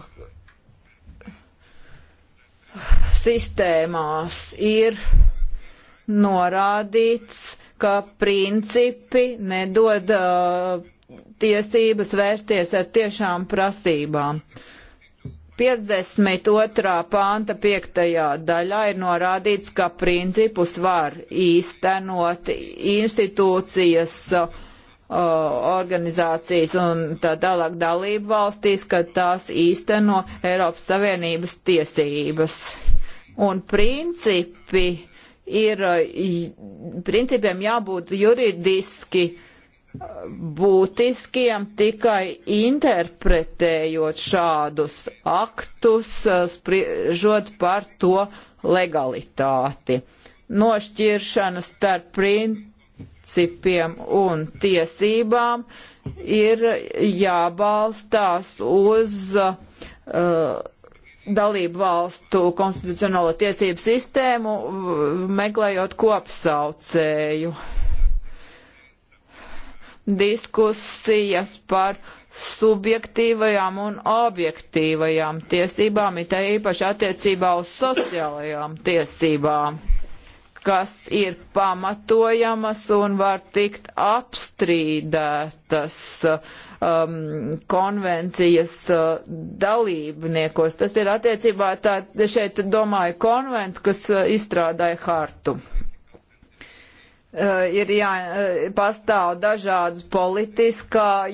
sistēmās ir norādīts, ka principi nedod uh, tiesības vērsties ar tiešām prasībām. Uh, 52. pānta 5. daļā ir norādīts, ka principus var īstenot institūcijas, uh, organizācijas un tā tālāk dalību valstīs, ka tās īsteno Eiropas Savienības tiesības. Un principi ir, uh, principiem jābūt juridiski uh, būtiskiem tikai interpretējot šādus aktus, spriežot par to legalitāti. Nošķiršana starp principiem un tiesībām ir jābalstās uz uh, dalību valstu konstitucionālo tiesību sistēmu, meklējot kopsaucēju. Uh, diskusijas par subjektīvajām un objektīvajām tiesībām, it īpaši attiecībā uz sociālajām tiesībām, kas ir pamatojamas un var tikt apstrīdētas um, konvencijas uh, dalībniekos. Tas ir attiecībā tā, šeit domāju konventu, kas uh, izstrādāja hartu. Eh, ir jā, eh, pastāv dažādas politiskā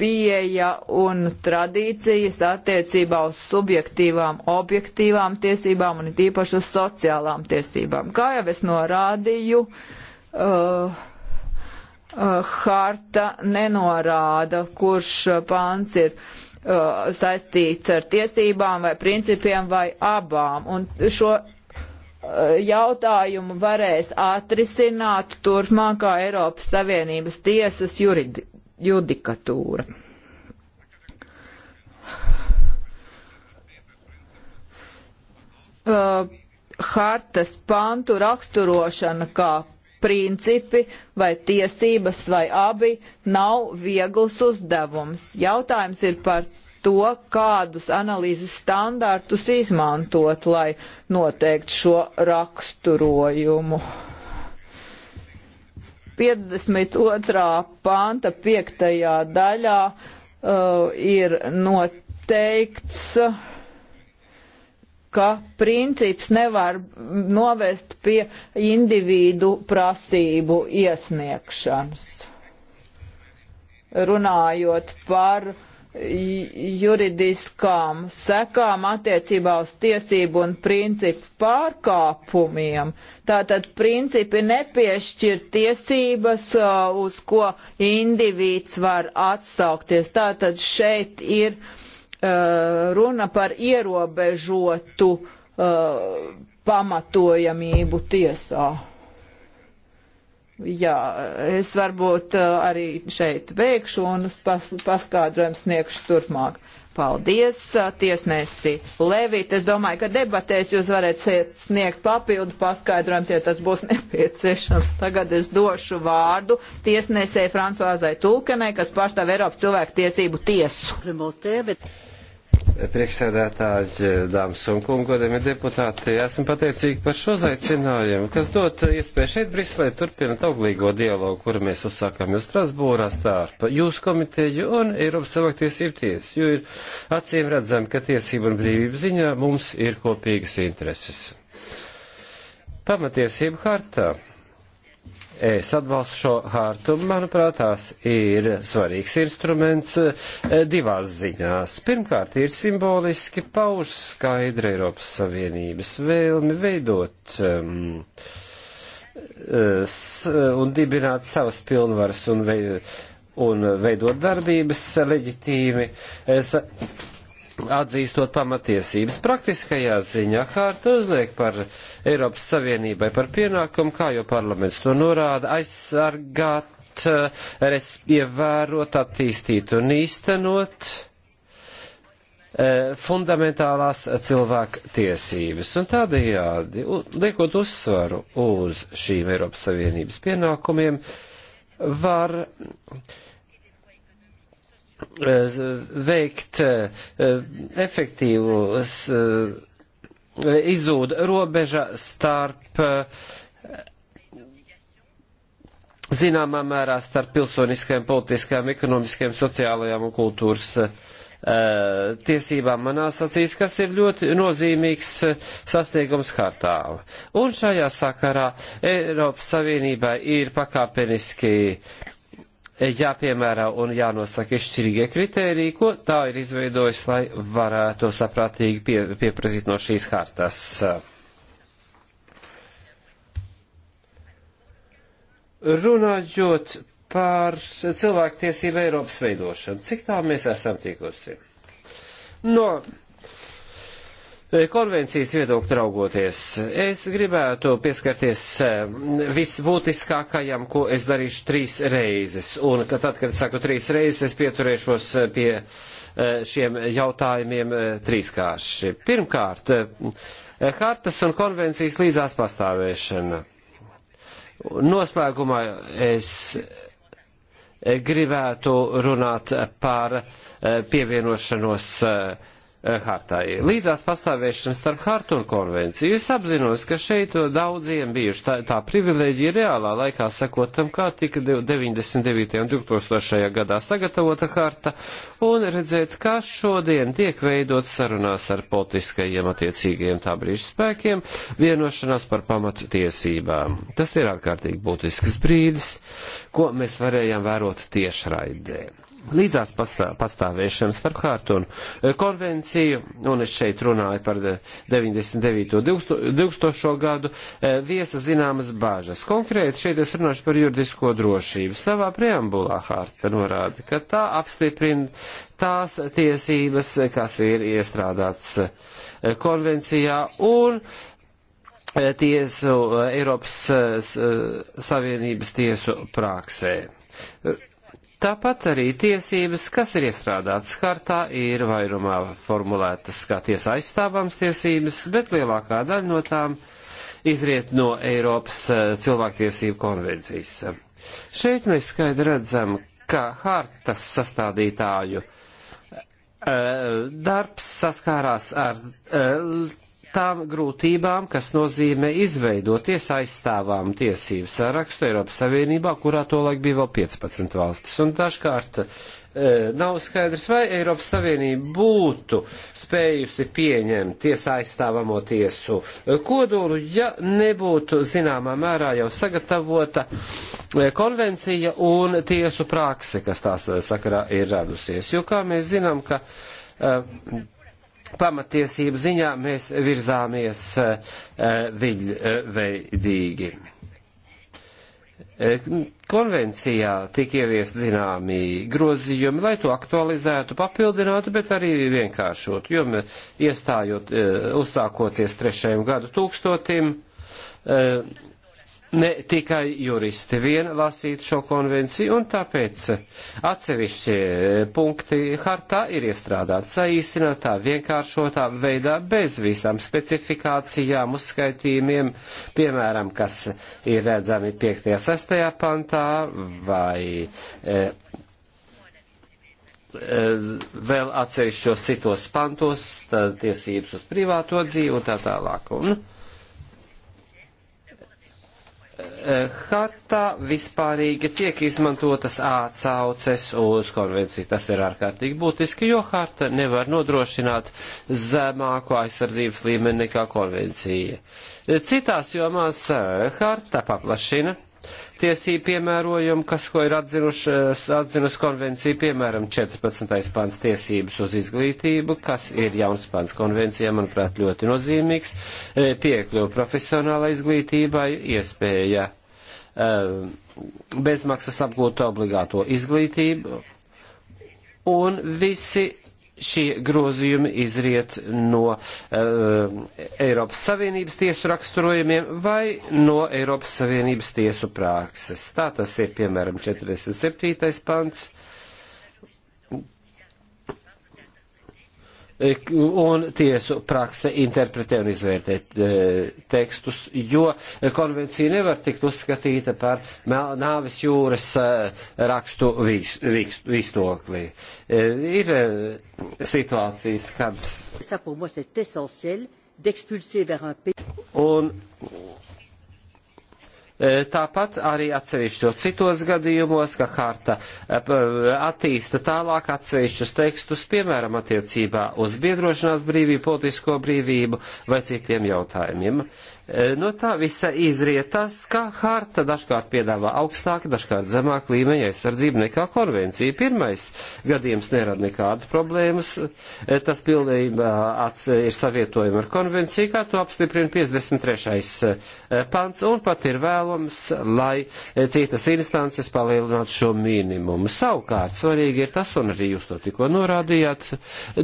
pieeja un tradīcijas attiecībā uz subjektīvām, objektīvām tiesībām un tīpaši uz sociālām tiesībām. Kā jau es norādīju, uh, uh, harta nenorāda, kurš pāns ir uh, saistīts ar tiesībām vai principiem vai abām. Un šo Eh, jautājumu varēs atrisināt turpmākā Eiropas Savienības tiesas juridi, judikatūra. Uh, hartas pantu raksturošana kā principi vai tiesības vai abi nav viegls uzdevums. Jautājums ir par to, kādus analīzes standārtus izmantot, lai noteiktu šo raksturojumu. 52. panta 5. daļā uh, ir noteikts, ka princips nevar novest pie individu prasību iesniegšanas. Runājot par uh, juridiskām sekām attiecībā uz tiesību un principu pārkāpumiem. Tātad principi nepiešķir tiesības, uh, uz ko indivīds var atsaukties. Tātad šeit ir uh, runa par ierobežotu uh, pamatojamību tiesā. Jā, es varbūt uh, arī šeit veikšu un pas, paskādrojumu sniegšu turpmāk. Paldies, uh, tiesnesi Levit. Es domāju, ka debatēs jūs varēsiet sniegt papildu paskaidrojums, ja tas būs nepieciešams. Tagad es došu vārdu tiesnesē Francoāzai Tulkenai, kas pārstāv Eiropas cilvēku tiesību tiesu. Primotē, bet priekšsēdētāji, eh, dāmas un kungi, godami deputāti, esmu pateicīgi par šo zaicinājumu, kas dot iespēju šeit Briselē turpināt auglīgo dialogu, kuru mēs uzsākām jau Strasbūrā starp jūsu komiteju un Eiropas cilvēku tiesību tiesu, jo ir acīm redzami, ka tiesība un brīvība ziņā mums ir kopīgas intereses. Pamatiesība hartā Es atbalstu šo hārtu, manuprāt, tās ir svarīgs instruments e, divās ziņās. Pirmkārt, ir simboliski pauž skaidra Eiropas Savienības vēlmi veidot um, un dibināt savas pilnvaras un, veid, un veidot darbības leģitīmi. Es, atzīstot pamatiesības. Praktiskajā ziņā hārta uzliek par Eiropas Savienībai par pienākumu, kā jau parlaments to norāda, aizsargāt, res, ievērot, attīstīt un īstenot e, fundamentālās cilvēku tiesības. Un tādējādi, liekot uzsvaru uz šīm Eiropas Savienības pienākumiem, var Eh, veikt eh, efektīvus eh, izzūd robeža starp zināmā mērā starp pilsoniskajām, politiskajām, ekonomiskajām, sociālajām un kultūras tiesībām manās acīs, kas ir ļoti nozīmīgs sasniegums hartā. Un šajā sakarā Eiropas Savienībai ir pakāpeniski uh, jāpiemērā un jānosaka izšķirīgie kritēriji, ko tā ir izveidojusi, lai varētu saprātīgi pie, pieprasīt no šīs hartas. Runājot par cilvēktiesību Eiropas veidošanu, cik tā mēs esam tikusi? No Eh, konvencijas viedokļu raugoties, es gribētu pieskarties eh, visbūtiskākajam, ko es darīšu trīs reizes. Un ka tad, kad saku trīs reizes, es pieturēšos eh, pie šiem jautājumiem trīskārši. Pirmkārt, hartas un konvencijas līdzās pastāvēšana. Noslēgumā es gribētu runāt par pievienošanos Eh, hartai. Līdzās pastāvēšana starp hartu un konvenciju. Es apzinos, ka šeit daudziem bijuši tā, tā privileģija reālā laikā sekot tam, kā tika 99. un 2000. gadā sagatavota harta, un redzēt, kā šodien tiek veidot sarunās ar politiskajiem attiecīgajiem tā brīža spēkiem vienošanās par pamattiesībām. Tas ir ārkārtīgi būtisks brīdis, ko mēs varējām vērot tiešraidē līdzās pastāvēšana starp Hārtunu eh, konvenciju, un es šeit runāju par 99. Eh, 2000. gadu, eh, viesa zināmas bāžas. Konkrēti šeit es runāšu par juridisko drošību. Savā preambulā Hārta norāda, ka tā apstiprina tās tiesības, kas ir iestrādāts konvencijā, un tiesu Eiropas Savienības tiesu prāksē. Tāpat arī tiesības, kas ir iestrādātas hartā, ir vairumā formulētas kā tiesa aizstāvāms tiesības, bet lielākā daļa no tām izriet no Eiropas eh, cilvēktiesību konvencijas. Šeit mēs skaidri redzam, ka hartas sastādītāju eh, darbs saskārās ar eh, tām grūtībām, kas nozīmē izveidoties aizstāvām tiesību sarakstu Eiropas Savienībā, kurā tolaik bija vēl 15 valstis. Un dažkārt eh, nav skaidrs, vai Eiropas Savienība būtu spējusi pieņemt tiesā aizstāvamo tiesu kodolu, ja nebūtu zināmā mērā jau sagatavota eh, konvencija un tiesu prakse, kas tās eh, sakarā ir radusies. Jo kā mēs zinām, ka uh, pamatiesību ziņā mēs virzāmies eh, viļveidīgi. Eh, konvencijā tika ieviest zināmi grozījumi, lai to aktualizētu, papildinātu, bet arī vienkāršotu, jo iestājot, eh, uzsākoties trešajam gadu tūkstotim, ne tikai juristi vien lasītu šo konvenciju, un tāpēc atsevišķi eh, punkti hartā ir iestrādāti saīsinātā, vienkāršotā veidā, bez visām specifikācijām, uzskaitījumiem, piemēram, kas ir redzami 5. 6. pantā vai. E, vēl atsevišķos citos pantos, tiesības uz privāto dzīvi un tā tālāk. Un Eh, eh, hartā vispārīgi tiek izmantotas atsauces uz konvenciju. Tas ir ārkārtīgi būtiski, jo harta nevar nodrošināt zemāko aizsardzības līmeni nekā konvencija. Eh, citās jomās harta paplašina tiesību piemērojumu, kas, ko ir atzinusi konvencija, piemēram, 14. pants tiesības uz izglītību, kas ir jauns pants konvencijā, manuprāt, ļoti nozīmīgs, e, piekļuva profesionālai izglītībai, iespēja e, bezmaksas apgūtu obligāto izglītību, un visi Šie grozījumi izriet no uh, Eiropas Savienības tiesu raksturojumiem vai no Eiropas Savienības tiesu prakses. Tā tas ir piemēram 47. pants. un tiesu prakse interpretē un izvērtē e, tekstus, jo konvencija nevar tikt uzskatīta par nāvis jūras e, rakstu vīstoklī. E, ir situācijas, kad. Un E, tāpat arī atsevišķos citos gadījumos, ka harta e, attīsta tālāk atsevišķus tekstus, piemēram, attiecībā uz biedrošanās brīvību, politisko brīvību vai citiem jautājumiem. Eh, no tā visa izriet tas, ka harta dažkārt piedāvā augstāku, dažkārt zemāku līmeņu aizsardzību nekā konvencija. Pirmais gadījums nerada nekādu problēmas, eh, tas pilnībā eh, ir savietojumi ar konvenciju, kā to apstiprina 53. pants, un pat ir vēlams, lai citas instances palielinātu šo minimumu. Savukārt, svarīgi ir tas, un arī jūs to tikko norādījāt,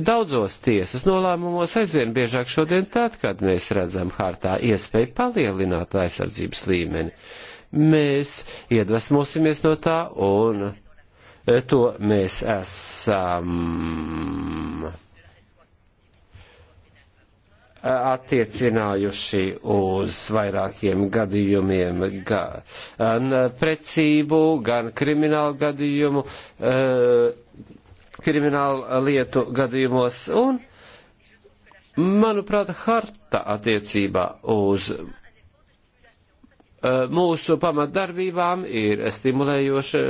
daudzos tiesas nolēmumos aizvien biežāk šodien tad, kad mēs redzam hartā iespēju iespēju palielināt aizsardzības līmeni. Mēs iedvesmosimies no tā un e, to mēs esam e, attiecinājuši uz vairākiem gadījumiem, gan precību, gan kriminālu gadījumu, e, kriminālu lietu gadījumos, un Manuprāt, harta attiecībā uz eh, mūsu pamatdarbībām ir stimulējoša,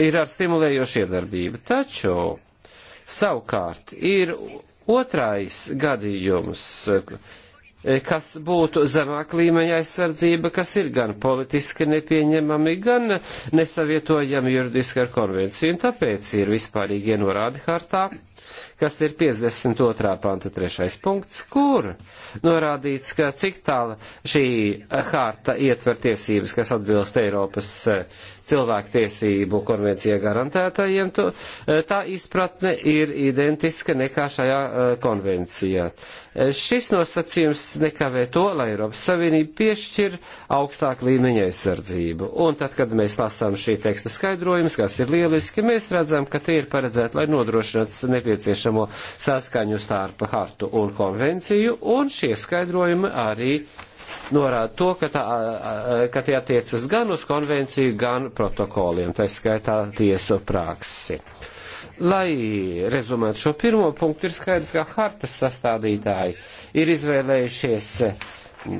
ir ar stimulējošu iedarbību. Taču, savukārt, ir otrais gadījums, eh, kas būtu zemāk līmeņa aizsardzība, kas ir gan politiski nepieņemami, gan nesavietojami juridiski ar konvenciju, un tāpēc ir vispārīgi ienorādi hartā, kas ir 52. panta trešais punkts, kur norādīts, ka cik tālu šī hārta ietver tiesības, kas atbilst Eiropas eh, cilvēktiesību konvencijai garantētajiem, to, eh, tā izpratne ir identiska nekā šajā eh, konvencijā. Šis nosacījums nekavē to, lai Eiropas Savienība piešķir augstāku līmeņa aizsardzību. Un tad, kad mēs lasām šī teksta skaidrojumus, kas ir lieliski, mēs redzam, ka tie ir paredzēti, lai nodrošinātu nepieciešamās nepieciešamo saskaņu starp hartu un konvenciju, un šie skaidrojumi arī norāda to, ka, tā, ka tie attiecas gan uz konvenciju, gan protokoliem, tā skaitā tiesu praksi. Lai rezumētu šo pirmo punktu, ir skaidrs, ka hartas sastādītāji ir izvēlējušies mm,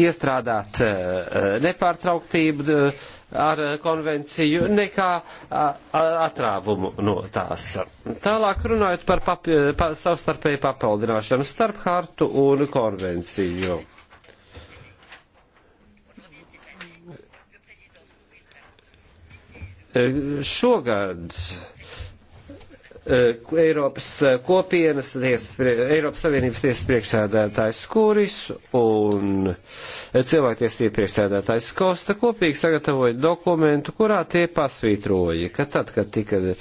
iestrādāt eh, nepārtrauktību ar eh, konvenciju nekā atrāvumu no tās. Tālāk runājot par papi, pa, savstarpēju papildināšanu starp hartu un konvenciju. Eh, šogad Eh, Eiropas eh, kopienas tiesas, Eiropas Savienības tiesas priekšsēdētājs Kūris un eh, cilvēktiesība priekšsēdētājs Kosta kopīgi sagatavoja dokumentu, kurā tie pasvītroja, ka tad, kad tika uh,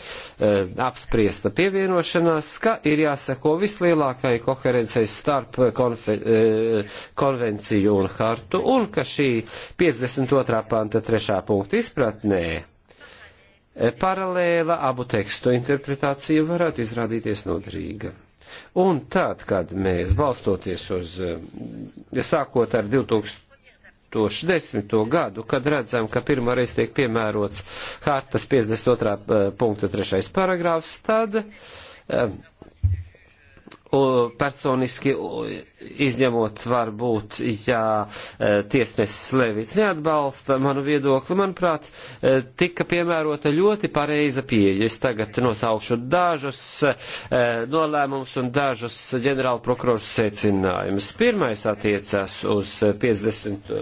apspriesta pievienošanās, ka ir jāseko vislielākai koherencei starp konfe, uh, konvenciju un hartu un ka šī 52. panta 3. punkta izpratnē E, paralēla abu tekstu interpretācija varētu izrādīties noderīga. Un tad, kad mēs balstoties uz, e, sākot ar 2010. gadu, kad redzam, ka pirmoreiz tiek piemērots hartas 52. punktu 3. paragrāfs, tad e, personiski izņemot varbūt, ja e, tiesnesis Levits neatbalsta manu viedokli, manuprāt, e, tika piemērota ļoti pareiza pieeja. Es tagad nosaukšu dažus e, nolēmumus un dažus ģenerāla prokuroru secinājumus. Pirmais attiecās uz 50.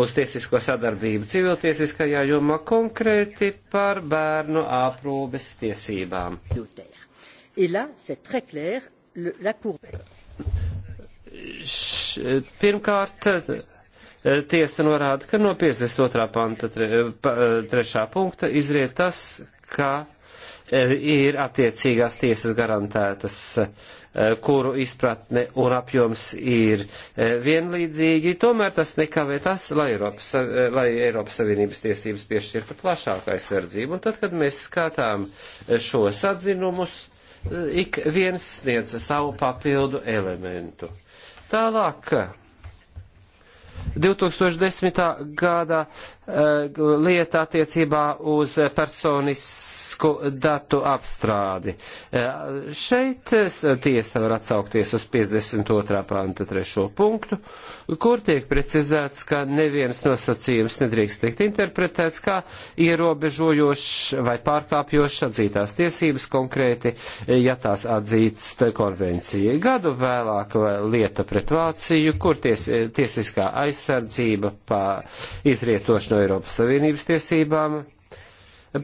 uz tiesisko sadarbību civiltiesiskajā jomā konkrēti par bērnu aprūbes tiesībām. Et là, c'est très clair, la Cour. Pirmkārt, tiesa norāda, ka no 52. panta 3. punkta izriet tas, ka e, ir attiecīgās tiesas garantētas, e, kuru izpratne un apjoms ir e, vienlīdzīgi, tomēr tas nekavē tas, lai Eiropas, lai Eiropas Savienības tiesības piešķirtu plašāku aizsardzību. Un tad, kad mēs skatām šos atzinumus, ik viens sniedza savu papildu elementu. Tālāk 2010. gada eh, lieta attiecībā uz personisku datu apstrādi. Eh, šeit eh, tiesa var atsaukties uz 52. panta 3. punktu, kur tiek precizēts, ka neviens nosacījums nedrīkst tikt interpretēts kā ierobežojošs vai pārkāpjošs atzītās tiesības konkrēti, ja tās atzīst konvencija. Gadu vēlāk lieta pret Vāciju, kur ties, tiesiskā aizsardzība aizsardzība pa izrietošanu no Eiropas Savienības tiesībām,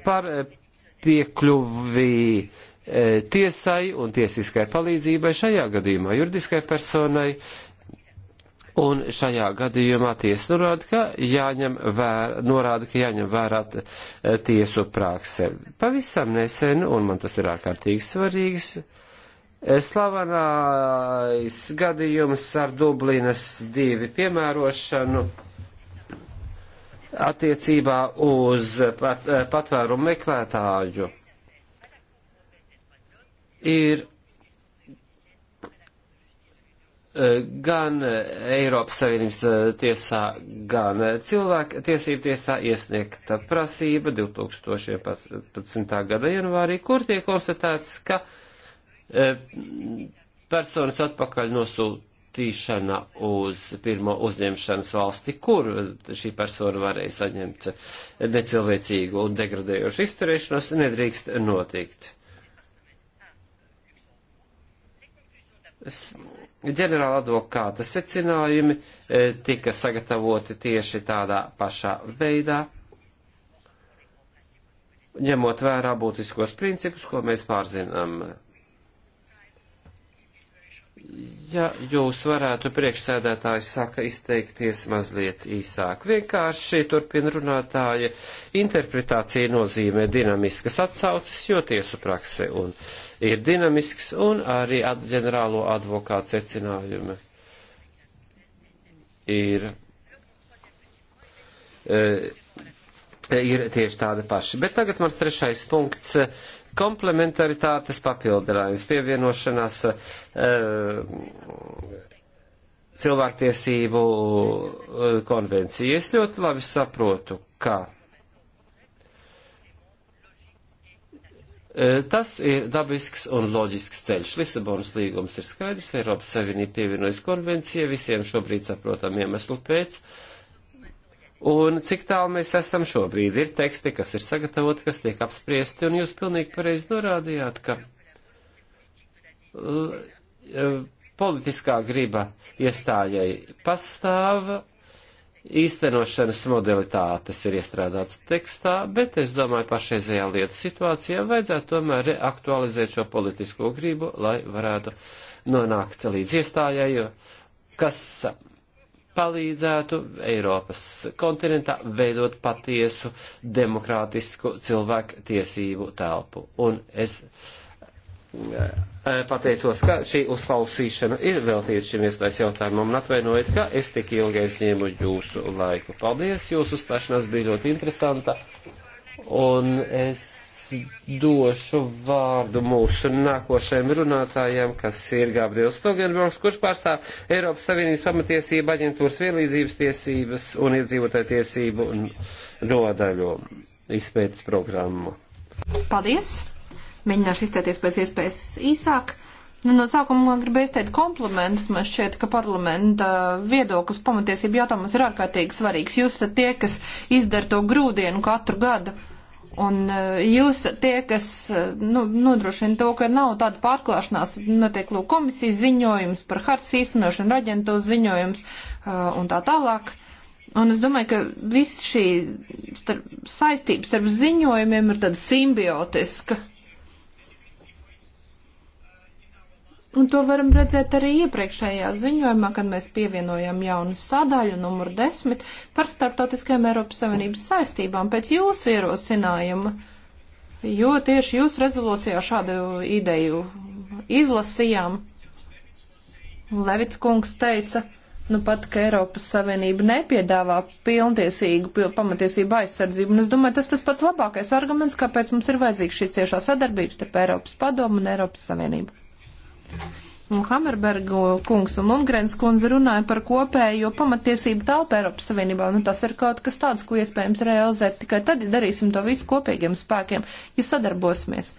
par eh, piekļuvi eh, tiesai un tiesiskai palīdzībai šajā gadījumā juridiskai personai. Un šajā gadījumā tiesa norāda, ka jāņem vērā, norāda, ka jāņem vērā eh, tiesu prakse. Pavisam nesen, un man tas ir ārkārtīgi svarīgs, Slavenais gadījums ar Dublinas divi piemērošanu attiecībā uz pat, eh, patvērumu meklētāju ir eh, gan Eiropas Savienības eh, tiesā, gan cilvēku tiesību tiesā iesniegta prasība 2011. gada janvārī, kur tiek konstatēts, ka E, personas atpakaļ nosūtīšana uz pirmo uzņemšanas valsti, kur šī persona varēja saņemt necilvēcīgu un degradējošu izturēšanos, nedrīkst notikt. Ģenerāla advokāta secinājumi e, tika sagatavoti tieši tādā pašā veidā ņemot vērā būtiskos principus, ko mēs pārzinām Ja jūs varētu, priekšsēdētājs saka, izteikties mazliet īsāk. Vienkārši turpina runātāja interpretācija nozīmē dinamiskas atsaucas, jo tiesu prakse un ir dinamisks un arī ad, ģenerālo advokātu secinājumi ir. E, ir tieši tādi paši. Bet tagad mans trešais punkts komplementaritātes papildinājums, pievienošanās eh, cilvēktiesību eh, konvencija. Es ļoti labi saprotu, ka eh, tas ir dabisks un loģisks ceļš. Lisabonas līgums ir skaidrs, Eiropas Savienība pievienojas konvencija visiem šobrīd saprotam iemeslu pēc. Un cik tālu mēs esam šobrīd? Ir teksti, kas ir sagatavoti, kas tiek apspriesti, un jūs pilnīgi pareizi norādījāt, ka e, politiskā griba iestājai pastāv, īstenošanas modalitātes ir iestrādāts tekstā, bet es domāju, pašreizējā lietu situācijā vajadzētu tomēr reaktualizēt šo politisko gribu, lai varētu nonākt līdz iestājai, kas palīdzētu Eiropas kontinentā veidot patiesu demokrātisku cilvēku tiesību telpu. Un es eh, pateicos, ka šī uzklausīšana ir veltīta šim iestājas jautājumam un atvainojiet, ka es tik ilgi aizņēmu jūsu laiku. Paldies, jūsu uzstāšanās bija ļoti interesanta. Un es došu vārdu mūsu nākošajam runātājam, kas ir Gabriels Stogenbroks, kurš pārstāv Eiropas Savienības pamatiesība aģentūras vienlīdzības tiesības un iedzīvotāju tiesību nodaļu izpētes programmu. Paldies! Mēģināšu izteikties pēc iespējas īsāk. Nu, no sākuma gribēju izteikt komplimentus. Man šķiet, ka parlamenta viedoklis pamatiesību jautājumos ir ārkārtīgi svarīgs. Jūs esat tie, kas izdara to grūdienu katru gadu. Un eh, jūs tie, kas eh, nu, nodrošina to, ka nav tāda pārklāšanās, notiek lūk komisijas ziņojums par hartas īstenošanu, raģentos ziņojums eh, un tā tālāk. Un es domāju, ka viss šī starp, saistības ar ziņojumiem ir tāda simbiotiska. Uh, Un to varam redzēt arī iepriekšējā ziņojumā, kad mēs pievienojam jaunu sadaļu, numur desmit, par starptautiskajām Eiropas Savienības saistībām pēc jūsu ierosinājuma. Jo tieši jūs rezolūcijā šādu ideju izlasījām. Levits kungs teica, nu pat, ka Eiropas Savienība nepiedāvā pilntiesīgu pamatiesību aizsardzību. Un es domāju, tas tas pats labākais arguments, kāpēc mums ir vajadzīga šī ciešā sadarbības starp Eiropas padomu un Eiropas Savienību. Un Hamerberga kungs un Lundgrens kundze runāja par kopējo pamatiesību telpu Eiropas Savienībā. Nu, tas ir kaut kas tāds, ko iespējams realizēt tikai tad, ja darīsim to visu kopīgiem spēkiem, ja sadarbosimies.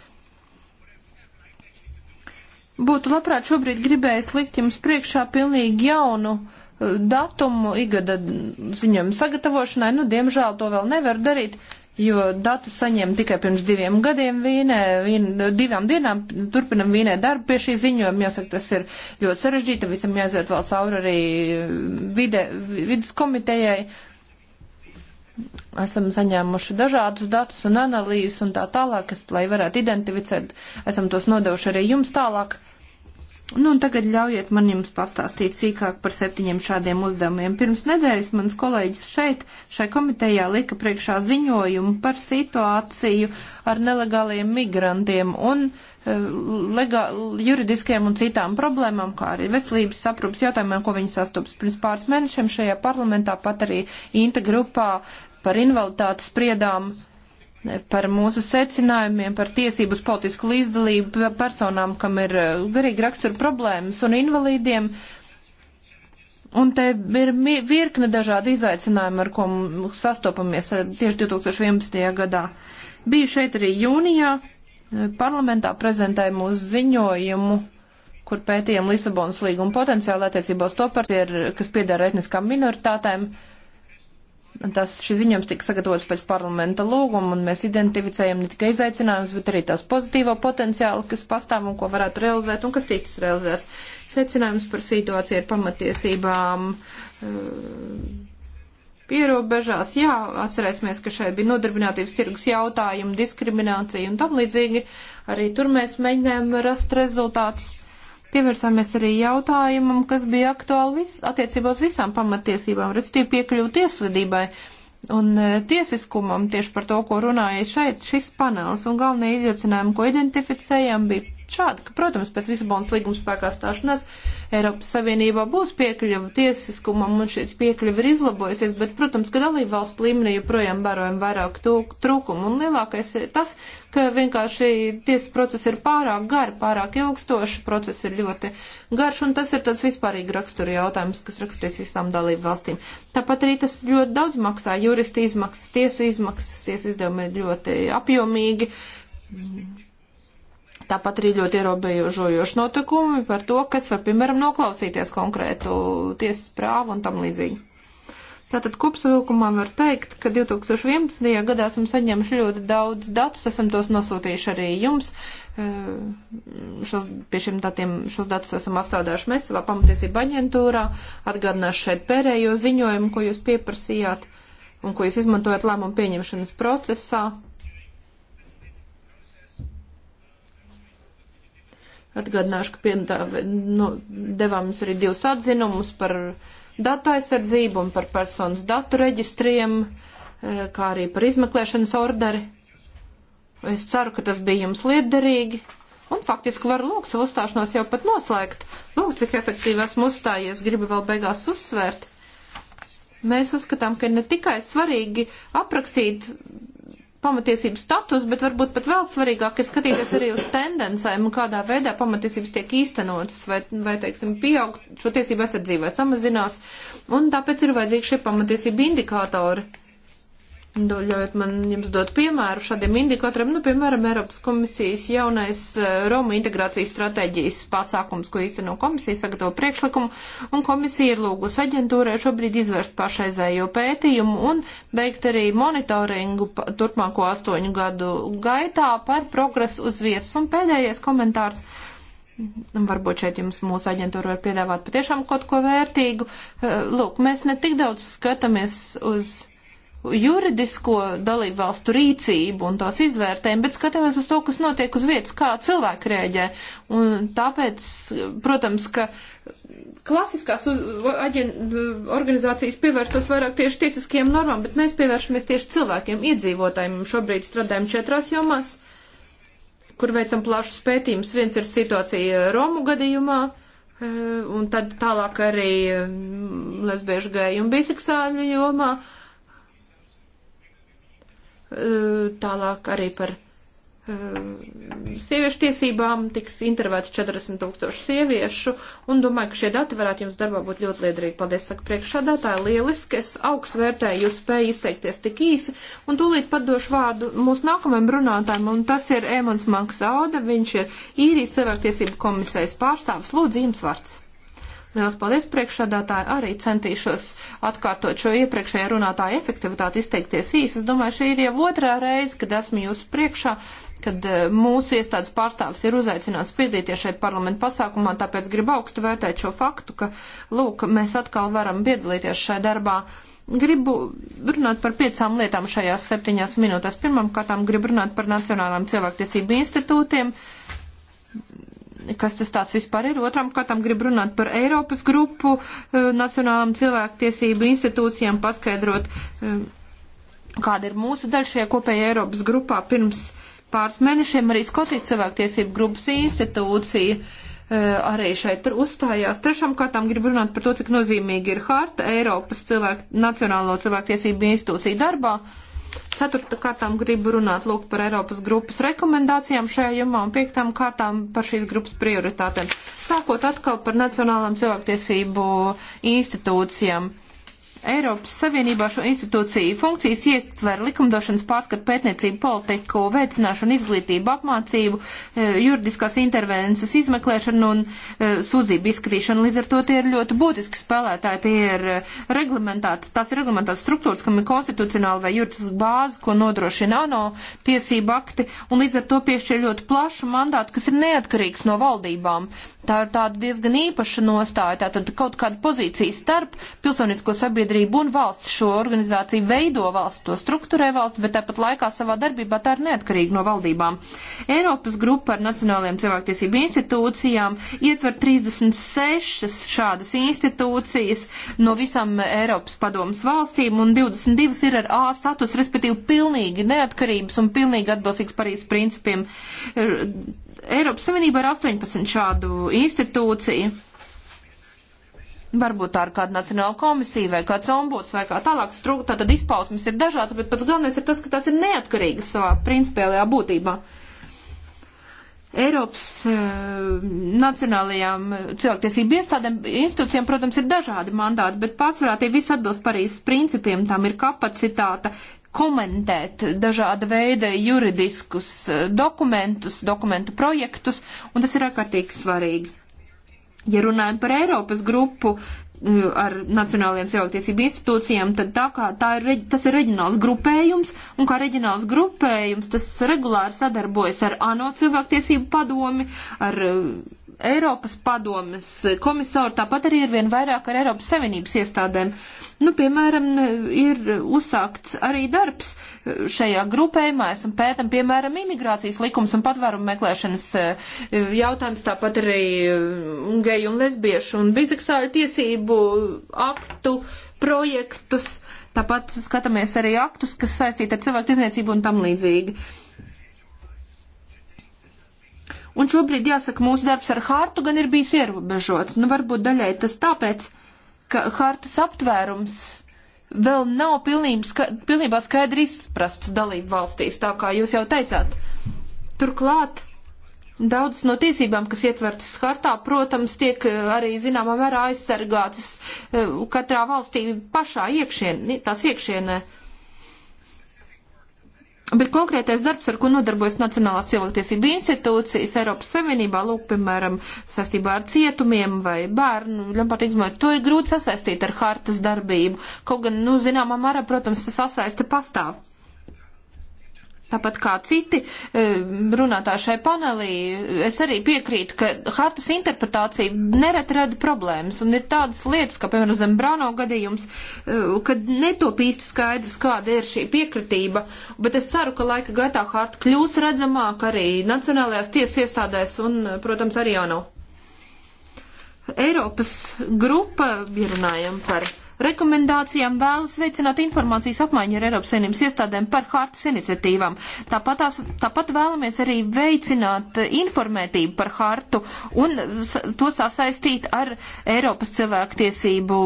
Būtu labprāt šobrīd gribējis likt jums priekšā pilnīgi jaunu uh, datumu igada ziņojumu sagatavošanai. Nu, diemžēl to vēl nevar darīt, jo datu saņēma tikai pirms diviem gadiem vīnē, vīn, divām dienām turpinam vīnē darbu pie šī ziņojuma. Jāsaka, tas ir ļoti sarežģīti, visam jāiziet vēl cauri arī vide, vidas komitejai. Esam saņēmuši dažādus datus un analīzes un tā tālāk, kas, lai varētu identificēt, esam tos nodevuši arī jums tālāk. Nu, un tagad ļaujiet man jums pastāstīt sīkāk par septiņiem šādiem uzdevumiem. Pirms nedēļas mans kolēģis šeit, šai komitejā, lika priekšā ziņojumu par situāciju ar nelegāliem migrantiem un uh, legā, juridiskiem un citām problēmām, kā arī veselības aprūpas jautājumiem, ko viņi sastopas pirms pāris mēnešiem šajā parlamentā, pat arī Inta grupā par invaliditāti spriedām par mūsu secinājumiem, par tiesību uz politisku līdzdalību personām, kam ir eh, garīgi rakstura problēmas un invalīdiem. Un te ir virkne dažādi izaicinājumi, ar ko sastopamies eh, tieši 2011. gadā. Biju šeit arī jūnijā, eh, parlamentā prezentēja mūsu ziņojumu, kur pētījām Lisabonas līgumu potenciāli attiecībā uz to partiju, kas piedara etniskām minoritātēm. Uh, Tas šis ziņojums tika sagatavots pēc parlamenta lūguma, un mēs identificējam ne tikai izaicinājumus, bet arī tās pozitīvo potenciālu, kas pastāv un ko varētu realizēt un kas tiks realizēts. Secinājums par situāciju ar pamatiesībām eh, pierobežās, jā, atcerēsimies, ka šeit bija nodarbinātības tirgus jautājumi, diskriminācija un tam līdzīgi. Arī tur mēs mēģinājām rast rezultātus Pievērsāmies arī jautājumam, kas bija aktuāli vis, attiecībā uz visām pamatiesībām, respektīvi piekļuvu tiesvedībai un e, tiesiskumam, tieši par to, ko runāja šeit šis panels. Un galvenie izaicinājumi, ko identificējām, bija šāda, ka, protams, pēc Lisabonas līguma spēkā stāšanās Eiropas Savienībā būs piekļuva tiesiskumam un šīs piekļuva ir izlabojusies, bet, protams, ka dalību valstu līmenī joprojām vērojam vairāk trūkumu un lielākais ir tas, ka vienkārši tiesas process ir pārāk gari, pārāk ilgstoši, process ir ļoti garš un tas ir tāds vispārīgi rakstura jautājums, kas raksturīs visām dalību valstīm. Tāpat arī tas ļoti daudz maksā, juristi izmaksas, tiesu izmaksas, tiesu izdevumi ir ļoti apjomīgi. Tāpat arī ļoti ierobežojoši notikumi par to, kas var, piemēram, noklausīties konkrētu tiesas prāvu un tam līdzīgi. Tātad kopsavilkumā var teikt, ka 2011. gadā esam saņēmuši ļoti daudz datus, esam tos nosūtījuši arī jums. Šos, pie šiem datiem šos datus esam apstrādājuši mēs savā pamatiesība aģentūrā. Atgādināšu šeit pērējo ziņojumu, ko jūs pieprasījāt un ko jūs izmantojat lēmumu pieņemšanas procesā. Atgādināšu, ka piedāvē, nu, devām mums arī divus atzinumus par datu aizsardzību un par personas datu reģistriem, e, kā arī par izmeklēšanas orderi. Es ceru, ka tas bija jums liederīgi. Un faktiski var lūk, savu uzstāšanos jau pat noslēgt. Lūk, cik efektīvi esmu uzstājies, gribu vēl beigās uzsvērt. Mēs uzskatām, ka ir ne tikai svarīgi aprakstīt pamatiesību status, bet varbūt pat vēl svarīgāk ir skatīties arī uz tendencēm un kādā veidā pamatiesības tiek īstenotas vai, vai teiksim, pieaug šo tiesību aizsardzību vai samazinās. Un tāpēc ir vajadzīgi šie pamatiesību indikātori. Do, ļaujot man jums dot piemēru šādiem indikatoriem, nu, piemēram, Eiropas komisijas jaunais eh, Roma integrācijas stratēģijas pasākums, ko īsteno komisija, sagatavo priekšlikumu, un komisija ir lūgusi aģentūrai šobrīd izvērst pašreizējo pētījumu un veikt arī monitoringu turpmāko astoņu gadu gaitā par progresu uz vietas. Un pēdējais komentārs. Varbūt šeit jums mūsu aģentūra var piedāvāt patiešām kaut ko vērtīgu. Eh, lūk, mēs ne tik daudz skatāmies uz juridisko dalību valstu rīcību un tās izvērtējumu, bet skatāmies uz to, kas notiek uz vietas, kā cilvēki rēģē. Un tāpēc, protams, ka klasiskās aģen, organizācijas pievērstos vairāk tieši tiesiskajiem normām, bet mēs pievēršamies tieši cilvēkiem, iedzīvotājiem. Šobrīd strādājam četrās jomās, kur veicam plašus pētījumus. Viens ir situācija Romu gadījumā. Eh, un tad tālāk arī mm, lesbiešu gēju un biseksāļu jomā, uh, Eh, tālāk arī par eh, sieviešu tiesībām tiks intervētas 40 tūkstoši sieviešu, un domāju, ka šie dati varētu jums darbā būt ļoti liederīgi. Paldies, saka priekšādātāji, lieliski, es augstu vērtēju jūs spēju izteikties tik īsi, un tūlīt padošu vārdu mūsu nākamajam runātājam, un tas ir Ēmons Manks Auda, viņš ir īrijas cilvēktiesību komisijas pārstāvis. Lūdzu, jums vārds. Liels paldies priekšsādātāji, arī centīšos atkārtot šo iepriekšējā runātāja efektivitāti izteikties īsi. Es domāju, šī ir jau otrā reize, kad esmu jūsu priekšā, kad eh, mūsu iestādes pārstāvis ir uzaicināts piedalīties šeit parlamentu pasākumā, tāpēc gribu augstu vērtēt šo faktu, ka, lūk, mēs atkal varam piedalīties šajā darbā. Gribu runāt par piecām lietām šajās septiņās minūtēs. Pirmkārt, gribu runāt par Nacionālām cilvēktiesību institūtiem kas tas tāds vispār ir. Otram kārtam grib runāt par Eiropas grupu eh, nacionālām cilvēktiesību institūcijām, paskaidrot, eh, kāda ir mūsu daļa šajā kopējā Eiropas grupā. Pirms pāris mēnešiem arī Skotijas cilvēktiesību grupas institūcija eh, arī šeit uzstājās. Trešām kārtām gribu runāt par to, cik nozīmīgi ir harta Eiropas cilvēku, Nacionālo cilvēktiesību institūciju darbā. Uh, Ceturta kārtām gribu runāt lūk par Eiropas grupas rekomendācijām šajā jomā un piektām kārtām par šīs grupas prioritātēm. Sākot atkal par Nacionālām cilvēktiesību institūcijām. Uh, Eiropas Savienībā šo institūciju funkcijas ietver likumdošanas pārskatu pētniecību politiku, veicināšanu, izglītību, apmācību, e, juridiskās intervences izmeklēšanu un e, sūdzību izskatīšanu. Līdz ar to tie ir ļoti būtiski spēlētāji, tie ir e, reglamentāts, tās ir reglamentāts struktūras, kam ir konstitucionāla vai juridiska bāze, ko nodrošina ANO tiesība akti, un līdz ar to piešķir ļoti plašu mandātu, kas ir neatkarīgs no valdībām. Tā ir tāda diezgan īpaša nostāja, tātad kaut kāda pozīcija starp pilsonisko sabiedrību sabiedrība un valsts šo organizāciju veido valsts, to struktūrē valsts, bet tāpat laikā savā darbībā tā ir neatkarīga no valdībām. Eiropas grupa ar Nacionālajiem cilvēktiesību institūcijām ietver 36 šādas institūcijas no visām Eiropas padomas valstīm un 22 ir ar A status, respektīvi pilnīgi neatkarības un pilnīgi atbilstīgs Parīzes principiem. Eiropas Savienība ir 18 šādu institūciju varbūt tā ir kāda nacionāla komisija vai kāds ombuds vai kā tālāk struktūra, tad izpausmes ir dažādas, bet pats galvenais ir tas, ka tās ir neatkarīgas savā principiālajā būtībā. Eiropas e, nacionālajām cilvēktiesību iestādēm, institūcijām, protams, ir dažādi mandāti, bet pārsvarā tie visi atbilst Parīzes principiem, tām ir kapacitāte komentēt dažāda veida juridiskus eh, dokumentus, dokumentu projektus, un tas ir ārkārtīgi svarīgi. Ja runājam par Eiropas grupu eh, ar Nacionālajiem cilvēktiesību institūcijām, tad tā kā tā ir, tas ir reģionāls grupējums, un kā reģionāls grupējums tas regulāri sadarbojas ar ANO cilvēktiesību padomi, ar eh, Eiropas padomes komisāru, tāpat arī ir vien vairāk ar Eiropas Savienības iestādēm. Nu, piemēram, ir uzsākts arī darbs šajā grupējumā, esam pētam, piemēram, imigrācijas likums un patvērumu meklēšanas eh, jautājums, tāpat arī eh, geju un lesbiešu un biseksuāļu tiesību aktu projektus, tāpat skatāmies arī aktus, kas saistīti ar cilvēku tiesniecību un tam līdzīgi. Uh, Un šobrīd, jāsaka, mūsu darbs ar hārtu gan ir bijis ierobežots. Nu, varbūt daļai tas tāpēc, ka hārtas aptvērums vēl nav ska pilnībā skaidri izprasts dalību valstīs, tā kā jūs jau teicāt. Turklāt Daudzas no tiesībām, kas ietvertas hartā, protams, tiek eh, arī zināmā mērā aizsargātas eh, katrā valstī pašā iekšienē, tās iekšienē. Uh, Bet konkrētais darbs, ar ko nodarbojas Nacionālās cilvēktiesība institūcijas Eiropas Savienībā, lūk, piemēram, sastībā ar cietumiem vai bērnu, ļampārtīgi izmantot, to ir grūti sasaistīt ar hartas darbību. Kaut gan, nu, zināmā mērā, protams, sasaiste pastāv. Tāpat kā citi e, runātāji šai panelī, es arī piekrītu, ka hartas interpretācija neret rada problēmas, un ir tādas lietas, kā, piemēram, Zembrāno gadījums, e, kad netop īsti skaidrs, kāda ir šī piekritība, bet es ceru, ka laika gaitā harta kļūs redzamāk arī nacionālajās tiesu iestādēs un, protams, arī ANO. Eiropas grupa, ja runājam par rekomendācijām vēlas veicināt informācijas apmaiņu ar Eiropas Savienības iestādēm par hartas iniciatīvām. Tāpat, tās, tāpat vēlamies arī veicināt informētību par hartu un to sasaistīt ar Eiropas cilvēktiesību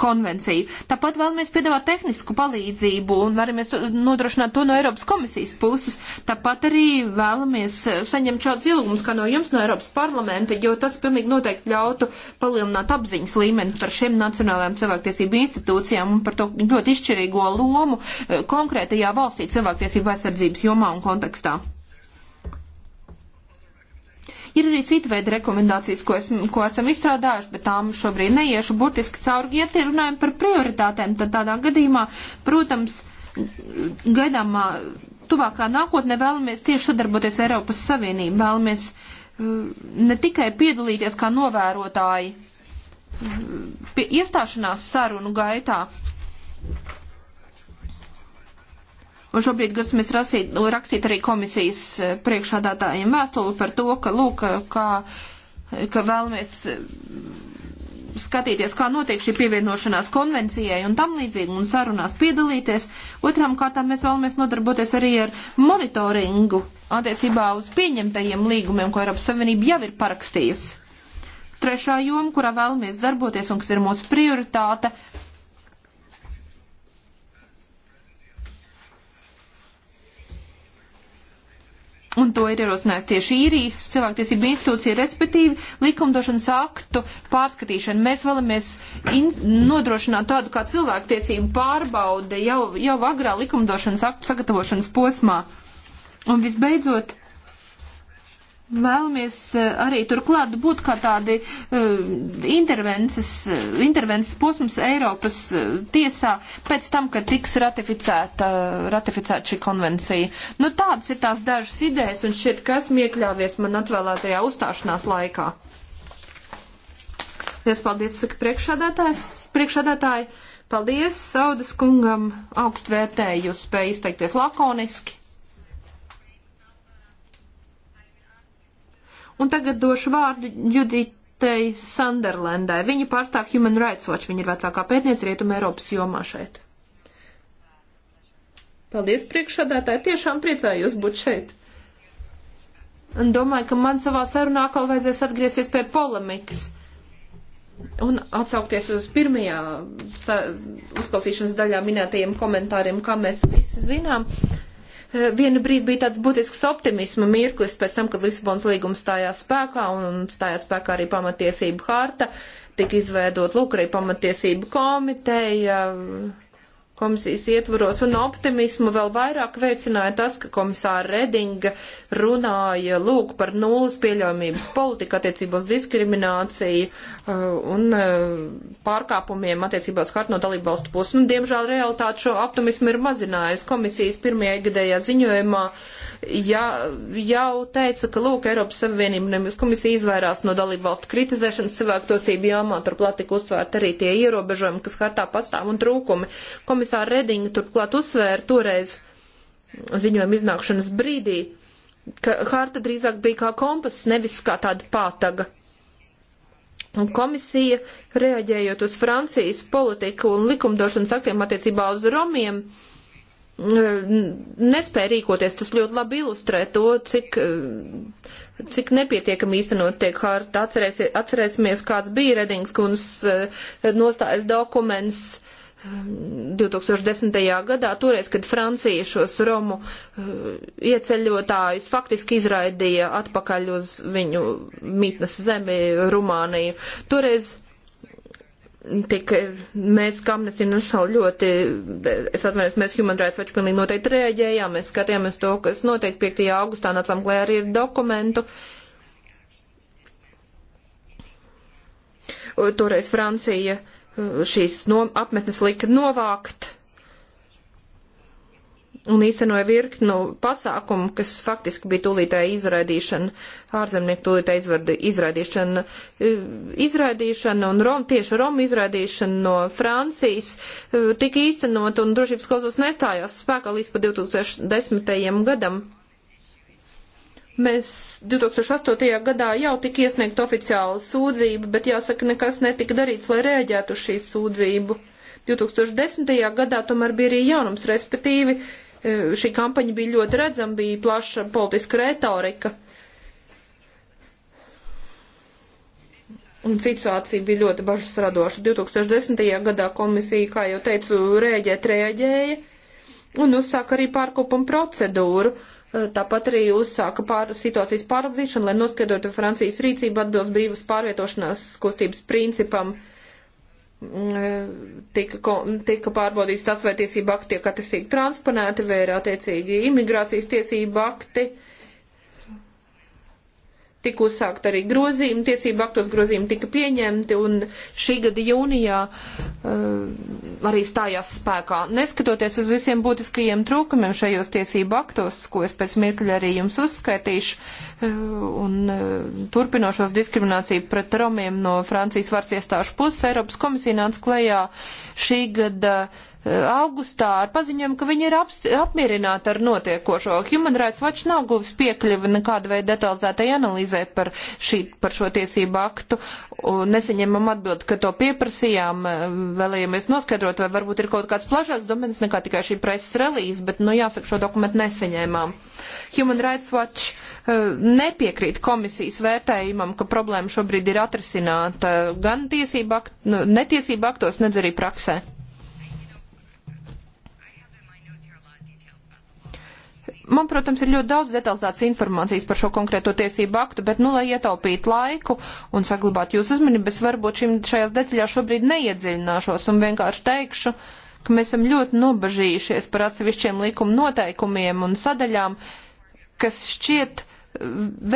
konvenciju. Tāpat vēlamies piedāvāt tehnisku palīdzību un vēlamies nodrošināt to no Eiropas komisijas puses. Tāpat arī vēlamies eh, saņemt šādus ilgumus, kā no jums, no Eiropas parlamenta, jo tas pilnīgi noteikti ļautu palielināt apziņas līmeni par šiem nacionālajām cilvēktiesību institūcijām un par to ļoti izšķirīgo lomu eh, konkrētajā valstī cilvēktiesību aizsardzības jomā un kontekstā. Ir arī cita veida rekomendācijas, ko, es, ko esam izstrādājuši, bet tām šobrīd neiešu burtiski cauri, ja te runājam par prioritātēm, tad tādā gadījumā, protams, gaidāmā tuvākā nākotnē vēlamies cieši sadarboties Eiropas Savienību, vēlamies uh, ne tikai piedalīties kā novērotāji uh, pie iestāšanās sarunu gaitā, Un šobrīd grasamies rasīt, rakstīt arī komisijas eh, priekšādātājiem vēstuli par to, ka, lūk, kā, ka vēlamies eh, skatīties, kā notiek šī pievienošanās konvencijai un tam līdzīgi un sarunās piedalīties. Otram kārtām mēs vēlamies nodarboties arī ar monitoringu attiecībā uz pieņemtajiem līgumiem, ko Eiropas Savienība jau ir parakstījusi. Trešā joma, kurā vēlamies darboties un kas ir mūsu prioritāte, Un to ir ierosinājusi tieši īrijas cilvēktiesība institūcija, respektīvi likumdošanas aktu pārskatīšana. Mēs vēlamies nodrošināt tādu kā cilvēktiesību pārbaude jau, jau agrā likumdošanas aktu sagatavošanas posmā. Un visbeidzot, vēlamies eh, arī turklāt būt kā tādi uh, intervences, eh, intervences posms Eiropas tiesā pēc tam, kad tiks ratificēta, ratificēta šī konvencija. Nu, tādas ir tās dažas idejas un šķiet, kas miekļāvies man atvēlētajā uzstāšanās laikā. Lies paldies, saka priekšādātāji. Paldies Saudas kungam, augstvērtēju, spēju izteikties lakoniski Un tagad došu vārdu Juditei Sanderlendai. Viņa pārstāv Human Rights Watch. Viņa ir vecākā pētniece Rietuma Eiropas jomā šeit. Paldies priekšādātāji, tiešām priecājos būt šeit. Un domāju, ka man savā sarunā atkal vajadzēs atgriezties pie polemikas. Un atsaukties uz pirmajā uzklausīšanas daļā minētajiem komentāriem, kā mēs visi zinām, uh, Eh, vienu brīdi bija tāds būtisks optimisma mirklis pēc tam, kad Lisabonas līgums stājās spēkā un stājās spēkā arī pamatiesību harta, tika izveidot lūk arī pamatiesību komiteja. Uh, komisijas ietvaros, un optimismu vēl vairāk veicināja tas, ka komisāra Redinga runāja lūk par nulles pieļaujamības politiku attiecībos diskrimināciju uh, un uh, pārkāpumiem attiecībās kārt no dalību valstu puses. Nu, diemžēl realitāte šo optimismu ir mazinājusi. Komisijas pirmajā gadējā ziņojumā ja, jau teica, ka lūk, Eiropas Savienība nevis komisija izvairās no dalību valstu kritizēšanas cilvēktiesību jāmā, turklāt tika uztvērt arī tie ierobežojumi, kas kārtā pastāv un trūkumi. Komisija komisāra Redinga turklāt uzsvēra toreiz ziņojuma iznākšanas brīdī, ka harta drīzāk bija kā kompass, nevis kā tāda pātaga. Un komisija, reaģējot uz Francijas politiku un likumdošanas aktiem attiecībā uz romiem, nespēja rīkoties. Tas ļoti labi ilustrē to, cik, cik nepietiekami īstenot tiek harta. Atcerēsimies, kāds bija Redings kundzes eh, nostājas dokuments 2010. gadā, toreiz, kad Francija šos Romu eh, ieceļotājus faktiski izraidīja atpakaļ uz viņu mītnes zemi Rumāniju. Toreiz tik eh, mēs, kā Amnesty International, ļoti, eh, es atvainojos, mēs Human Rights Watch pilnīgi noteikti reaģējām, mēs skatījāmies to, kas notiek 5. augustā, nācām klē arī ar dokumentu. Toreiz Francija uh, šīs no, apmetnes lika novākt un īstenoja virknu pasākumu, kas faktiski bija tūlītēja izraidīšana, ārzemnieku tūlītēja izraidīšana, e, izraidīšana un rom, tieši Roma izraidīšana no Francijas e, tika īstenot un drošības klauzos nestājās spēkā līdz pa 2010. gadam. Mēs 2008. gadā jau tika iesniegta oficiāla sūdzība, bet jāsaka, nekas netika darīts, lai rēģētu uz šī sūdzību. 2010. gadā tomēr bija arī jaunums, respektīvi e, šī kampaņa bija ļoti redzama, bija plaša politiska retorika. Un situācija bija ļoti bažas radoša. 2010. gadā komisija, kā jau teicu, rēģēt rēģēja un uzsāka arī pārkopuma procedūru. Uh, Tāpat arī uzsāka pār, situācijas pārbaudīšanu, lai noskaidrotu Francijas rīcību atbilst brīvas pārvietošanās kustības principam. Mm, e, tika, tika pārbaudīts tas, vai tiesība akti tiek attiecīgi transponēti, vai ir attiecīgi imigrācijas tiesība akti. Uh, tika uzsākt arī grozījumi, tiesību aktos grozījumi tika pieņemti un šī gada jūnijā uh, arī stājās spēkā. Neskatoties uz visiem būtiskajiem trūkumiem šajos tiesību aktos, ko es pēc mirkļa arī jums uzskaitīšu, uh, un uh, turpinošos diskrimināciju pret romiem no Francijas varas iestāžu puses, Eiropas komisija nāca klajā šī gada uh, augustā ar paziņojumu, ka viņi ir ap, apmierināti ar notiekošo. Human Rights Watch nav guvis piekļuvi nekāda veida detalizētai analīzē par, šī, par šo tiesību aktu. Nesaņemam atbildi, ka to pieprasījām, vēlējamies noskaidrot, vai varbūt ir kaut kāds plašāks domens nekā tikai šī preses relīze, bet, nu, jāsaka, šo dokumentu nesaņēmām. Human Rights Watch eh, nepiekrīt komisijas vērtējumam, ka problēma šobrīd ir atrisināta gan tiesību akt, nu, netiesību aktos, nedz arī praksē. Man, protams, ir ļoti daudz detalizētas informācijas par šo konkrēto tiesību aktu, bet, nu, lai ietaupītu laiku un saglabātu jūsu uzmanību, es varbūt šim, šajās detaļās šobrīd neiedziļināšos un vienkārši teikšu, ka mēs esam ļoti nobažījušies par atsevišķiem likuma noteikumiem un sadaļām, kas šķiet eh,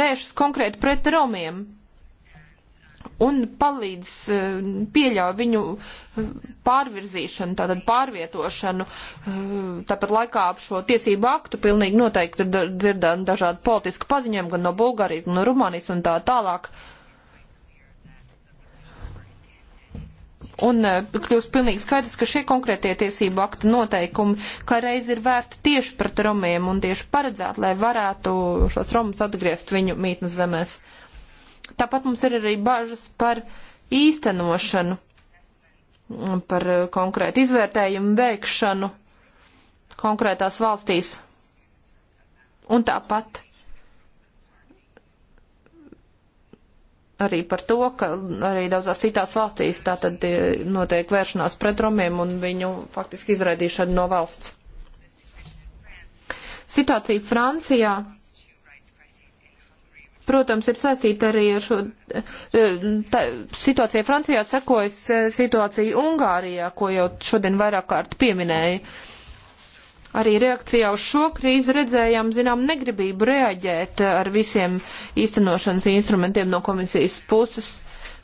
vēršas konkrēti pret romiem, un palīdz eh, pieļauj viņu eh, pārvirzīšanu, tātad pārvietošanu, eh, tāpat laikā ap šo tiesību aktu pilnīgi noteikti ir dzirdami dažādi politiski paziņojumi gan no Bulgārijas, gan no Rumānijas un tā tālāk. Un kļūst pilnīgi skaidrs, ka šie konkrētie tiesību akta noteikumi, kā reiz ir vērti tieši pret romiem un tieši paredzēti, lai varētu šos romus atgriezt viņu mītnes zemēs. Uh, Tāpat mums ir arī bažas par īstenošanu, par konkrētu izvērtējumu veikšanu konkrētās valstīs. Un tāpat arī par to, ka arī daudzās citās valstīs tā tad e, notiek vēršanās pret romiem un viņu faktiski izraidīšana no valsts. Situācija Francijā protams, ir saistīta arī ar šo eh, tā, situāciju Francijā, sekojas eh, situācija Ungārijā, ko jau šodien vairāk kārt pieminēja. Arī reakcijā uz šo krīzi redzējām, zinām, negribību reaģēt eh, ar visiem īstenošanas instrumentiem no komisijas puses.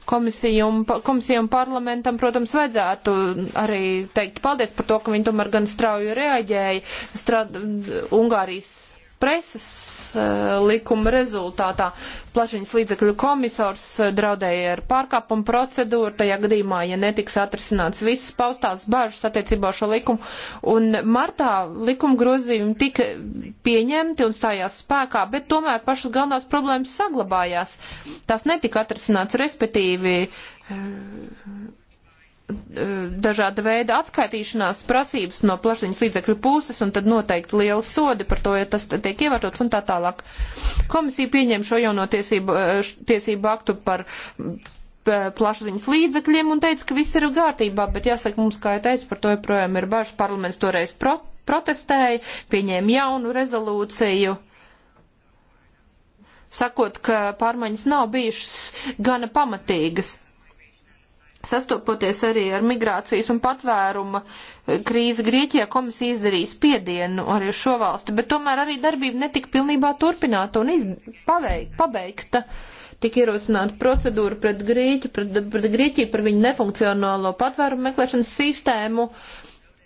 Komisiju un, komisiju un parlamentam, protams, vajadzētu arī teikt paldies par to, ka viņi tomēr gan strauji reaģēja strād, Ungārijas preses eh, likuma rezultātā plašiņas līdzekļu komisors eh, draudēja ar pārkāpumu procedūru, tajā gadījumā, ja netiks atrisināts visas paustās bažas attiecībā šo likumu. Un martā likuma grozījumi tika pieņemti un stājās spēkā, bet tomēr pašas galvenās problēmas saglabājās. Tās netika atrisināts, respektīvi eh, dažāda veida atskaitīšanās prasības no plašiņas līdzekļu puses, un tad noteikti liela sodi par to, ja tas tiek ievērtots un tā tālāk. Komisija pieņem šo jauno tiesību, eh, tiesību aktu par eh, plašsaziņas līdzekļiem un teica, ka viss ir kārtībā, bet jāsaka, mums, kā jau teicu, par to joprojām ir bažas. Parlaments toreiz pro protestēja, pieņēma jaunu rezolūciju sakot, ka pārmaiņas nav bijušas gana pamatīgas. Sastopoties arī ar migrācijas un patvēruma eh, krīzi Grieķijā, komisija izdarīja spiedienu arī uz šo valsti, bet tomēr arī darbība netika pilnībā turpināta un iz... paveik, pabeigta. Tik ierosināta procedūra pret Grieķiju, pret, pret Grieķiju par viņu nefunkcionālo patvērumu meklēšanas sistēmu. Uh,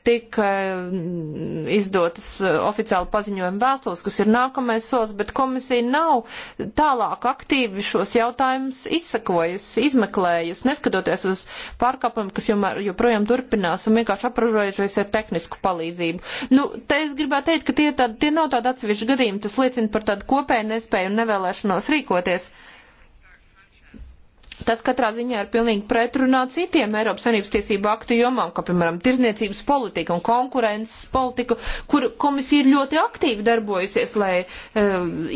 tika mm, izdotas uh, oficiāli paziņojuma vēstules, kas ir nākamais solis, bet komisija nav tālāk aktīvi šos jautājumus izsakojusi, izmeklējusi, neskatoties uz pārkāpumiem, kas joprojām turpinās un vienkārši apražojušies ar tehnisku palīdzību. Nu, te es gribētu teikt, ka tie, tādi, tie nav tādi atsevišķi gadījumi, tas liecina par tādu kopēju nespēju un nevēlēšanos rīkoties. Tas katrā ziņā ir pilnīgi pretrunā citiem Eiropas Savienības tiesību aktu jomām, kā piemēram tirzniecības politika un konkurences politika, kur komisija ir ļoti aktīvi darbojusies, lai, eh,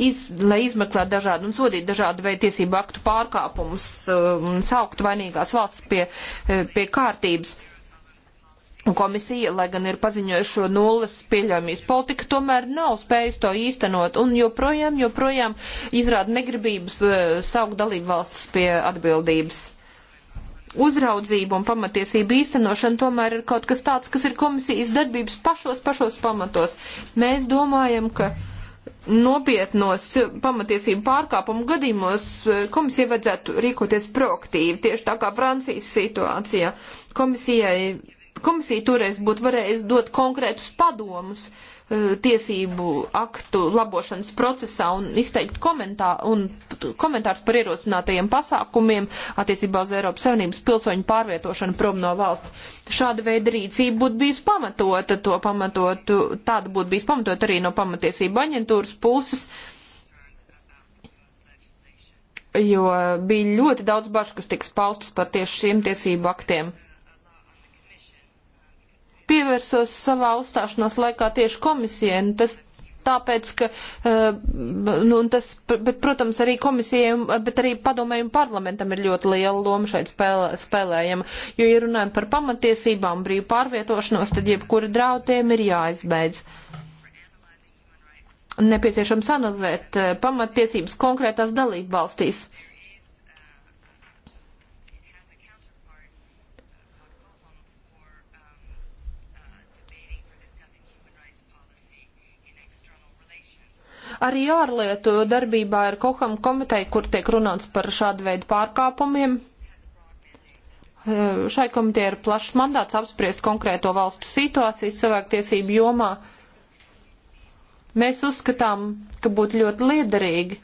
iz, lai izmeklētu dažādu un sodītu dažādu veidu tiesību aktu pārkāpumus eh, un sauktu vainīgās valsts pie, eh, pie kārtības. Komisija, lai gan ir paziņojuši šo nulles pieļaujamības politiku, tomēr nav spējusi to īstenot un joprojām, joprojām izrāda negribības eh, saukt dalību valsts pie atbildības. Uzraudzība un pamatiesība īstenošana tomēr ir kaut kas tāds, kas ir komisijas darbības pašos, pašos pamatos. Mēs domājam, ka nopietnos pamatiesību pārkāpumu gadījumos eh, komisija vajadzētu rīkoties proaktīvi, tieši tā kā Francijas situācijā. Komisijai Komisija toreiz būtu varējusi dot konkrētus padomus e, tiesību aktu labošanas procesā un izteikt komentā, un komentārus par ierosinātajiem pasākumiem attiecībā uz Eiropas Savienības pilsoņu pārvietošanu prom no valsts. Šāda veida rīcība būtu bijusi pamatota, to pamatotu, tāda būtu bijusi pamatot arī no pamatiesību aģentūras puses jo bija ļoti daudz bažu, kas tiks paustas par tieši šiem tiesību aktiem pievērsos savā uzstāšanās laikā tieši komisijai. Un tas tāpēc, ka, eh, nu, tas, bet, protams, arī komisijai, bet arī padomējumu parlamentam ir ļoti liela loma šeit spēlē, spēlējama, jo, ja runājam par pamatiesībām, brīvu pārvietošanos, tad jebkura draudiem ir jāizbeidz. Nepieciešams analizēt eh, pamatiesības konkrētās dalību valstīs. Arī ārlietu darbībā ir koham komiteja, kur tiek runāts par šādu veidu pārkāpumiem. Eh, šai komitē ir plašs mandāts apspriest konkrēto valstu situāciju cilvēktiesību jomā. Mēs uzskatām, ka būtu ļoti liederīgi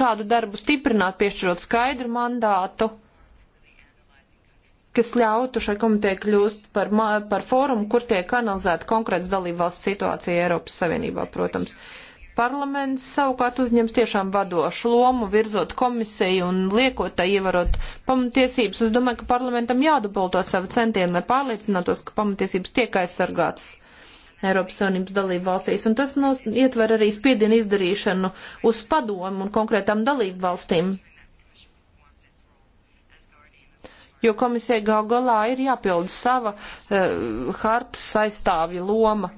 šādu darbu stiprināt, piešķirot skaidru mandātu kas ļautu šai komitejai kļūst par, par fórumu, kur tiek analizēta konkrēts dalībvalsts situācija Eiropas Savienībā, protams. Parlaments savukārt uzņems tiešām vadošu lomu, virzot komisiju un liekot tai ievarot pamatiesības. Es domāju, ka parlamentam jādubulto savu centienu, lai pārliecinātos, ka pamatiesības tiek aizsargātas. Eiropas Savienības dalību valstīs, un tas nos, ietver arī spiedienu izdarīšanu uz padomu un konkrētām dalību valstīm jo komisija gal galā ir jāpild sava uh, hartas aizstāvja loma.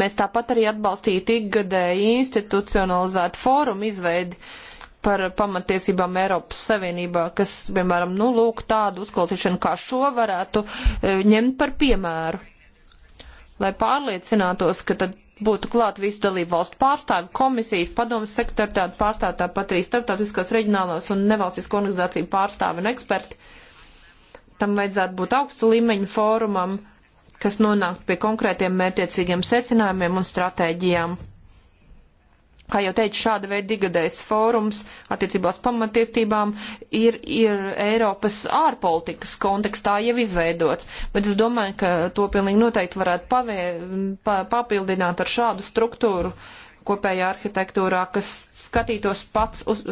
Mēs tāpat arī atbalstītu ikgadēji institucionalizētu fórumu izveidi par pamatiesībām Eiropas Savienībā, kas, piemēram, nu, lūk, tādu uzklausīšanu kā šo varētu e, ņemt par piemēru, lai pārliecinātos, ka tad būtu klāt visu dalību valstu pārstāvi, komisijas, padomas sekretaritāti pārstāvi, tāpat arī starptautiskās reģionālās un nevalstisko organizāciju pārstāvi un eksperti. Tam vajadzētu būt augstu līmeņu fórumam, kas nonāktu pie konkrētiem mērķiecīgiem secinājumiem un stratēģijām. Kā jau teicu, šāda veida digadējs fórums attiecībās pamatiestībām ir, ir Eiropas ārpolitikas kontekstā jau izveidots, bet es domāju, ka to pilnīgi noteikti varētu pavē, pa, papildināt ar šādu struktūru kopējā arhitektūrā, kas skatītos pats, uz,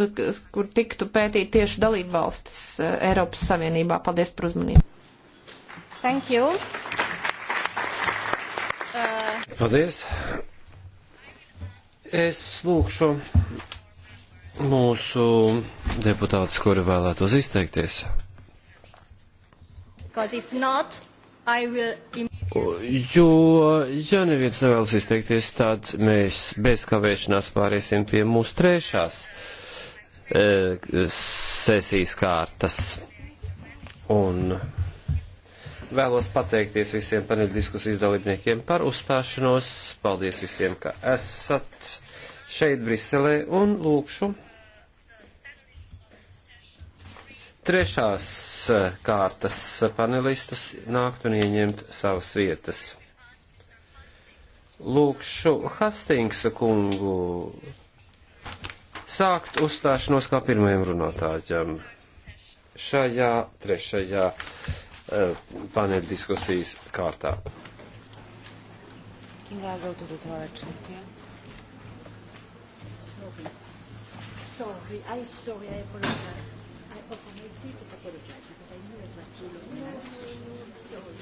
kur tiktu pētīt tieši dalību valstis eh, Eiropas Savienībā. Paldies par uzmanību. Thank you. Uh... Paldies. Es lūkšu mūsu deputātus, kuri vēlētos izteikties. Not, will... Jo, ja neviens nevēlas izteikties, tad mēs bez kavēšanās pāriesim pie mūsu trešās e, sesijas kārtas. Un Vēlos pateikties visiem paneļa diskusijas dalībniekiem par uzstāšanos. Paldies visiem, ka esat šeit Briselē un lūkšu. Trešās kārtas panelistus nākt un ieņemt savas vietas. Lūkšu Hastingsa kungu sākt uzstāšanos kā pirmajam runātājam šajā trešajā Eh, paneļa diskusijas kārtā. Can I go to the toilet? Yeah. Sorry. Sorry. I sorry. I apologize. I offer my deepest apologize because I knew it was too long. No, no, no. Sorry.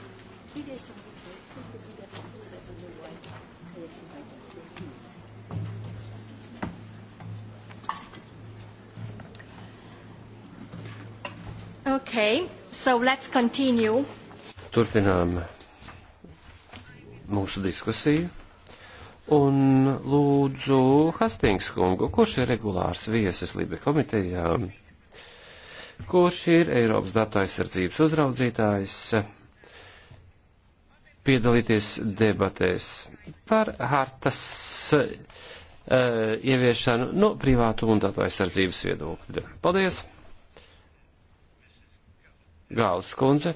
Bir de sorry. Çok da bir de farklı da bunu var. Alexis Baytas. Okay. So let's continue. Turpinām mūsu diskusiju. Un lūdzu Hastings kungu, kurš ir regulārs viesis Libe komitejā, kurš ir Eiropas datu aizsardzības uzraudzītājs, piedalīties debatēs par hartas uh, ieviešanu no privātu un datu aizsardzības viedokļa. Paldies! Gāls kundze.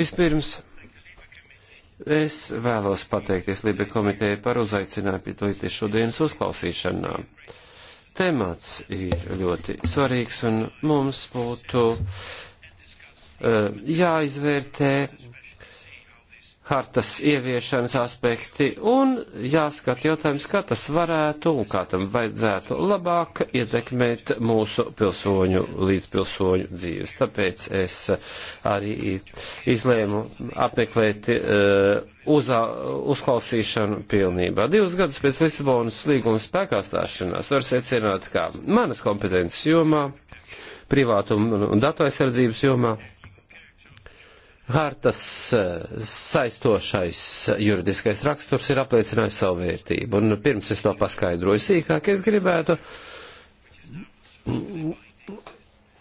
Vispirms es vēlos pateikties Libe komitejai par uzaicinājumu piedalīties šodienas uzklausīšanā. Temats ir ļoti svarīgs un mums būtu uh, jāizvērtē hartas ieviešanas aspekti un jāskat jautājums, kā tas varētu un kā tam vajadzētu labāk ietekmēt mūsu pilsoņu līdzpilsoņu dzīves. Tāpēc es arī izlēmu apmeklēt uh, uzā, uzklausīšanu pilnībā. Divus gadus pēc Lisabonas līguma spēkā stāšanās var secināt, ka manas kompetences jomā, privātuma un datu aizsardzības jomā, hartas eh, saistošais juridiskais raksturs ir apliecinājis savu vērtību. Un pirms es to paskaidroju sīkāk, es gribētu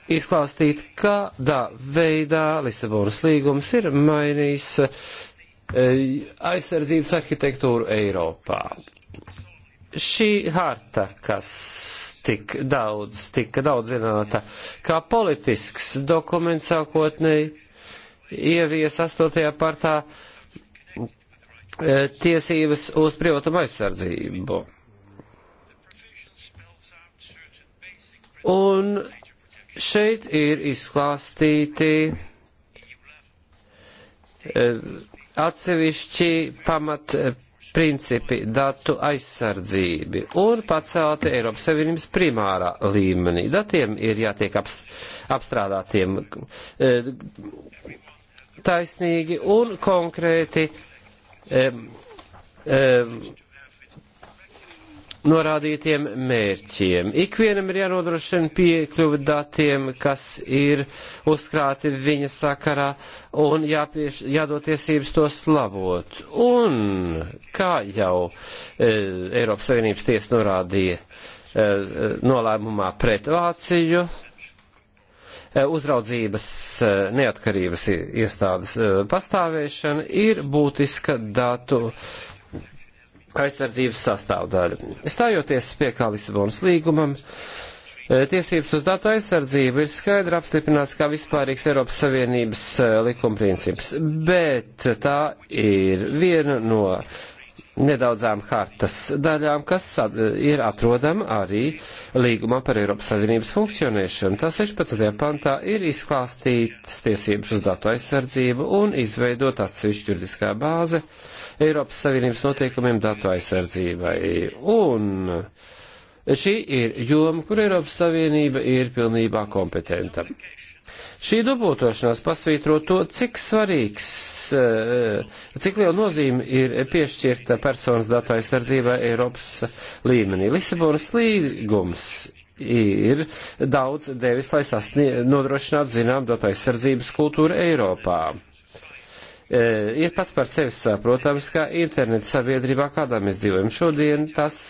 izklāstīt, kādā veidā Lisabonas līgums ir mainījis eh, aizsardzības arhitektūru Eiropā. Šī harta, kas tik daudz, tika daudz zināta, kā politisks dokuments sākotnēji ievies 8. partā e, tiesības uz privatumu aizsardzību. Un šeit ir izklāstīti e, atsevišķi pamat principi datu aizsardzību un pacelti Eiropas Savienības primārā līmenī. Datiem ir jātiek aps, apstrādātiem e, taisnīgi un konkrēti um, um, norādītiem mērķiem. Ikvienam ir jānodrošina piekļuvi datiem, kas ir uzkrāti viņa sakarā, un jāpieš, jādod tiesības tos labot. Un, kā jau e, Eiropas Savienības tiesa norādīja e, nolēmumā pret Vāciju, e, Eh, uzraudzības eh, neatkarības iestādes eh, pastāvēšana ir būtiska datu aizsardzības sastāvdaļa. Stājoties pie kā Lisabonas līgumam, tiesības uz datu aizsardzību ir skaidri apstiprināts kā vispārīgs Eiropas Savienības likuma princips, bet tā ir viena no nedaudzām hartas daļām, kas ir atrodama arī līgumā par Eiropas Savienības funkcionēšanu. Tā 16. pantā ir izklāstītas tiesības uz datu aizsardzību un izveidot atsevišķu juridiskā bāze Eiropas Savienības noteikumiem datu aizsardzībai. Un šī ir joma, kur Eiropas Savienība ir pilnībā kompetenta. Šī dubultošanās pasvītro to, cik svarīgs, eh, cik liela nozīme ir piešķirta personas datu aizsardzībai Eiropas līmenī. Lisabonas līgums ir daudz devis, lai sasnie, nodrošinātu zinām datu aizsardzības kultūru Eiropā eh, ir pats par sevi saprotams, kā interneta sabiedrībā, kādā mēs dzīvojam šodien, tas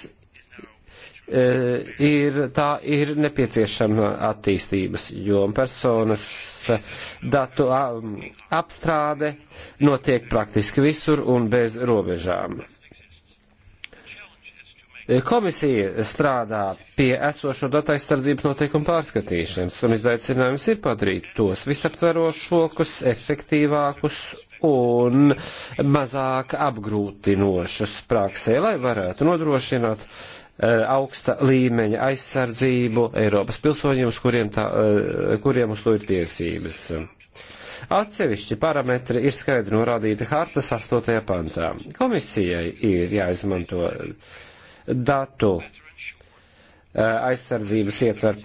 Eh, ir, tā ir nepieciešama attīstības joma. Personas eh, datu apstrāde notiek praktiski visur un bez robežām. Eh, komisija strādā pie esošo datu aizsardzības noteikumu pārskatīšanas, un izaicinājums ir padarīt tos visaptverošākus, efektīvākus un mazāk apgrūtinošus praksē, lai varētu nodrošināt uh, Eh, augsta līmeņa aizsardzību Eiropas pilsoņiem, uz kuriem, tā, eh, kuriem uz to ir tiesības. Atsevišķi parametri ir skaidri norādīti hartas 8. pantā. Komisijai ir jāizmanto datu eh, aizsardzības ietver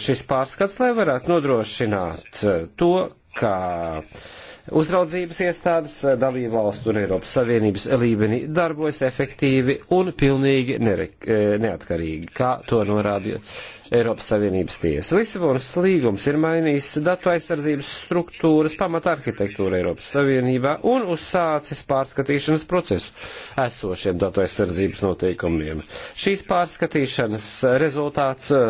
šis pārskats, lai varētu nodrošināt to, ka uh, uzraudzības iestādes dalību valstu un Eiropas Savienības līmenī darbojas efektīvi un pilnīgi e, neatkarīgi, kā to norāda Eiropas Savienības tiesa. Lisabonas līgums ir mainījis datu aizsardzības struktūras pamata arhitektūru Eiropas Savienībā un uzsācis pārskatīšanas procesu esošiem datu aizsardzības noteikumiem. Šīs pārskatīšanas rezultāts e,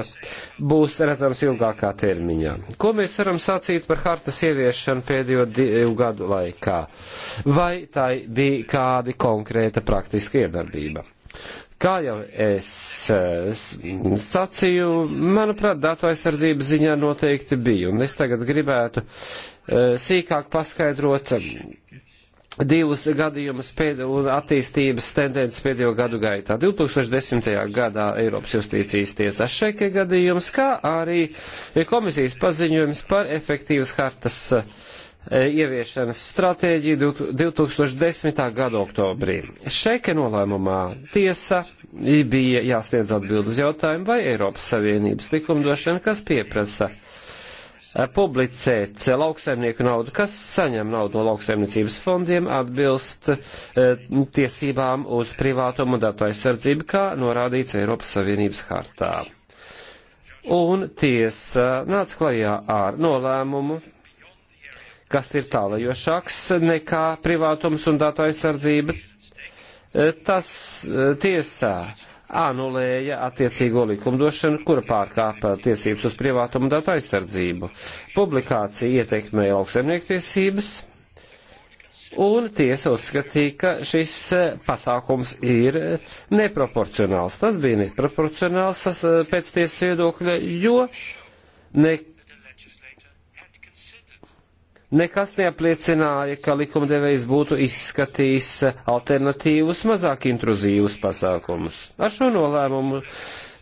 būs redzams ilgākā termiņā. Ko mēs varam sacīt par hartas ieviešanu pēdējo divu gadu laikā, vai tai bija kādi konkrēta praktiska iedarbība. Kā jau es sacīju, manuprāt, datu aizsardzības ziņā noteikti bija, un es tagad gribētu eh, sīkāk paskaidrot um, divus gadījumus un attīstības tendences pēdējo gadu gaitā. 2010. gadā Eiropas justīcijas tiesā šeke gadījums, kā arī komisijas paziņojums par efektīvas hartas uh, E, ieviešanas stratēģiju 2010. gada oktobrī. Šeke nolēmumā tiesa bija jāsniedz atbild uz jautājumu, vai Eiropas Savienības likumdošana, kas pieprasa e, publicēt lauksaimnieku naudu, kas saņem naudu no lauksaimniecības fondiem, atbilst e, tiesībām uz privātumu un datu aizsardzību, kā norādīts Eiropas Savienības hartā. Un tiesa nāca klajā ar nolēmumu kas ir tālajošāks nekā privātums un datu aizsardzība. Tas eh, tiesā anulēja attiecīgo likumdošanu, kura pārkāpa tiesības uz privātumu un datu aizsardzību. Publikācija ietekmēja lauksaimnieku tiesības, un tiesa uzskatīja, ka šis eh, pasākums ir eh, neproporcionāls. Tas bija neproporcionāls pēc tiesas viedokļa, jo nekā Nekas neapliecināja, ka likumdevējs būtu izskatījis alternatīvus, mazāk intruzīvus pasākumus. Ar šo nolēmumu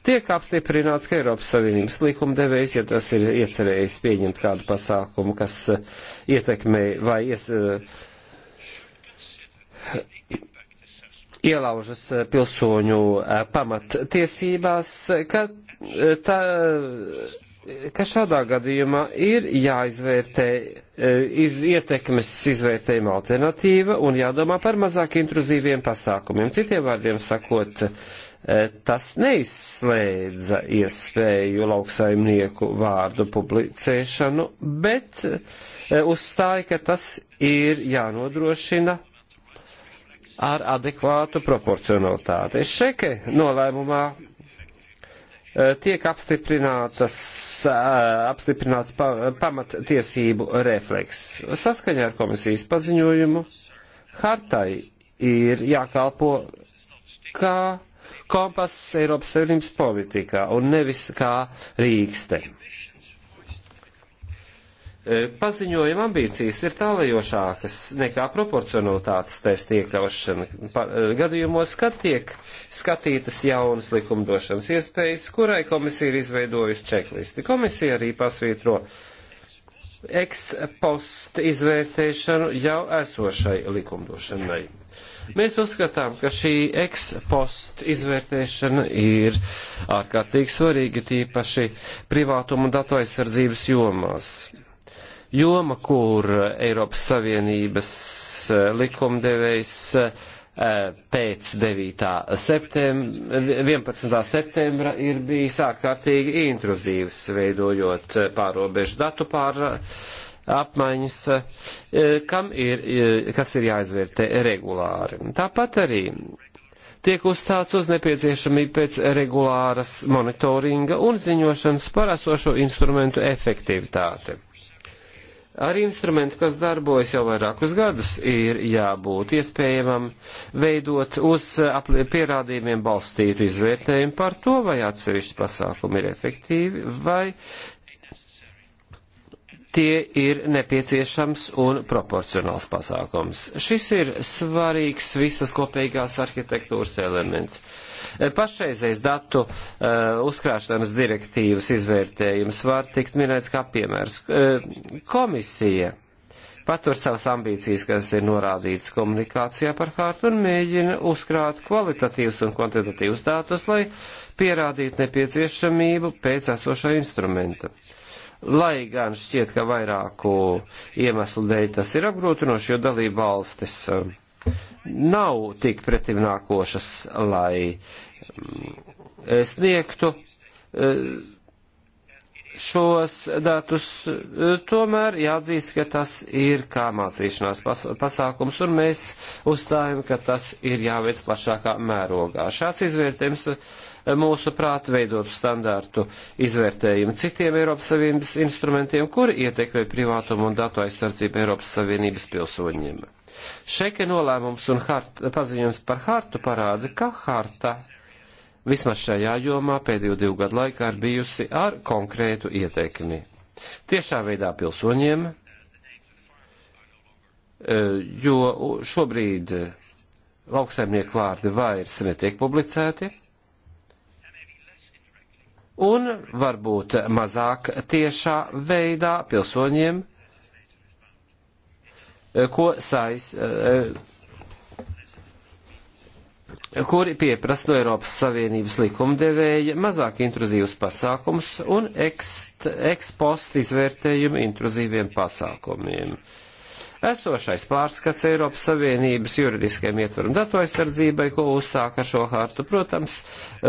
tiek apstiprināts, ka Eiropas Savienības likumdevējs, ja tas ir iecerējis pieņemt kādu pasākumu, kas uh, ietekmē vai ies, uh, ielaužas uh, pilsoņu pamattiesībās, ka, tā, ka šādā gadījumā ir jāizvērtē Eh, iz, ietekmes izvērtējuma alternatīva un jādomā par mazāk intruzīviem pasākumiem. Citiem vārdiem sakot, eh, tas neizslēdza iespēju lauksaimnieku vārdu publicēšanu, bet eh, uzstāja, ka tas ir jānodrošina ar adekvātu proporcionalitāti. Šeke nolēmumā Eh, tiek apstiprinātas, eh, apstiprināts pamattiesību refleks. Saskaņā ar komisijas paziņojumu hartai ir jākalpo kā kompass Eiropas Savienības politikā un nevis kā rīkste. E, paziņojuma ambīcijas ir tālajošākas nekā proporcionalitātes testa iekļaušana e, gadījumos, kad tiek skatītas jaunas likumdošanas iespējas, kurai komisija ir izveidojusi čeklisti. Komisija arī pasvītro ekspostu izvērtēšanu jau esošai likumdošanai. Mēs uzskatām, ka šī ekspostu izvērtēšana ir ārkārtīgi svarīga, tīpaši privātuma un datu aizsardzības jomās joma, kur Eiropas Savienības eh, likumdevējs eh, pēc 9. Septembra, 11. septembra ir bijis ārkārtīgi intruzīvs, veidojot eh, pārobežu datu pār apmaiņas, kam ir, kas ir jāizvērtē regulāri. Tāpat arī tiek uzstāts uz nepieciešamību pēc regulāras monitoringa un ziņošanas par esošo instrumentu efektivitāti ar instrumentu, kas darbojas jau vairākus gadus, ir jābūt iespējamam veidot uz eh, pierādījumiem balstītu izvērtējumu par to, vai atsevišķi pasākumi ir efektīvi, vai tie ir nepieciešams un proporcionāls pasākums. Šis ir svarīgs visas kopīgās arhitektūras elements. Uh, Eh, pašreizējais datu eh, uzkrāšanas direktīvas izvērtējums var tikt minēts kā piemērs. Eh, komisija patur savas ambīcijas, kas ir norādītas komunikācijā par hārtu un mēģina uzkrāt kvalitatīvus un kvantitatīvus datus, lai pierādītu nepieciešamību pēc esošā instrumenta. Lai gan šķiet, ka vairāku iemeslu dēļ tas ir apgrūtinoši, jo dalība valstis uh, nav tik pretimnākošas, lai mm, sniegtu e, šos datus. E, tomēr jāatzīst, ka tas ir kā mācīšanās pasākums, un mēs uzstājam, ka tas ir jāveic plašākā mērogā. Šāds izvērtējums e, mūsu prāt veidot standārtu izvērtējumu citiem Eiropas Savienības instrumentiem, kuri ietekmē privātumu un datu aizsardzību Eiropas Savienības pilsoņiem. Šeke nolēmums un hart, paziņojums par hartu parāda, ka harta vismaz šajā jomā pēdējo divu gadu laikā ir bijusi ar konkrētu ieteikumi. Tiešā veidā pilsoņiem, e, jo šobrīd lauksaimnieku vārdi vairs netiek publicēti, un varbūt mazāk tiešā veidā pilsoņiem ko sais, eh, kuri pieprasa no Eiropas Savienības likumdevēja mazāk intruzīvus pasākumus un ekst, ekspost izvērtējumu intruzīviem pasākumiem. Uh, Esošais pārskats Eiropas Savienības juridiskajam ietvaram datu aizsardzībai, ko uzsāka šo hārtu, protams,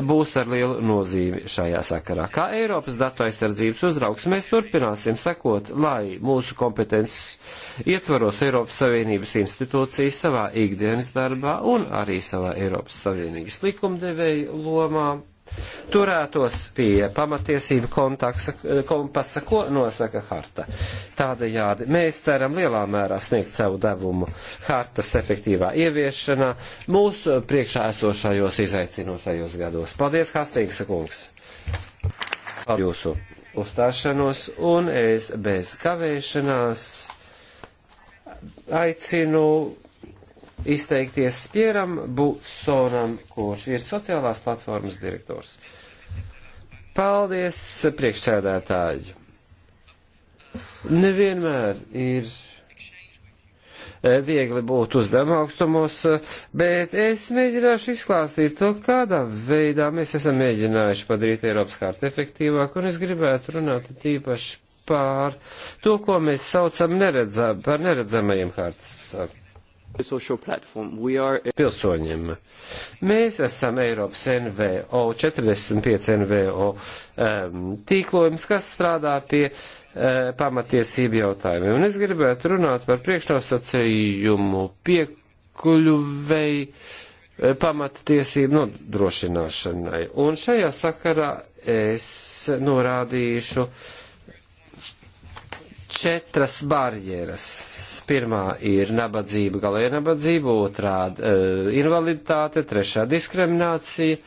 būs ar lielu nozīmi šajā sakarā. Kā Eiropas datu aizsardzības uzraugs mēs turpināsim sekot, lai mūsu kompetences ietvaros Eiropas Savienības institūcijas savā ikdienas darbā un arī savā Eiropas Savienības likumdevēja lomā turētos pie pamatiesību kontaksa, eh, kompasa, ko nosaka harta. Tādējādi mēs ceram lielā mērā sniegt savu devumu hartas efektīvā ieviešanā mūsu priekšā esošajos izaicinošajos gados. Paldies, Hastings kungs! Paldies jūsu uzstāšanos un es bez kavēšanās aicinu izteikties Spieram Busonam, kurš ir sociālās platformas direktors. Paldies, priekšsēdētāji! Nevienmēr ir e, viegli būt uzdevuma augstumos, bet es mēģināšu izklāstīt to, kādā veidā mēs esam mēģinājuši padarīt Eiropas kārtu efektīvāku, un es gribētu runāt tīpaši pār to, ko mēs saucam neredzam, par neredzamajiem kārtas Pilsoņiem. Mēs esam Eiropas NVO, 45 NVO um, tīklojums, kas strādā pie uh, pamatiesību jautājumiem. Un es gribētu runāt par priekšnosacījumu piekuļuvei uh, pamatiesību nodrošināšanai. Un šajā sakarā es norādīšu uh, četras barjeras. Pirmā ir nabadzība, galēja nabadzība, otrā uh, invaliditāte, trešā diskriminācija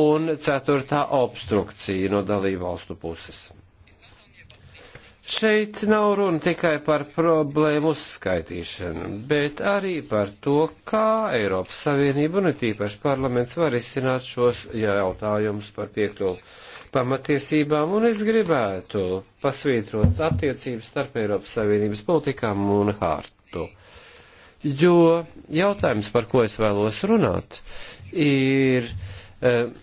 un ceturtā obstrukcija no dalību valstu puses. Šeit nav runa tikai par problēmu uzskaitīšanu, bet arī par to, kā Eiropas Savienība un it īpaši parlaments var izcināt šos jautājumus par piekto pamatiesībām, un es gribētu pasvītrot attiecības starp Eiropas Savienības politikām un hārtu. Jo jautājums, par ko es vēlos runāt, ir uh,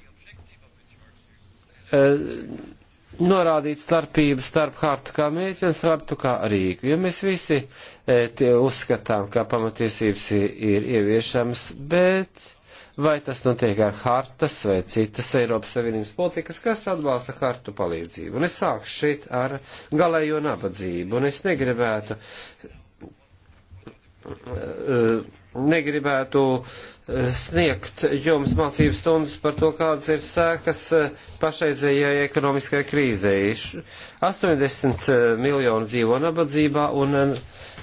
uh, norādīt starpību starp hartu kā mērķi un hartu kā rīku. Jo mēs visi uh, uzskatām, ka pamatiesības ir, ir ieviešamas, bet vai tas notiek ar hartas vai citas Eiropas Savienības politikas, kas atbalsta hartu palīdzību. Un es sāku šeit ar galējo nabadzību, un es negribētu, eh, negribētu eh, sniegt jums mācības stundas par to, kādas ir sēkas eh, pašreizējai ekonomiskajai krīzei. 80 miljonu dzīvo nabadzībā, un,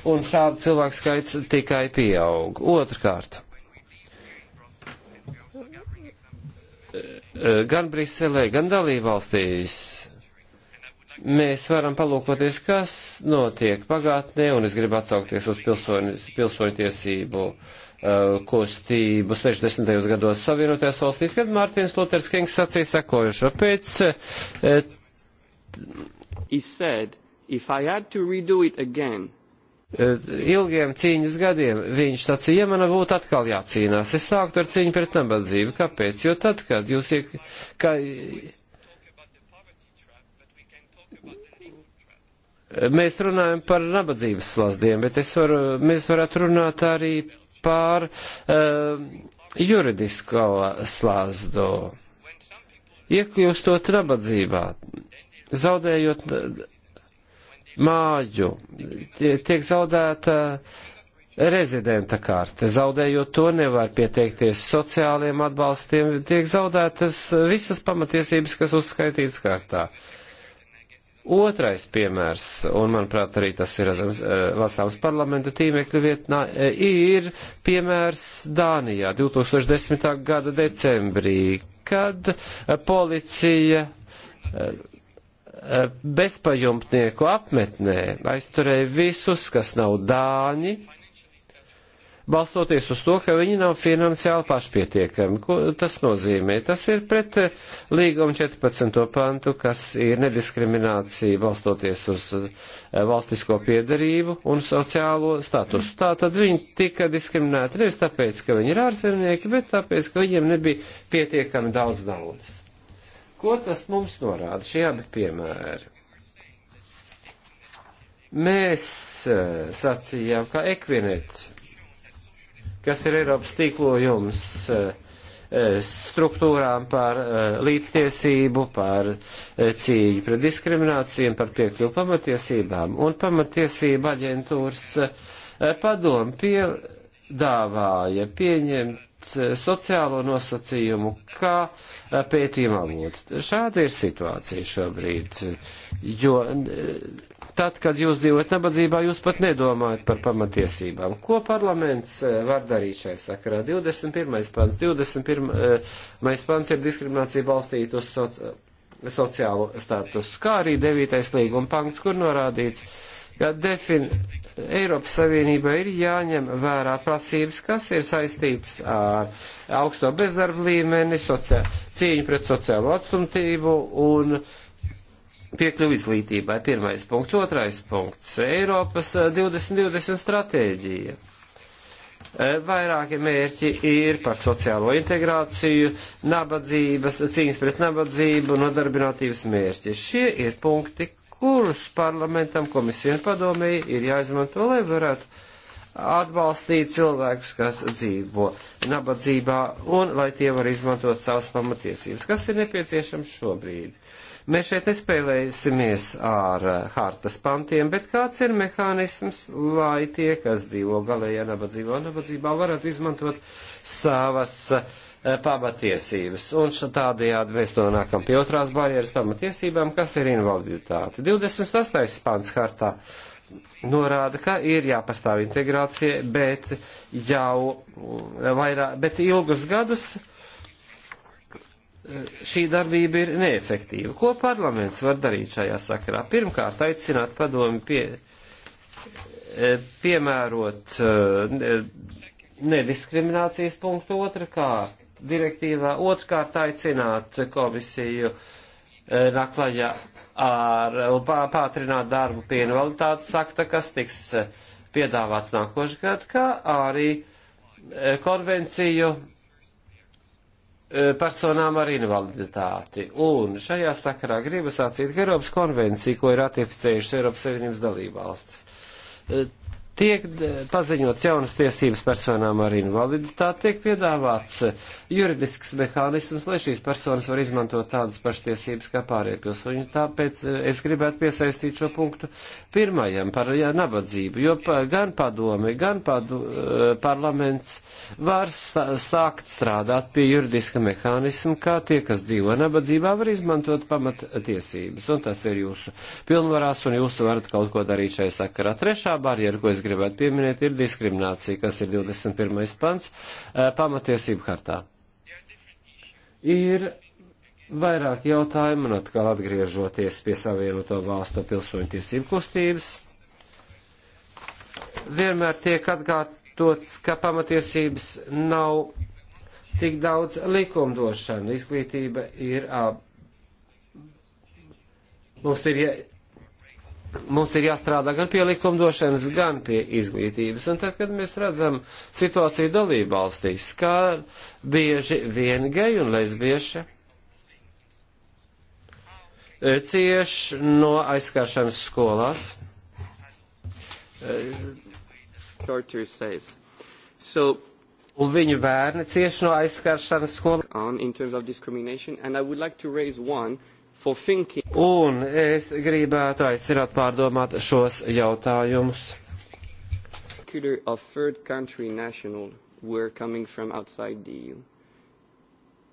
un šādu cilvēku skaits tikai pieaug. Otrkārt Eh, gan Briselē, gan dalībvalstīs mēs varam palūkoties, kas notiek pagātnē, un es gribu atsaukties uz pilsoņu, pilsoņu tiesību uh, kustību 60. gados Savienotajās valstīs, kad Mārtiņš Luters Kings sacīja sekojušo pēc. Uh, He said, if I had to redo it again, Eh, ilgiem cīņas gadiem viņš sacīja, ja man būtu atkal jācīnās, es sāktu ar cīņu pret nabadzību. Kāpēc? Jo tad, kad jūs iek, ka, mēs runājam par nabadzības slazdiem, bet es varu, mēs varētu runāt arī par uh, juridisko slazdu. Iekļūstot nabadzībā, zaudējot māju, tiek zaudēta rezidenta karte. Zaudējot to, nevar pieteikties sociāliem atbalstiem, tiek zaudētas visas pamatiesības, kas uzskaitītas kārtā. Otrais piemērs, un manuprāt arī tas ir eh, lasāms parlamenta tīmekļa vietnā, eh, ir piemērs Dānijā 2010. gada decembrī, kad eh, policija Eh, bezpajumtnieku apmetnē aizturēja visus, kas nav dāņi, balstoties uz to, ka viņi nav finansiāli pašpietiekami. Ko tas nozīmē? Tas ir pret eh, līgumu 14. pantu, kas ir nediskriminācija balstoties uz eh, valstisko piedarību un sociālo statusu. Tā tad viņi tika diskriminēti nevis tāpēc, ka viņi ir ārzemnieki, bet tāpēc, ka viņiem nebija pietiekami daudz naudas. Ko tas mums norāda šie abi piemēri? Mēs eh, sacījām, ka ekvinets, kas ir Eiropas tīklojums eh, eh, struktūrām par līdztiesību, par cīņu pret diskrimināciju un par piekļuvu pamatiesībām, un pamatiesība aģentūras padomu piedāvāja pieņemt Eh, sociālo nosacījumu, kā eh, pētījumā būtu. Šāda ir situācija šobrīd, jo eh, tad, kad jūs dzīvojat nabadzībā, jūs pat nedomājat par pamatiesībām. Ko parlaments var darīt šai sakarā? 21. pants. 21. pants ir diskriminācija balstīta uz soci sociālo statusu, kā arī 9. līguma punkts, kur norādīts, ka defin Eiropas Savienībai ir jāņem vērā prasības, kas ir saistītas ar augsto bezdarba līmeni, sociā, cīņu pret sociālo atstumtību un piekļuvu izglītībai. Pirmais punkts, otrais punkts - Eiropas 2020 eh, stratēģija. Eh, vairāki mērķi ir par sociālo integrāciju, nabadzības, cīņas pret nabadzību, nodarbinātības mērķi. Šie ir punkti, kurus parlamentam, komisija un padomēji ir jāizmanto, lai varētu atbalstīt cilvēkus, kas dzīvo nabadzībā un lai tie var izmantot savas pamatiesības, kas ir nepieciešams šobrīd. Mēs šeit nespēlēsimies ar eh, hartas pantiem, bet kāds ir mehānisms, lai tie, kas dzīvo galējā nabadzībā un nabadzībā, varētu izmantot savas uh, Eh, pamatiesības. Un tādējādi mēs nonākam pie otrās barjeras pamatiesībām, kas ir invaliditāte. 28. pants hartā norāda, ka ir jāpastāv integrācija, bet jau mm, vairāk, bet ilgus gadus eh, šī darbība ir neefektīva. Ko parlaments var darīt šajā sakarā? Pirmkārt, aicināt padomi pie, eh, piemērot nediskriminācijas punktu otrkārt direktīvā. Otrkārt, aicināt komisiju e, naklaļā ar pātrināt darbu pie invaliditātes akta, kas tiks e, piedāvāts nākošgad, kā arī e, konvenciju personām ar invaliditāti. Un šajā sakarā gribu sacīt, ka Eiropas konvencija, ko ir ratificējušas Eiropas Savienības dalībvalstis, Tiek paziņots jaunas tiesības personām ar invaliditāti, tiek piedāvāts eh, juridisks mehānisms, lai šīs personas var izmantot tādas paštiesības kā pārējie pilsoņi. Tāpēc eh, es gribētu piesaistīt šo punktu pirmajam par jā, nabadzību, jo gan padome, gan padu, eh, parlaments var sākt strādāt pie juridiska mehānisma, kā tie, kas dzīvo nabadzībā, var izmantot pamatiesības. Un tas ir jūsu pilnvarās, un jūs varat kaut ko darīt šai sakarā. Trešā barjera, ko es es gribētu pieminēt, ir diskriminācija, kas ir 21. pants eh, pamatiesību hartā. Ir vairāk jautājumu, un atkal atgriežoties pie savienoto valstu pilsoņu tiesību kustības, vienmēr tiek atgātots, ka pamatiesības nav tik daudz likumdošana. Izglītība ir. Ā, mums ir mums ir jāstrādā gan pie likumdošanas, gan pie izglītības. Un tad, kad mēs redzam situāciju dalību valstīs, kā bieži vien geji un lesbieši e, cieš no aizskāršanas skolās. So, un viņu bērni cieš no aizskāršanas skolās. Un es gribētu aicināt pārdomāt šos jautājumus. Of third country national who are coming from outside the EU.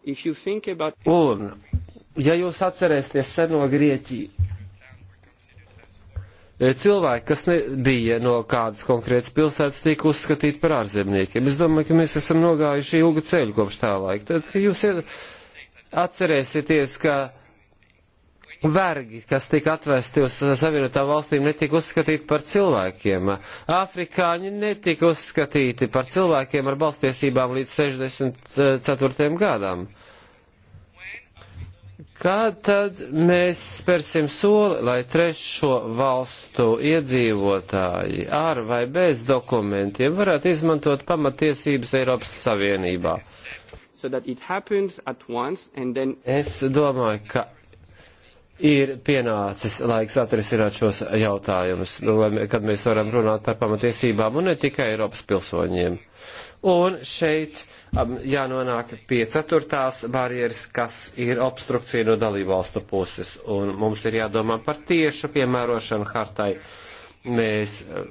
If you think about... Un, ja jūs atcerēsieties seno Grieķiju, e, cilvēki, kas nebija no kādas konkrētas pilsētas, tika uzskatīti par ārzemniekiem. Es domāju, ka mēs esam nogājuši ilgu ceļu kopš tā laika. Tad, kad jūs atcerēsieties, ka vergi, kas tika atvesti uz Savienotām valstīm, netika uzskatīti par cilvēkiem. Afrikāņi netika uzskatīti par cilvēkiem ar balstiesībām līdz 64. gadam. Kad tad mēs spērsim soli, lai trešo valstu iedzīvotāji ar vai bez dokumentiem varētu izmantot pamatiesības Eiropas Savienībā? So once, then... Es domāju, ka ir pienācis laiks atrisināt šos jautājumus, kad mēs varam runāt par pamatiesībām un ne tikai Eiropas pilsoņiem. Un šeit um, jānonāk pie ceturtās barjeras, kas ir obstrukcija no dalībvalstu puses. Un mums ir jādomā par tiešu piemērošanu hartai. Mēs uh,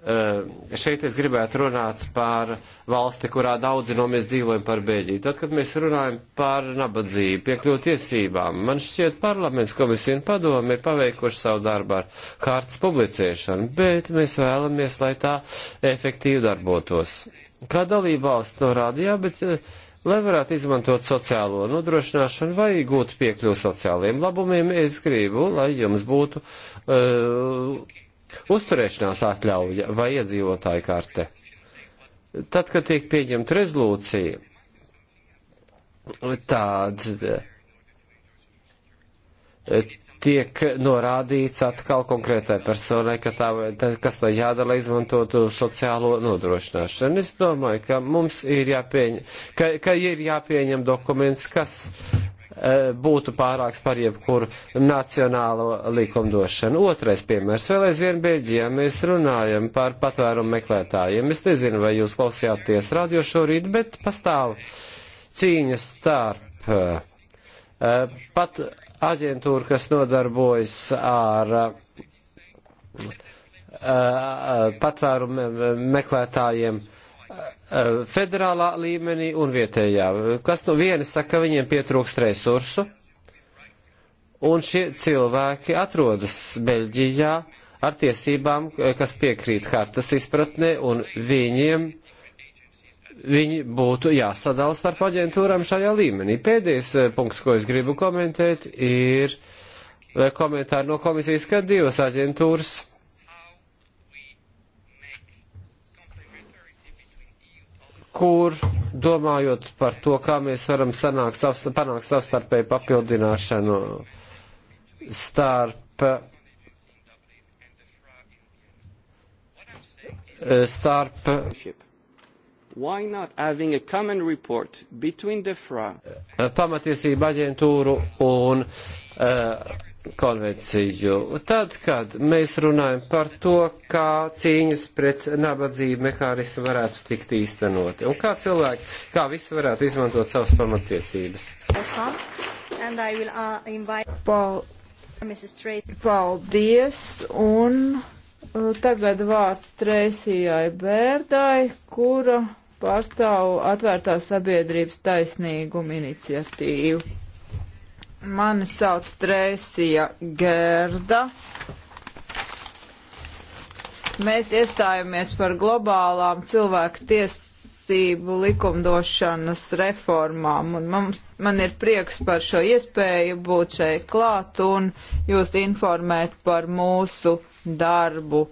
Eh, šeit es gribētu runāt par valsti, kurā daudzi no mēs dzīvojam par Beļģiju. Tad, kad mēs runājam par nabadzību, piekļūt tiesībām, man šķiet parlaments komisija un padomi ir paveikuši savu darbu ar kārtas publicēšanu, bet mēs vēlamies, lai tā efektīvi darbotos. Kā dalība valsts norādīja, bet eh, lai varētu izmantot sociālo nodrošināšanu vai gūt piekļuvu sociāliem labumiem, es gribu, lai jums būtu. Uh, uzturēšanās atļauja vai iedzīvotāja karte. Tad, kad tiek pieņemta rezolūcija, tāds eh, tiek norādīts atkal konkrētai personai, ka tā, kas tai jādara, lai izmantotu sociālo nodrošināšanu. Es domāju, ka mums ir jāpieņem, ka, ka ir jāpieņem dokuments, kas Eh, būtu pārāks par jebkuru nacionālo likumdošanu. Otrais piemērs vēl aizvien Beļģijā. Mēs runājam par patvērumu meklētājiem. Es nezinu, vai jūs klausījāties radio šorīt, bet pastāv cīņa starp eh, pat aģentūru, kas nodarbojas ar eh, patvērumu meklētājiem Eh, federālā līmenī un vietējā. Kas no viena saka, ka viņiem pietrūkst resursu, un šie cilvēki atrodas Beļģijā ar tiesībām, eh, kas piekrīt hartas izpratnē, un viņiem viņi būtu jāsadala starp aģentūram šajā līmenī. Pēdējais eh, punkts, ko es gribu komentēt, ir komentāri no komisijas, ka divas aģentūras kur, domājot par to, kā mēs varam sanākt, savsta, panākt savstarpēju papildināšanu starp, eh, starp Why not having a common report between the FRA? Eh, Pamatiesība aģentūru un uh, konvenciju. Tad, kad mēs runājam par to, kā cīņas pret nabadzību mehānismu varētu tikt īstenoti un kā cilvēki, kā visi varētu izmantot savas pamatiesības. Uh, Paldies un uh, tagad vārds Treisijai Bērdai, kura pārstāv atvērtā sabiedrības taisnīgumu iniciatīvu. Mani sauc Trēsija Gerda. Mēs iestājamies par globālām cilvēku tiesību likumdošanas reformām, un mums, man ir prieks par šo iespēju būt šeit klāt un jūs informēt par mūsu darbu.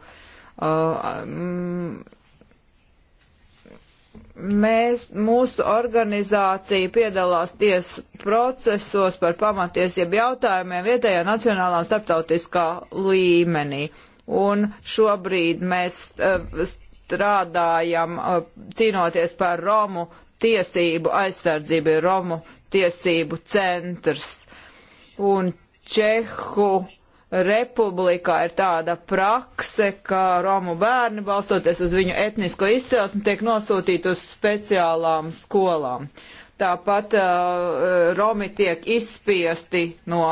Uh, mm, mēs, mūsu organizācija piedalās tiesu procesos par pamatiesību jautājumiem vietējā nacionālā un starptautiskā līmenī. Un šobrīd mēs eh, strādājam eh, cīnoties par Romu tiesību aizsardzību, Romu tiesību centrs. Un Čehu republikā ir tāda prakse, ka Romu bērni, balstoties uz viņu etnisko izcelsmi, tiek nosūtīti uz speciālām skolām. Tāpat uh, Romi tiek izspiesti no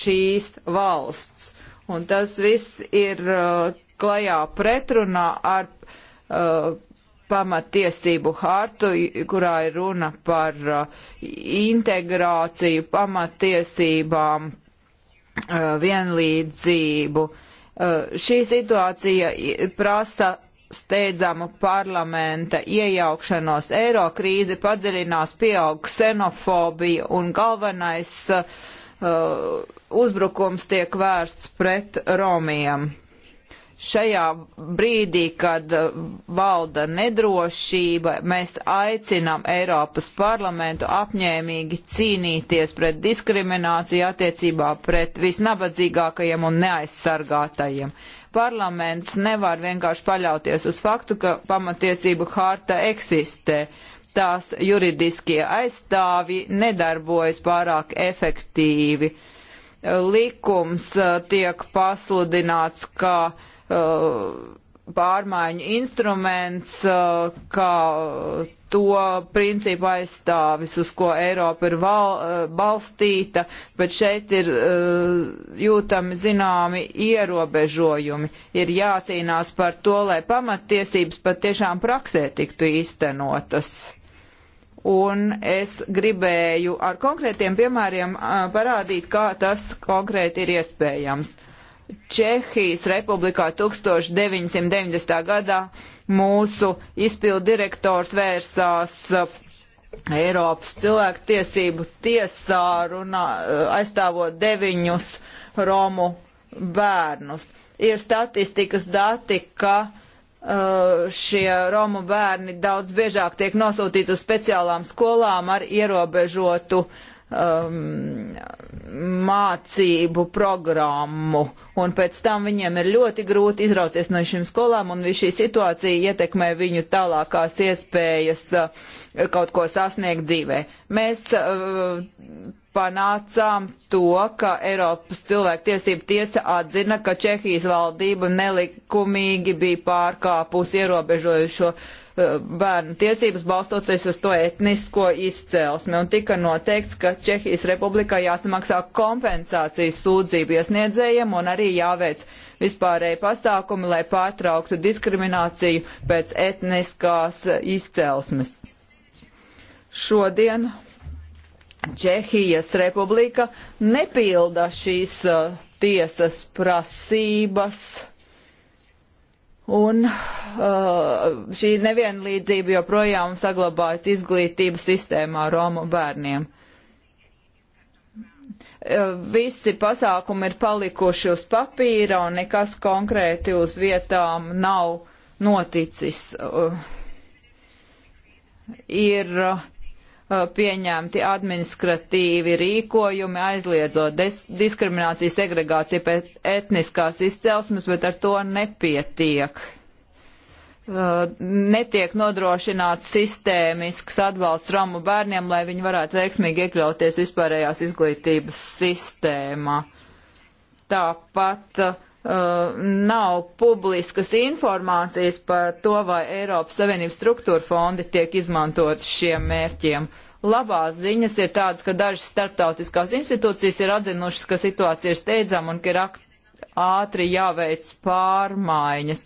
šīs valsts. Un tas viss ir uh, klajā pretrunā ar uh, pamatiesību hartu, kurā ir runa par uh, integrāciju, pamatiesībām, Uh, vienlīdzību. Uh, šī situācija prasa steidzamu parlamenta iejaukšanos. Eiro krīze padziļinās pieaug ksenofobija un galvenais uh, uzbrukums tiek vērsts pret romiem šajā brīdī, kad uh, valda nedrošība, mēs aicinām Eiropas parlamentu apņēmīgi cīnīties pret diskrimināciju attiecībā pret visnabadzīgākajiem un neaizsargātajiem. Parlaments nevar vienkārši paļauties uz faktu, ka pamatiesību harta eksistē. Tās juridiskie aizstāvi nedarbojas pārāk efektīvi. Likums uh, tiek pasludināts kā uh, Uh, pārmaiņu instruments, uh, kā to principu aizstāvis, uz ko Eiropa ir val, uh, balstīta, bet šeit ir jūtami zināmi ierobežojumi. Ir jācīnās par to, lai pamattiesības patiešām praksē tiktu īstenotas. Un es gribēju ar konkrētiem piemēriem parādīt, kā tas konkrēti ir iespējams. Uh, Čehijas republikā 1990. gadā mūsu izpildu direktors vērsās eh, Eiropas cilvēku tiesību tiesā runā, eh, aizstāvot deviņus Romu bērnus. Ir statistikas dati, ka uh, šie Romu bērni daudz biežāk tiek nosūtīti uz speciālām skolām ar ierobežotu uh, um, mācību programmu, un pēc tam viņiem ir ļoti grūti izrauties no šīm skolām, un šī situācija ietekmē viņu tālākās iespējas uh, kaut ko sasniegt dzīvē. Mēs uh, panācām to, ka Eiropas cilvēktiesība tiesa atzina, ka Čehijas valdība nelikumīgi bija pārkāpusi ierobežojušo uh, bērnu tiesības balstoties uz to etnisko izcelsmi un tika noteikts, ka Čehijas republikā jāsamaksā kompensācijas sūdzību iesniedzējiem un arī jāveic vispārēji pasākumi, lai pārtrauktu diskrimināciju pēc etniskās izcelsmes. Šodien Čehijas republika nepilda šīs uh, tiesas prasības Un uh, šī nevienlīdzība joprojām saglabājas izglītības sistēmā Romu bērniem. Uh, visi pasākumi ir palikuši uz papīra un nekas konkrēti uz vietām nav noticis. Uh, ir uh, Uh, pieņemti administratīvi rīkojumi, aizliedzot diskrimināciju, segregāciju pēc etniskās izcelsmes, bet ar to nepietiek. Uh, netiek nodrošināts sistēmisks atbalsts Romu bērniem, lai viņi varētu veiksmīgi iekļauties vispārējās izglītības sistēmā. Tāpat uh, Uh, nav publiskas informācijas par to, vai Eiropas Savienības struktūra fondi tiek izmantot šiem mērķiem. Labās ziņas ir tādas, ka dažas starptautiskās institūcijas ir atzinušas, ka situācija ir steidzama un ka ir ātri jāveic pārmaiņas.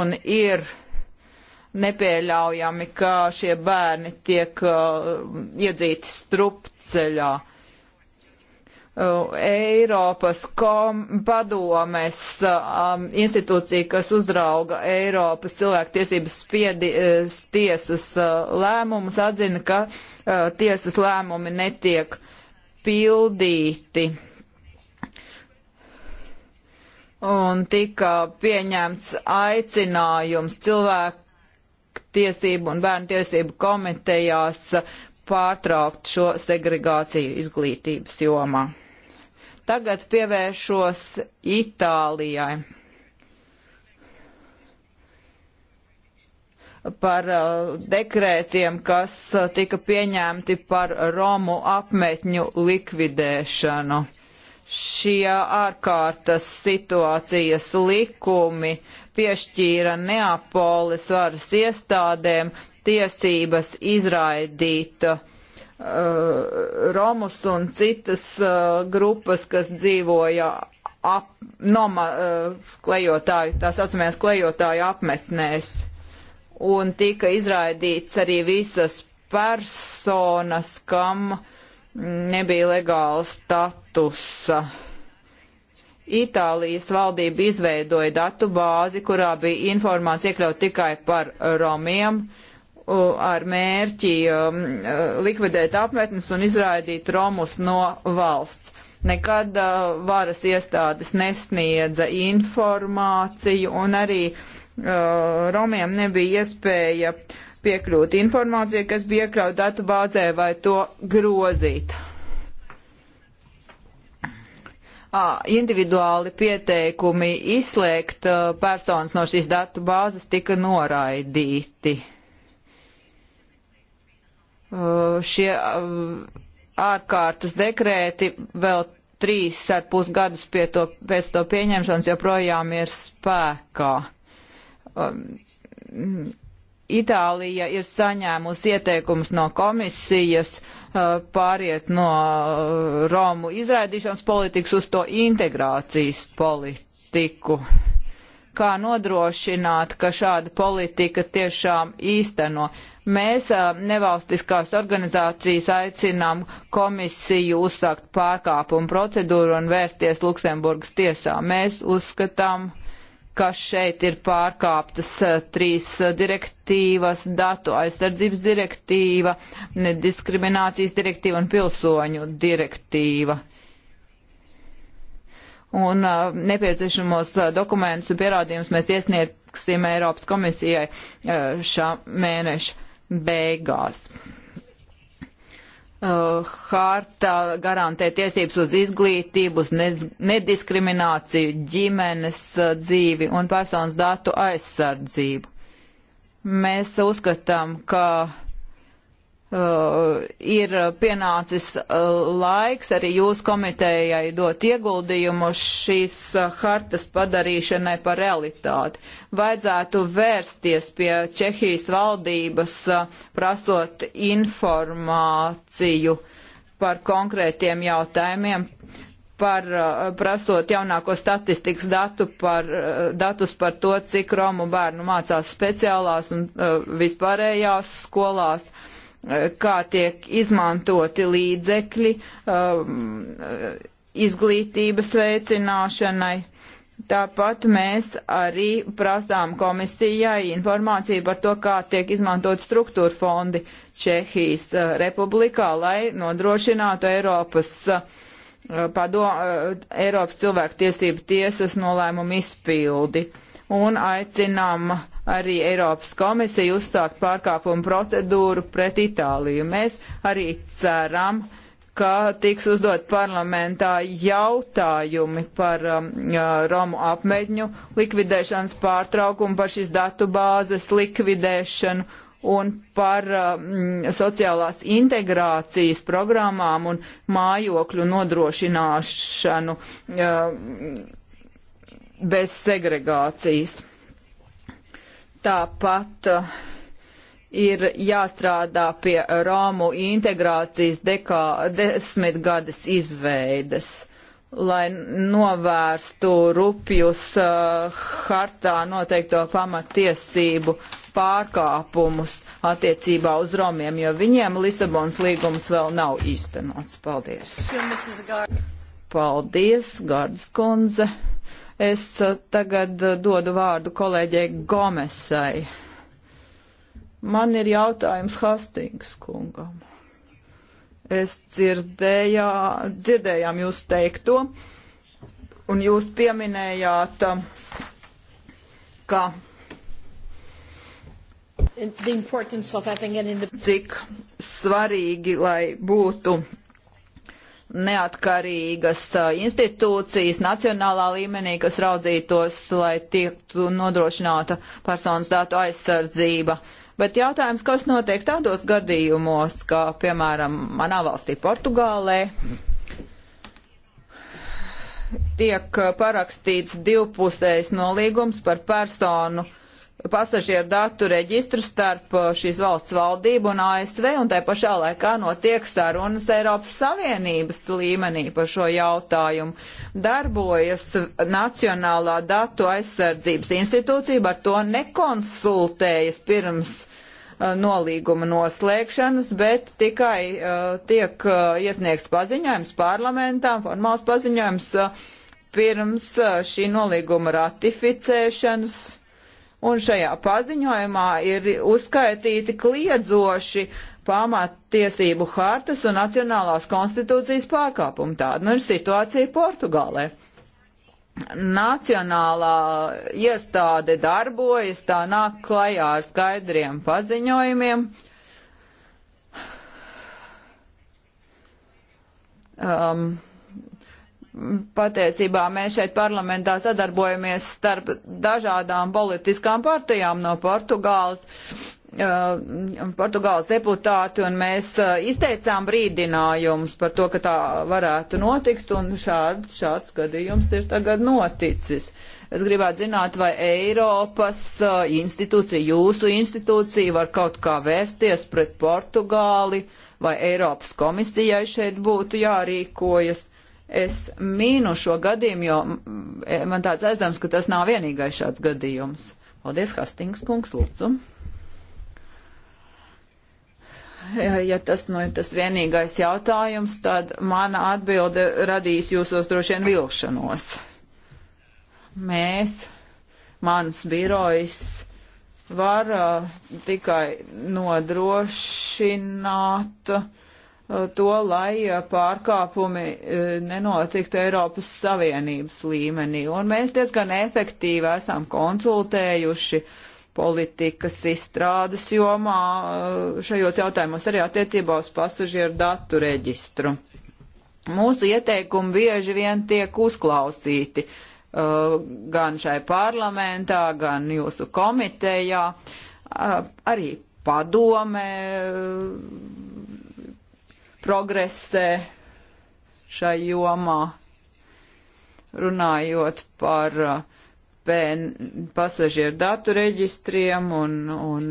Un ir nepieļaujami, ka šie bērni tiek uh, iedzīti strupceļā. Uh, Eiropas kom, padomes um, institūcija, kas uzrauga Eiropas cilvēktiesības spiedi, eh, tiesas uh, lēmumus, atzina, ka uh, tiesas lēmumi netiek pildīti. Un tika pieņemts aicinājums cilvēku tiesību un bērnu tiesību komitejās pārtraukt šo segregāciju izglītības jomā. Tagad pievēršos Itālijai. par uh, dekrētiem, kas uh, tika pieņemti par Romu apmetņu likvidēšanu. Šie ārkārtas situācijas likumi piešķīra Neapolis varas iestādēm tiesības izraidīt uh, Uh, Romus un citas uh, grupas, kas dzīvoja ap, noma, uh, klejotāju, tā saucamajās klejotāju apmetnēs. Un tika izraidīts arī visas personas, kam nebija legāla statusa. Itālijas valdība izveidoja datu bāzi, kurā bija informācija iekļaut tikai par romiem. Uh, ar mērķi um, uh, likvidēt apmetnes un izraidīt romus no valsts. Nekad uh, varas iestādes nesniedza informāciju un arī uh, romiem nebija iespēja piekļūt informācijai, kas bija iekļauta datu bāzē vai to grozīt. À, individuāli pieteikumi izslēgt personas no šīs datu bāzes tika noraidīti. Uh, šie uh, ārkārtas dekrēti vēl trīs ar pus gadus pie to, pēc to pieņemšanas joprojām ir spēkā. Um, Itālija ir saņēmusi ieteikumus no komisijas uh, pāriet no uh, Romu izraidīšanas politikas uz to integrācijas politiku. Kā nodrošināt, ka šāda politika tiešām īsteno? Uh, Mēs nevalstiskās organizācijas aicinām komisiju uzsākt pārkāpumu procedūru un vērsties Luksemburgas tiesā. Mēs uzskatām, ka šeit ir pārkāptas trīs direktīvas - datu aizsardzības direktīva, nediskriminācijas direktīva un pilsoņu direktīva. Un uh, nepieciešamos uh, dokumentus un pierādījumus mēs iesniegsim Eiropas komisijai uh, šā mēneša beigās. Uh, harta garantē tiesības uz izglītību, uz nediskrimināciju, ģimenes uh, dzīvi un personas datu aizsardzību. Mēs uzskatām, ka Uh, ir pienācis uh, laiks arī jūs komitējai dot ieguldījumu šīs uh, hartas padarīšanai par realitāti. Vajadzētu vērsties pie Čehijas valdības, uh, prasot informāciju par konkrētiem jautājumiem, par, uh, prasot jaunāko statistikas datu par, uh, datus par to, cik Romu bērnu mācās speciālās un vispārējās skolās. Uh, kā tiek izmantoti līdzekļi um, izglītības veicināšanai. Tāpat mēs arī prasām komisijai informāciju par to, kā tiek izmantot struktūra fondi Čehijas uh, republikā, lai nodrošinātu Eiropas, uh, pado, uh, Eiropas cilvēku tiesību tiesas nolēmumu izpildi. Un aicinām uh, arī Eiropas komisija uzsākt pārkāpumu procedūru pret Itāliju. Mēs arī ceram, ka tiks uzdot parlamentā jautājumi par um, Romu apmeģņu likvidēšanas pārtraukumu, par šīs datu bāzes likvidēšanu un par um, sociālās integrācijas programmām un mājokļu nodrošināšanu um, bez segregācijas. Tāpat uh, ir jāstrādā pie Romu integrācijas dekā desmitgades izveides, lai novērstu rupjus uh, hartā noteikto pamatiesību pārkāpumus attiecībā uz Romiem, jo viņiem Lisabons līgums vēl nav īstenots. Paldies! Paldies, Gardas kundze! Es uh, tagad uh, dodu vārdu kolēģei Gomesai. Man ir jautājums Hastings kungam. Es dzirdējā, dzirdējām jūs teikto, un jūs pieminējāt, um, ka cik svarīgi, lai būtu neatkarīgas institūcijas nacionālā līmenī, kas raudzītos, lai tiktu nodrošināta personas datu aizsardzība. Bet jautājums, kas notiek tādos gadījumos, kā piemēram manā valstī Portugālē, tiek parakstīts divpusējs nolīgums par personu pasažieru datu reģistru starp uh, šīs valsts valdību un ASV, un tai pašā laikā notiek sarunas Eiropas Savienības līmenī par šo jautājumu. Darbojas Nacionālā datu aizsardzības institūcija, ar to nekonsultējas pirms uh, nolīguma noslēgšanas, bet tikai uh, tiek uh, iesniegts paziņojums parlamentām, formāls paziņojums uh, pirms uh, šī nolīguma ratificēšanas un šajā paziņojumā ir uzskaitīti kliedzoši pamattiesību hartas un nacionālās konstitūcijas pārkāpumi. Tāda nu, ir situācija Portugālē. Nacionālā iestāde darbojas, tā nāk klajā ar skaidriem paziņojumiem. Um, patiesībā mēs šeit parlamentā sadarbojamies starp dažādām politiskām partijām no Portugāles. Uh, Portugāles deputāti un mēs uh, izteicām brīdinājumus par to, ka tā varētu notikt un šāds, šāds gadījums ir tagad noticis. Es gribētu zināt, vai Eiropas uh, institūcija, jūsu institūcija var kaut kā vērsties pret Portugāli vai Eiropas komisijai šeit būtu jārīkojas Es mīnu šo gadījumu, jo mm, man tāds aizdevums, ka tas nav vienīgais šāds gadījums. Paldies, Hastings kungs, lūdzu. Ja, ja tas nu, ir tas vienīgais jautājums, tad mana atbilde radīs jūsos droši vien vilšanos. Mēs, mans birojs, var uh, tikai nodrošināt uh, Uh, to, lai uh, pārkāpumi uh, nenotiktu Eiropas Savienības līmenī. Un mēs diezgan efektīvi esam konsultējuši politikas izstrādes jomā šajos jautājumos arī attiecībā uz pasažieru datu reģistru. Mūsu ieteikumi bieži vien tiek uzklausīti gan šai parlamentā, gan jūsu komitejā, arī padome progresē šai jomā. Runājot par uh, pen, pasažieru datu reģistriem un, un,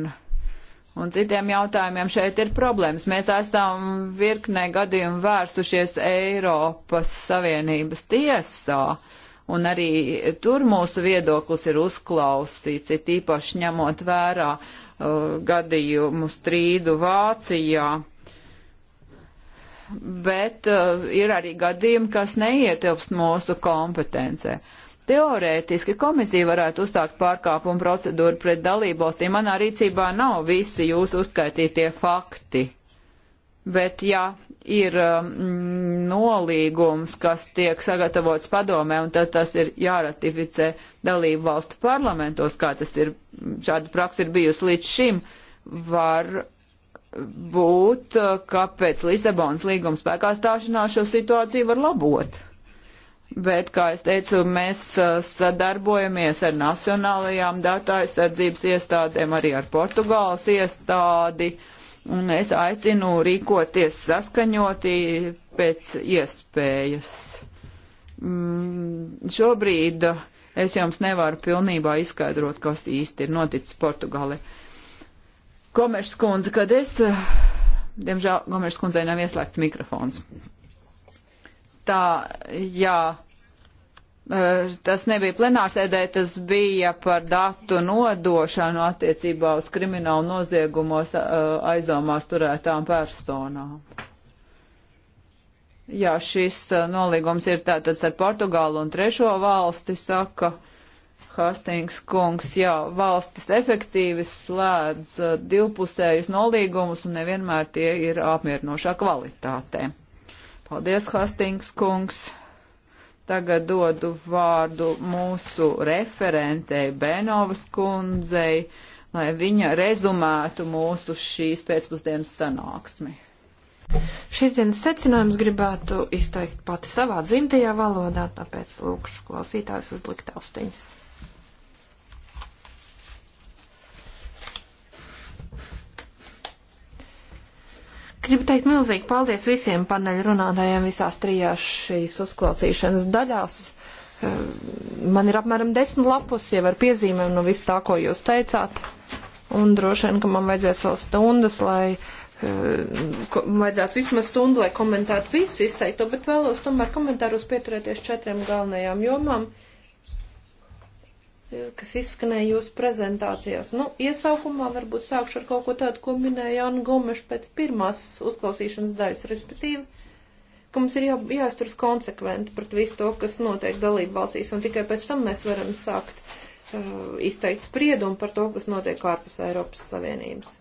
un citiem jautājumiem, šeit ir problēmas. Mēs esam virknē gadījumu vērsušies Eiropas Savienības tiesā. Un arī tur mūsu viedoklis ir uzklausīts, ir tīpaši ņemot vērā uh, gadījumu strīdu Vācijā bet uh, ir arī gadījumi, kas neietilpst mūsu kompetencē. Teorētiski komisija varētu uzsākt pārkāpumu procedūru pret dalībvalstīm. Manā rīcībā nav visi jūsu uzskaitītie fakti. Bet, ja ir mm, nolīgums, kas tiek sagatavots padomē, un tad tas ir jāratificē dalību valstu parlamentos, kā tas ir, šāda praksa ir bijusi līdz šim, var būt, eh, ka pēc Lisabonas līguma spēkā stāšanās šo situāciju var labot. Bet, kā es teicu, mēs eh, sadarbojamies ar nacionālajām datu aizsardzības iestādēm, arī ar Portugāles iestādi, un es aicinu rīkoties saskaņotī pēc iespējas. Mm, šobrīd eh, es jums nevaru pilnībā izskaidrot, kas īsti ir noticis Portugālei Gomešs kundze, kad es, eh, diemžēl Gomešs kundzei nav ieslēgts mikrofons. Tā, jā, eh, tas nebija plenārsēdē, tas bija par datu nodošanu attiecībā uz kriminālu noziegumos eh, aizdomās turētām personām. Jā, šis nolīgums ir tātad ar Portugālu un trešo valsti, saka Hastings kungs, jā, valstis efektīvi slēdz uh, divpusējus nolīgumus un nevienmēr tie ir apmierinošā kvalitātē. Paldies, Hastings kungs. Tagad dodu vārdu mūsu referentei Benovas kundzei, lai viņa rezumētu mūsu šīs pēcpusdienas sanāksmi. Šīs dienas secinājums gribētu izteikt pati savā dzimtajā valodā, tāpēc lūkšu klausītājus uzlikt austiņas. Gribu teikt milzīgi paldies visiem paneļrunātājiem visās trijās šīs uzklausīšanas daļās. Eh, man ir apmēram desmit lapus jau ar piezīmēm no visu tā, ko jūs teicāt. Un droši vien, ka man vajadzēs vēl stundas, lai eh, vajadzētu vismaz stundu, lai komentētu visu izteikto, bet vēlos tomēr komentārus pieturēties četriem galvenajām jomām. Uh, kas izskanēja jūsu prezentācijās. Nu, iesaukumā varbūt sākšu ar kaut ko tādu, ko minēja Jāna Gomeša pēc pirmās uzklausīšanas daļas, respektīvi, ka mums ir jā, jāizturas konsekventi pret visu to, kas notiek dalību valstīs, un tikai pēc tam mēs varam sākt uh, izteikt spriedumu par to, kas notiek ārpus Eiropas Savienības.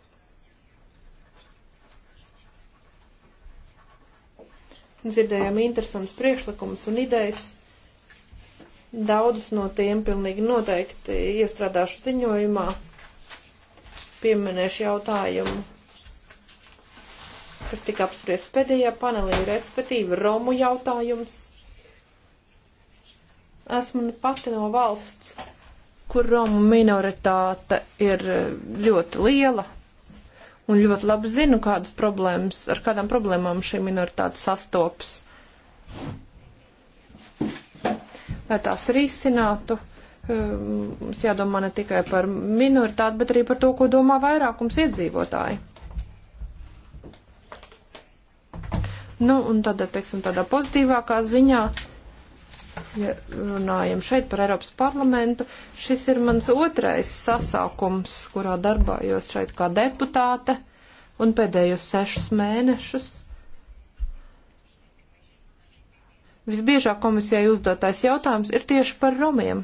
Dzirdējām interesants priekšlikums un idejas Daudzus no tiem pilnīgi noteikti iestrādāšu ziņojumā, pieminēšu jautājumu, kas tika apspriests pēdējā panelī, respektīvi Romu jautājums. Esmu nu pati no valsts, kur Romu minoritāte ir eh, ļoti liela un ļoti labi zinu, kādas problēmas, ar kādām problēmām šī minoritāte sastopas lai tās risinātu. Eh, mums jādomā ne tikai par minoritāti, bet arī par to, ko domā vairākums iedzīvotāji. Nu, un tad, teiksim, tādā pozitīvākā ziņā, ja runājam šeit par Eiropas parlamentu, šis ir mans otrais sasaukums, kurā darbājos šeit kā deputāte, un pēdējos sešus mēnešus Visbiežāk komisijai uzdotais jautājums ir tieši par romiem.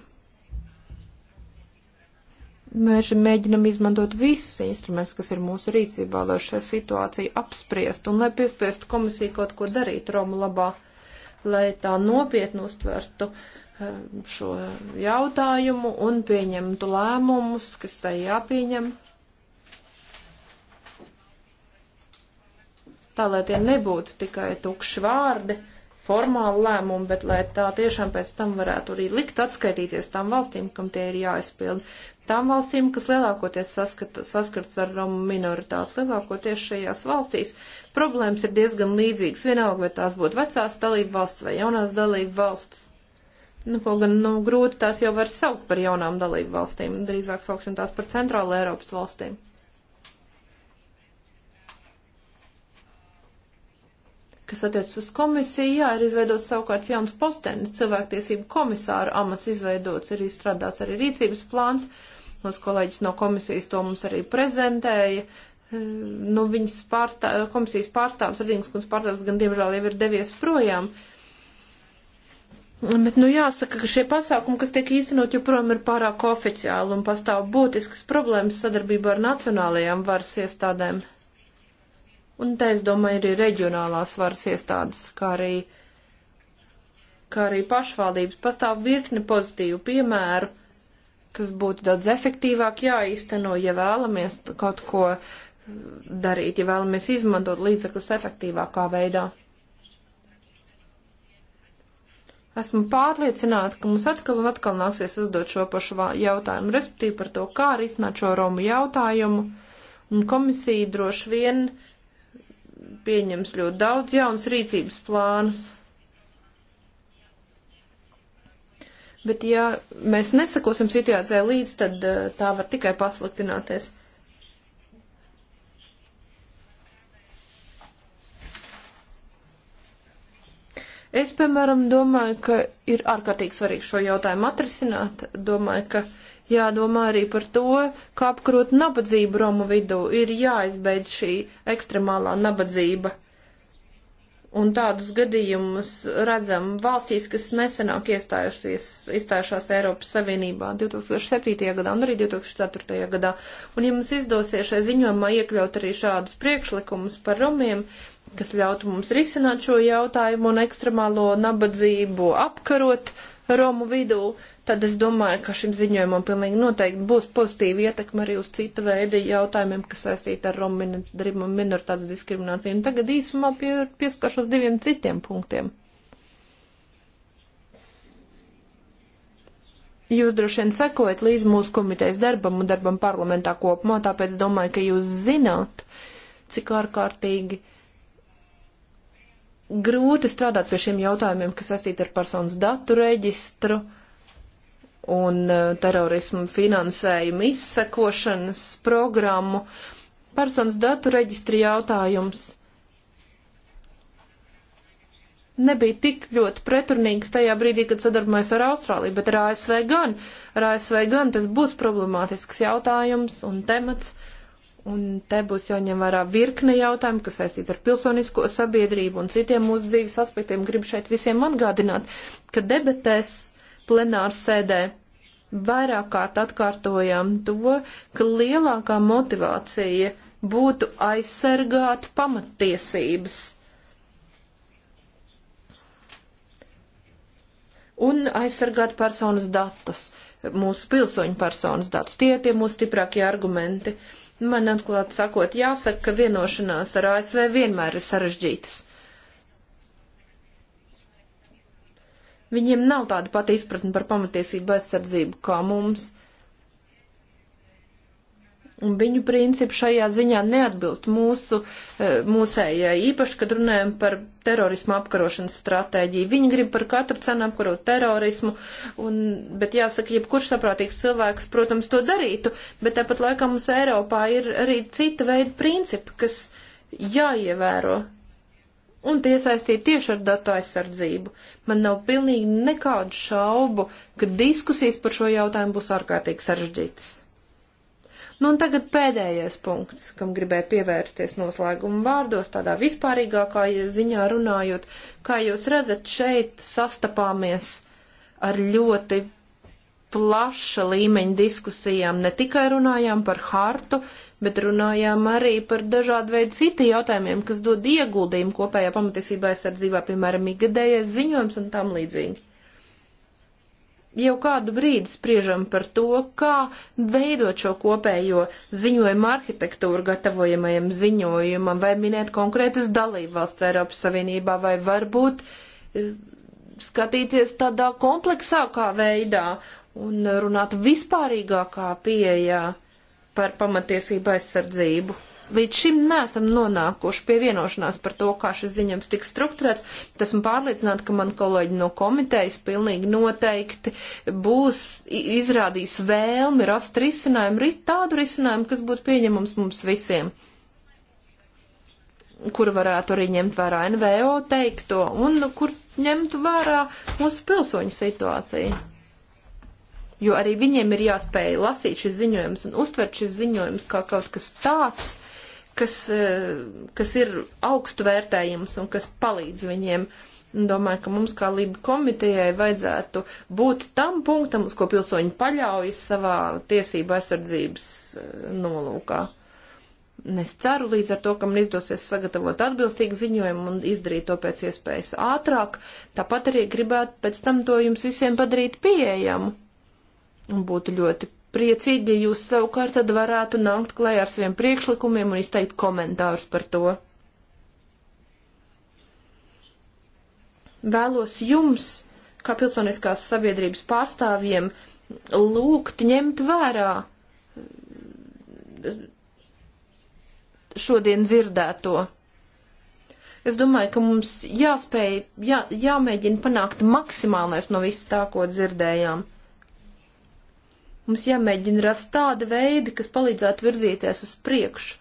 Mēs mēģinam izmantot visus instrumentus, kas ir mūsu rīcībā, lai šo situāciju apspriest un lai piespiestu komisiju kaut ko darīt Romu labā, lai tā nopietni uztvertu eh, šo jautājumu un pieņemtu lēmumus, kas tai jāpieņem. Tā lai tie nebūtu tikai tukši vārdi formāli lēmumi, bet lai tā tiešām pēc tam varētu arī likt atskaitīties tām valstīm, kam tie ir jāizpild. Tām valstīm, kas lielākoties saskata, saskats ar Romu minoritāti, lielākoties šajās valstīs problēmas ir diezgan līdzīgas, vienalga, vai tās būtu vecās dalība valsts vai jaunās dalība valsts. Nu, kaut gan nu, grūti tās jau var saukt par jaunām dalību valstīm, drīzāk sauksim tās par Centrāla Eiropas valstīm. Kas attiec uz komisiju, jā, ir izveidots savukārt jauns postenis, cilvēktiesību komisāra amats izveidots, ir izstrādāts arī rīcības plāns. Mūsu kolēģis no komisijas to mums arī prezentēja. Eh, nu, viņas pārstāv, komisijas pārstāvs, Radīgas kungs pārstāvs, gan diemžēl jau ir devies projām. Bet, nu, jāsaka, ka šie pasākumi, kas tiek īstenot, joprojām ir pārāk oficiāli un pastāv būtiskas problēmas sadarbībā ar nacionālajām varas iestādēm. Un tā, es domāju, arī reģionālās varas iestādes, kā arī, kā arī pašvaldības pastāv virkni pozitīvu piemēru, kas būtu daudz efektīvāk jāīsteno, ja vēlamies kaut ko darīt, ja vēlamies izmantot līdzekļus efektīvākā veidā. Esmu pārliecināta, ka mums atkal un atkal nāksies uzdot šo pašu jautājumu, respektīvi par to, kā risināt šo Romu jautājumu, un komisija droši vien uh, pieņems ļoti daudz jaunas rīcības plānus. Bet ja mēs nesakosim situācijai līdz, tad eh, tā var tikai pasliktināties. Es, piemēram, domāju, ka ir ārkārtīgi svarīgi šo jautājumu atrisināt. Domāju, ka uh, jādomā arī par to, kā apkarot nabadzību Romu vidū. Ir jāizbeidz šī ekstremālā nabadzība. Un tādus gadījumus redzam valstīs, kas nesenāk iestājušās Eiropas Savienībā 2007. gadā un arī 2004. gadā. Un ja mums izdosies šai ziņojumā iekļaut arī šādus priekšlikumus par romiem, kas ļautu mums risināt šo jautājumu un ekstremālo nabadzību apkarot Romu vidū, tad es domāju, ka šim ziņojumam pilnīgi noteikti būs pozitīva ietekme arī uz cita veida jautājumiem, kas saistīti ar Romu minoritātes diskrimināciju. Un tagad īsumā pie, pieskaršos diviem citiem punktiem. Jūs droši vien sekojat līdz mūsu komitejas darbam un darbam parlamentā kopumā, tāpēc domāju, ka jūs zināt, cik ārkārtīgi grūti strādāt pie šiem jautājumiem, kas saistīti ar personas datu reģistru un e, terorismu finansējumu izsekošanas programmu, personas datu reģistri jautājums nebija tik ļoti pretrunīgs tajā brīdī, kad sadarbojas ar Austrāliju, bet ar ASV gan. Ar ASV gan tas būs problemātisks jautājums un temats. Un te būs jāņem vērā virkne jautājumu, kas saistīta ar pilsonisko sabiedrību un citiem mūsu dzīves aspektiem. Gribu šeit visiem atgādināt, ka debatēs plenārsēdē vairāk kārt atkārtojām to, ka lielākā motivācija būtu aizsargāt pamattiesības. Un aizsargāt personas datus, mūsu pilsoņu personas datus. Tie ir tie mūsu stiprākie argumenti. Man atklāt sakot, jāsaka, ka vienošanās ar ASV vienmēr ir sarežģītas. Viņiem nav tāda pati izpratne par pamatiesību aizsardzību kā mums. Un viņu principi šajā ziņā neatbilst mūsu eh, mūsējai, īpaši, kad runājam par terorismu apkarošanas stratēģiju. Viņi grib par katru cenu apkarot terorismu, un, bet jāsaka, jebkurš saprātīgs cilvēks, protams, to darītu, bet tāpat laikā mums Eiropā ir arī cita veida principi, kas jāievēro un tie saistīti tieši ar datu aizsardzību. Man nav pilnīgi nekādu šaubu, ka diskusijas par šo jautājumu būs ārkārtīgi sarežģītas. Nu un tagad pēdējais punkts, kam gribēju pievērsties noslēguma vārdos, tādā vispārīgākā ziņā runājot, kā jūs redzat, šeit sastapāmies ar ļoti plaša līmeņa diskusijām, ne tikai runājām par hartu, bet runājām arī par dažādu veidu citu jautājumiem, kas dod ieguldījumu kopējā pamatiesībā aizsardzībā, piemēram, ikgadējais ziņojums un tam līdzīgi. Jau kādu brīdi spriežam par to, kā veidot šo kopējo ziņojumu arhitektūru gatavojamajam ziņojumam, vai minēt konkrētas dalību valsts Eiropas Savienībā, vai varbūt e, skatīties tādā kompleksākā veidā un runāt vispārīgākā pieejā par pamatiesību aizsardzību. Līdz šim nesam nonākuši pie vienošanās par to, kā šis ziņojums tiks strukturēts. Esmu pārliecināta, ka man kolēģi no komitejas pilnīgi noteikti būs izrādījis vēlmi rast risinājumu, tādu risinājumu, kas būtu pieņemams mums visiem kur varētu arī ņemt vērā NVO teikto un nu, kur ņemt vērā mūsu pilsoņu situāciju jo arī viņiem ir jāspēj lasīt šis ziņojums un uztvert šis ziņojums kā kaut kas tāds, kas, eh, kas ir augstu vērtējams un kas palīdz viņiem. Domāju, ka mums kā Lība komitejai vajadzētu būt tam punktam, uz ko pilsoņi paļaujas savā tiesību aizsardzības eh, nolūkā. Es ceru līdz ar to, ka man izdosies sagatavot atbilstīgu ziņojumu un izdarīt to pēc iespējas ātrāk. Tāpat arī gribētu pēc tam to jums visiem padarīt pieejamu Un būtu ļoti priecīgi, ja jūs savukārt tad varētu nākt klajā ar saviem priekšlikumiem un izteikt komentārus par to. Vēlos jums, kā pilsoniskās sabiedrības pārstāvjiem, lūgt ņemt vērā šodien dzirdēto. Es domāju, ka mums jāspēj, jā, jāmēģina panākt maksimālais no viss tā, ko dzirdējām. Mums jāmēģina rast tādi veidi, kas palīdzētu virzīties uz priekšu.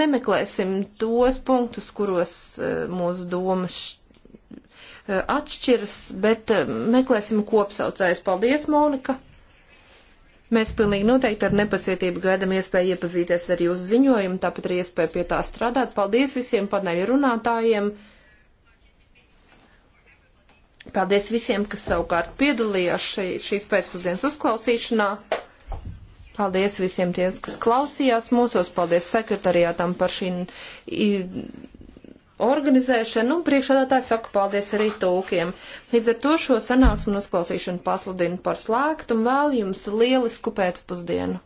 Nemeklēsim tos punktus, kuros e, mūsu domas e, atšķiras, bet e, meklēsim kopsaucējus. Paldies, Monika! Mēs pilnīgi noteikti ar nepacietību gaidam iespēju iepazīties ar jūsu ziņojumu, tāpat arī iespēju pie tā strādāt. Paldies visiem paneļu runātājiem! Paldies visiem, kas savukārt piedalījās šī, šīs pēcpusdienas uzklausīšanā. Paldies visiem tiem, kas klausījās mūsos. Paldies sekretariātam par šī organizēšanu. Un priekšādātāji saku paldies arī tulkiem. Līdz ar to šo sanāksmu un uzklausīšanu pasludinu par slēgtu un vēl jums lielisku pēcpusdienu.